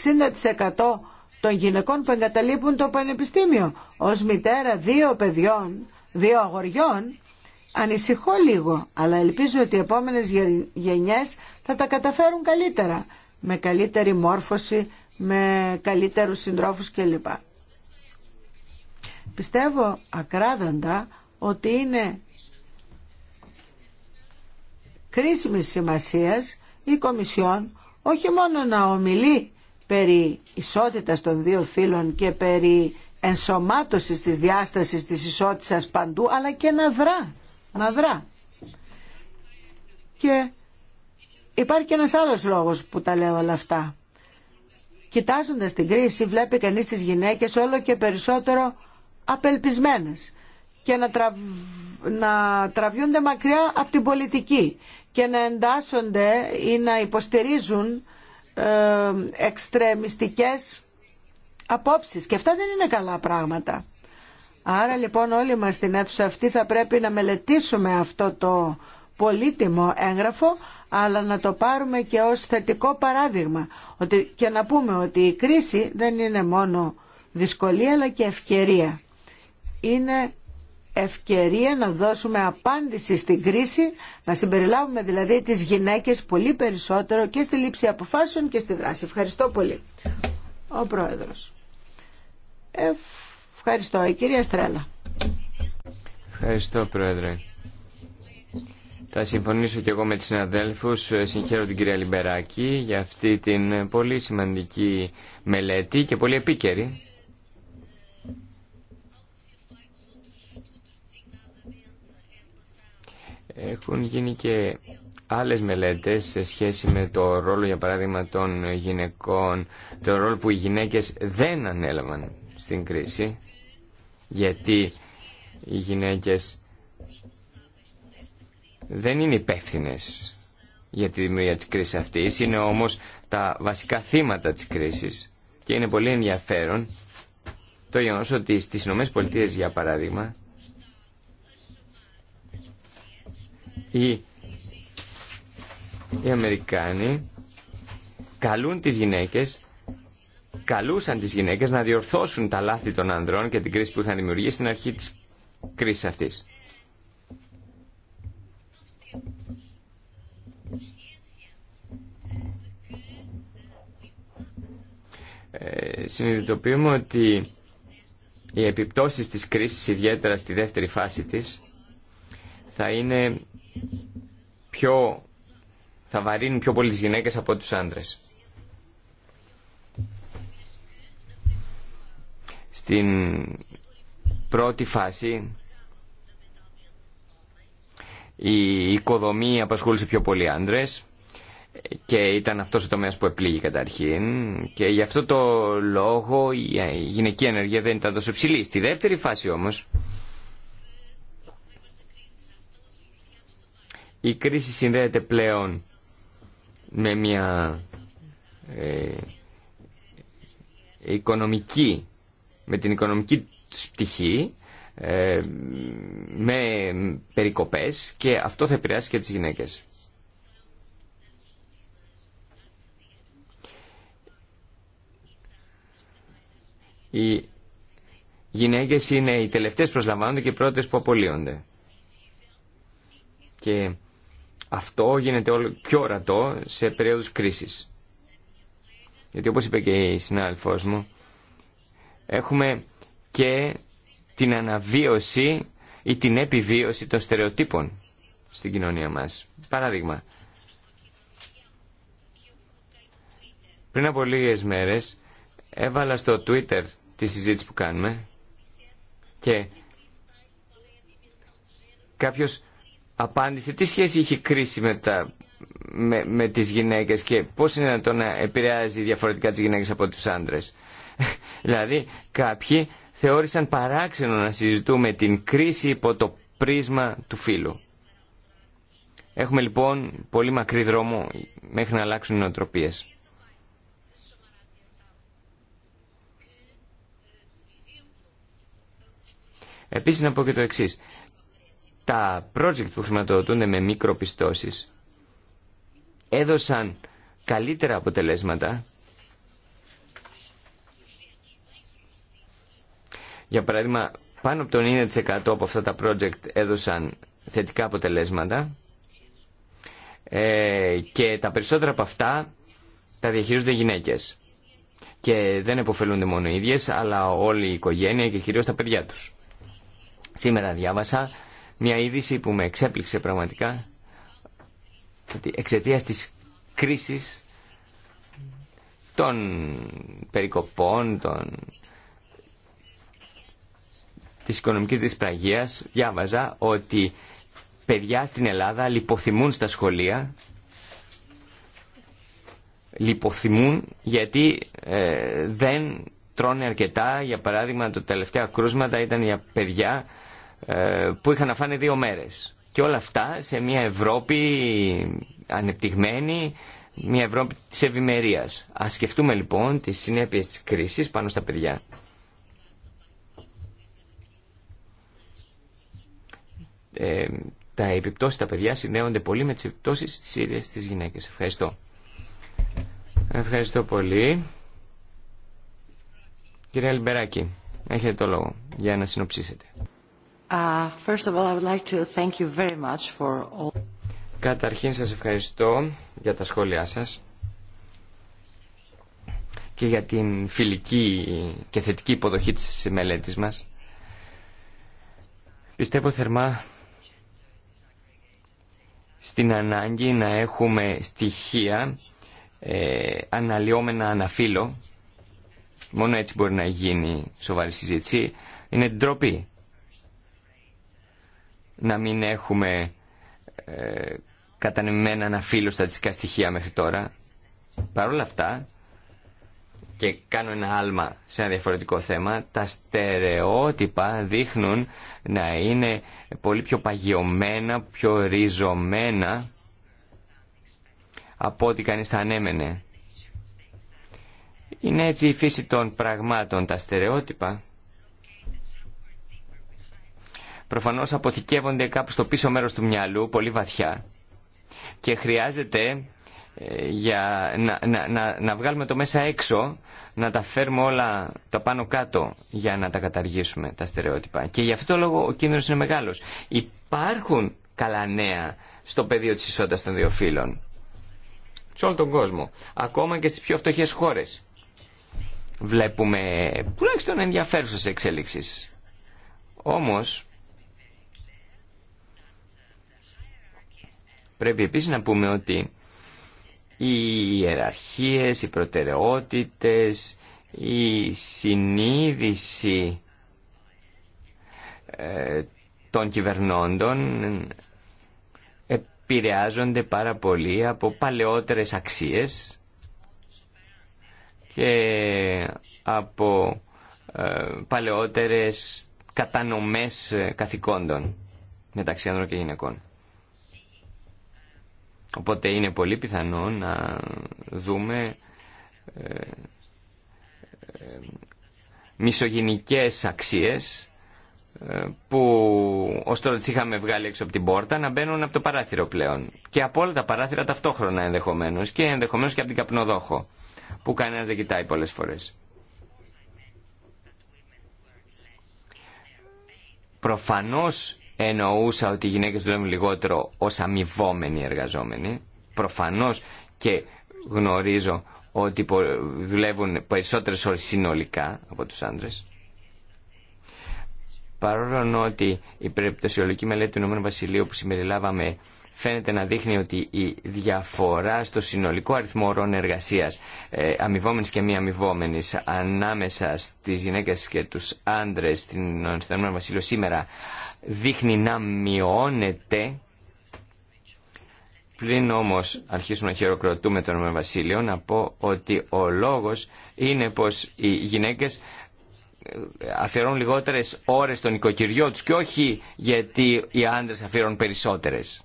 Speaker 2: των γυναικών που εγκαταλείπουν το πανεπιστήμιο. Ως μητέρα δύο παιδιών, δύο αγοριών, ανησυχώ λίγο, αλλά ελπίζω ότι οι επόμενες γενιές θα τα καταφέρουν καλύτερα, με καλύτερη μόρφωση, με καλύτερους συντρόφους κλπ. Πιστεύω ακράδαντα ότι είναι κρίσιμη σημασίας η Κομισιόν όχι μόνο να ομιλεί περί ισότητας των δύο φύλων και περί ενσωμάτωσης της διάστασης της ισότητας παντού, αλλά και να δρά, να δρά. Και υπάρχει και ένας άλλος λόγος που τα λέω όλα αυτά. Κοιτάζοντας την κρίση βλέπει κανείς τις γυναίκες όλο και περισσότερο απελπισμένες και να, να τραβιούνται μακριά από την πολιτική και να εντάσσονται ή να υποστηρίζουν ε, εξτρεμιστικές απόψεις. Και αυτά δεν είναι καλά πράγματα. Άρα λοιπόν όλοι μας στην αίθουσα αυτή θα πρέπει να μελετήσουμε αυτό το πολύτιμο έγγραφο αλλά να το πάρουμε και ως θετικό παράδειγμα ότι, και να πούμε ότι η κρίση δεν είναι μόνο δυσκολία αλλά και ευκαιρία. Είναι ευκαιρία να δώσουμε απάντηση στην κρίση, να συμπεριλάβουμε δηλαδή τις γυναίκες πολύ περισσότερο και στη λήψη αποφάσεων και στη δράση. Ευχαριστώ πολύ. Ο Πρόεδρος. Ευχαριστώ. Η κυρία Στρέλα.
Speaker 3: Ευχαριστώ Πρόεδρε. Θα συμφωνήσω και εγώ με τις συναδέλφους. Συγχαίρω την κυρία Λιμπεράκη για αυτή την πολύ σημαντική μελέτη και πολύ επίκαιρη. Έχουν γίνει και άλλες μελέτες σε σχέση με το ρόλο, για παράδειγμα, των γυναικών, το ρόλο που οι γυναίκες δεν ανέλαβαν στην κρίση, γιατί οι γυναίκες δεν είναι υπεύθυνε για τη δημιουργία της κρίσης αυτής, είναι όμως τα βασικά θύματα της κρίσης. Και είναι πολύ ενδιαφέρον το γεγονός ότι στις Ηνωμένες Πολιτείες, για παράδειγμα, οι, οι Αμερικάνοι καλούν τις γυναίκες καλούσαν τις γυναίκες να διορθώσουν τα λάθη των ανδρών και την κρίση που είχαν δημιουργήσει στην αρχή της κρίσης αυτής. συνειδητοποιούμε ότι οι επιπτώσεις της κρίσης, ιδιαίτερα στη δεύτερη φάση της, θα είναι πιο... θα βαρύνουν πιο πολύ τις γυναίκες από τους άντρες. Στην πρώτη φάση η οικοδομή απασχόλησε πιο πολύ άντρες και ήταν αυτό ο τομέα που επλήγει καταρχήν και γι' αυτό το λόγο η γυναική ενέργεια δεν ήταν τόσο υψηλή. Στη δεύτερη φάση όμω. η κρίση συνδέεται πλέον με μια ε, οικονομική, με την οικονομική πτυχή ε, με περικοπές και αυτό θα επηρεάσει και τις γυναίκες. οι γυναίκες είναι οι τελευταίες που προσλαμβάνονται και οι πρώτες που απολύονται. Και αυτό γίνεται όλο πιο ορατό σε περίοδους κρίσης. Γιατί όπως είπε και η συνάδελφός μου, έχουμε και την αναβίωση ή την επιβίωση των στερεοτύπων στην κοινωνία μας. Παράδειγμα, πριν από λίγες μέρες έβαλα στο Twitter τη συζήτηση που κάνουμε και κάποιος απάντησε τι σχέση είχε κρίση με, τα, με, με τις γυναίκες και πώς είναι το να επηρεάζει διαφορετικά τις γυναίκες από τους άντρες. δηλαδή κάποιοι θεώρησαν παράξενο να συζητούμε την κρίση υπό το πρίσμα του φίλου. Έχουμε λοιπόν πολύ μακρύ δρόμο μέχρι να αλλάξουν οι νοοτροπίες. Επίση να πω και το εξή. Τα project που χρηματοδοτούνται με μικροπιστώσει έδωσαν καλύτερα αποτελέσματα. Για παράδειγμα, πάνω από το 90% από αυτά τα project έδωσαν θετικά αποτελέσματα ε, και τα περισσότερα από αυτά τα διαχειρίζονται γυναίκες. Και δεν επωφελούνται μόνο οι ίδιες, αλλά όλη η οικογένεια και κυρίως τα παιδιά τους. Σήμερα διάβασα μια είδηση που με εξέπληξε πραγματικά ότι εξαιτία της κρίσης των περικοπών, των... της οικονομικής δυσπραγίας, διάβαζα ότι παιδιά στην Ελλάδα λιποθυμούν στα σχολεία λιποθυμούν γιατί ε, δεν τρώνε αρκετά. Για παράδειγμα, τα τελευταία κρούσματα ήταν για παιδιά ε, που είχαν να φάνε δύο μέρες. Και όλα αυτά σε μια Ευρώπη ανεπτυγμένη, μια Ευρώπη της ευημερία. Ας σκεφτούμε λοιπόν τις συνέπειες της κρίσης πάνω στα παιδιά. Ε, τα επιπτώσεις στα παιδιά συνδέονται πολύ με τις επιπτώσεις της ίδια της γυναίκες. Ευχαριστώ. Ευχαριστώ πολύ. Κύριε Λιμπεράκη, έχετε το λόγο για να συνοψίσετε. Καταρχήν σας ευχαριστώ για τα σχόλιά σας και για την φιλική και θετική υποδοχή της μελέτης μας. Πιστεύω θερμά στην ανάγκη να έχουμε στοιχεία ε, αναλυόμενα αναφύλλω. Μόνο έτσι μπορεί να γίνει σοβαρή συζήτηση. Είναι ντροπή να μην έχουμε ε, να ένα φύλλο στατιστικά στοιχεία μέχρι τώρα. Παρ' όλα αυτά, και κάνω ένα άλμα σε ένα διαφορετικό θέμα, τα στερεότυπα δείχνουν να είναι πολύ πιο παγιωμένα, πιο ριζωμένα από ό,τι κανείς θα ανέμενε. Είναι έτσι η φύση των πραγμάτων, τα στερεότυπα προφανώς αποθηκεύονται κάπου στο πίσω μέρος του μυαλού, πολύ βαθιά. Και χρειάζεται ε, για να, να, βγάλουμε το μέσα έξω, να τα φέρουμε όλα τα πάνω κάτω για να τα καταργήσουμε τα στερεότυπα. Και γι' αυτό το λόγο ο κίνδυνος είναι μεγάλος. Υπάρχουν καλά νέα στο πεδίο της ισότητας των δύο φύλων. Σε όλο τον κόσμο. Ακόμα και στις πιο φτωχές χώρες. Βλέπουμε τουλάχιστον ενδιαφέρουσες εξέλιξεις. Όμως Πρέπει επίσης να πούμε ότι οι ιεραρχίες, οι προτεραιότητες, η συνείδηση ε, των κυβερνώντων επηρεάζονται πάρα πολύ από παλαιότερες αξίες και από ε, παλαιότερες κατανομές καθηκόντων μεταξύ άνδρων και γυναικών. Οπότε είναι πολύ πιθανό να δούμε ε, ε μισογενικές αξίες ε, που ως τώρα τις είχαμε βγάλει έξω από την πόρτα να μπαίνουν από το παράθυρο πλέον και από όλα τα παράθυρα ταυτόχρονα ενδεχομένως και ενδεχομένως και από την καπνοδόχο που κανένας δεν κοιτάει πολλές φορές. Προφανώς εννοούσα ότι οι γυναίκες δουλεύουν λιγότερο ως αμοιβόμενοι εργαζόμενοι. Προφανώς και γνωρίζω ότι δουλεύουν περισσότερες ώρες συνολικά από τους άντρες. Παρόλο ότι η περιπτωσιολογική μελέτη του Ηνωμένου Βασιλείου που συμπεριλάβαμε φαίνεται να δείχνει ότι η διαφορά στο συνολικό αριθμό ώρων εργασία, ε, και μη αμοιβόμενη, ανάμεσα στις γυναίκε και του άντρε, στην Ηνωμένο Βασίλειο σήμερα δείχνει να μειώνεται. Πριν όμως αρχίσουμε να χειροκροτούμε τον Βασίλειο, να πω ότι ο λόγος είναι πως οι γυναίκες αφιερώνουν λιγότερες ώρες στον οικοκυριό τους και όχι γιατί οι άντρες αφιερώνουν περισσότερες.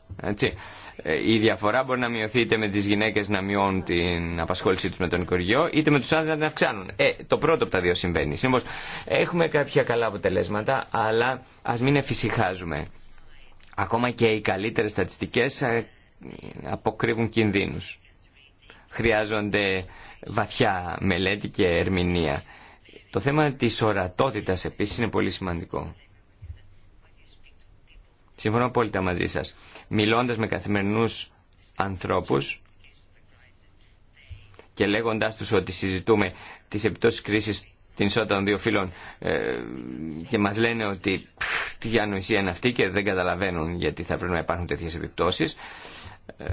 Speaker 3: Ε, η διαφορά μπορεί να μειωθεί είτε με τις γυναίκες να μειώνουν την απασχόλησή τους με τον οικογενειό είτε με τους άντρες να την αυξάνουν. Ε, το πρώτο από τα δύο συμβαίνει. έχουμε κάποια καλά αποτελέσματα αλλά ας μην εφησυχάζουμε. Ακόμα και οι καλύτερες στατιστικές ε, αποκρύβουν κινδύνους. Χρειάζονται βαθιά μελέτη και ερμηνεία. Το θέμα της ορατότητας επίσης είναι πολύ σημαντικό. Συμφωνώ απόλυτα μαζί σας. Μιλώντας με καθημερινούς ανθρώπους και λέγοντάς τους ότι συζητούμε τις επιπτώσεις κρίσης την ισότητα των δύο φίλων ε, και μας λένε ότι τι ανοησία είναι αυτή και δεν καταλαβαίνουν γιατί θα πρέπει να υπάρχουν τέτοιες επιπτώσεις. Ε,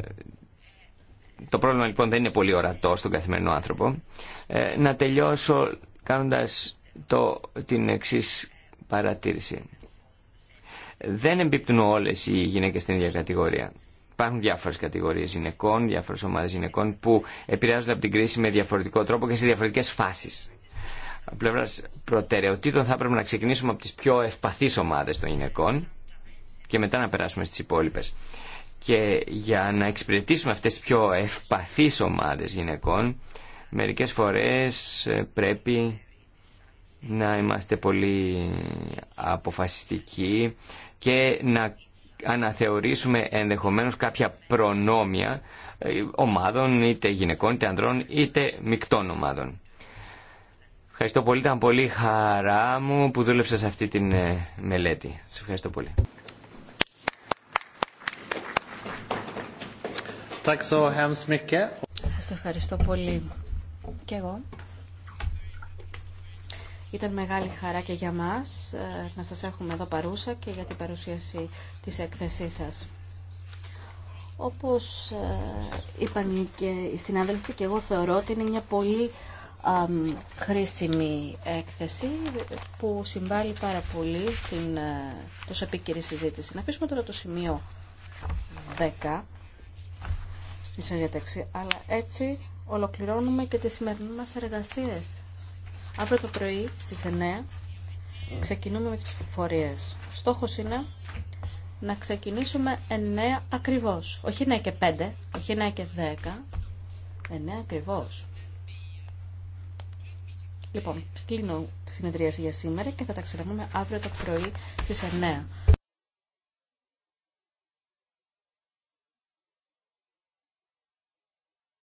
Speaker 3: το πρόβλημα λοιπόν δεν είναι πολύ ορατό στον καθημερινό άνθρωπο. Ε, να τελειώσω κάνοντας το, την εξή παρατήρηση. Δεν εμπίπτουν όλες οι γυναίκες στην ίδια κατηγορία. Υπάρχουν διάφορες κατηγορίες γυναικών, διάφορες ομάδες γυναικών που επηρεάζονται από την κρίση με διαφορετικό τρόπο και σε διαφορετικές φάσεις. Από πλευρά προτεραιοτήτων θα πρέπει να ξεκινήσουμε από τις πιο ευπαθείς ομάδες των γυναικών και μετά να περάσουμε στις υπόλοιπε. Και για να εξυπηρετήσουμε αυτές τις πιο ευπαθείς ομάδες γυναικών Μερικές φορές ε, πρέπει να είμαστε πολύ αποφασιστικοί και να αναθεωρήσουμε ενδεχομένως κάποια προνόμια ε, ομάδων είτε γυναικών είτε ανδρών είτε μεικτών ομάδων. Ευχαριστώ πολύ. Ήταν πολύ χαρά μου που δούλεψα σε αυτή τη ε, μελέτη. Σε ευχαριστώ πολύ.
Speaker 4: Σας ευχαριστώ πολύ. Και εγώ. Ήταν μεγάλη χαρά και για μας ε, να σας έχουμε εδώ παρούσα και για την παρουσίαση της έκθεσής σας. Όπως ε, είπαν και οι συνάδελφοι και εγώ θεωρώ ότι είναι μια πολύ χρήσιμη έκθεση που συμβάλλει πάρα πολύ στην ε, τόσο επίκαιρη συζήτηση. Να αφήσουμε τώρα το σημείο 10 στην συνέντευξη, αλλά έτσι ολοκληρώνουμε και τις σημερινή μας εργασίες. Αύριο το πρωί στις 9 ξεκινούμε με τις ψηφοφορίες. στόχος είναι να ξεκινήσουμε 9 ακριβώς. Όχι 9 και 5, όχι 9 και 10, 9 ακριβώς. Λοιπόν, κλείνω τη συνεδρίαση για σήμερα και θα τα ξαναπούμε αύριο το πρωί στις 9.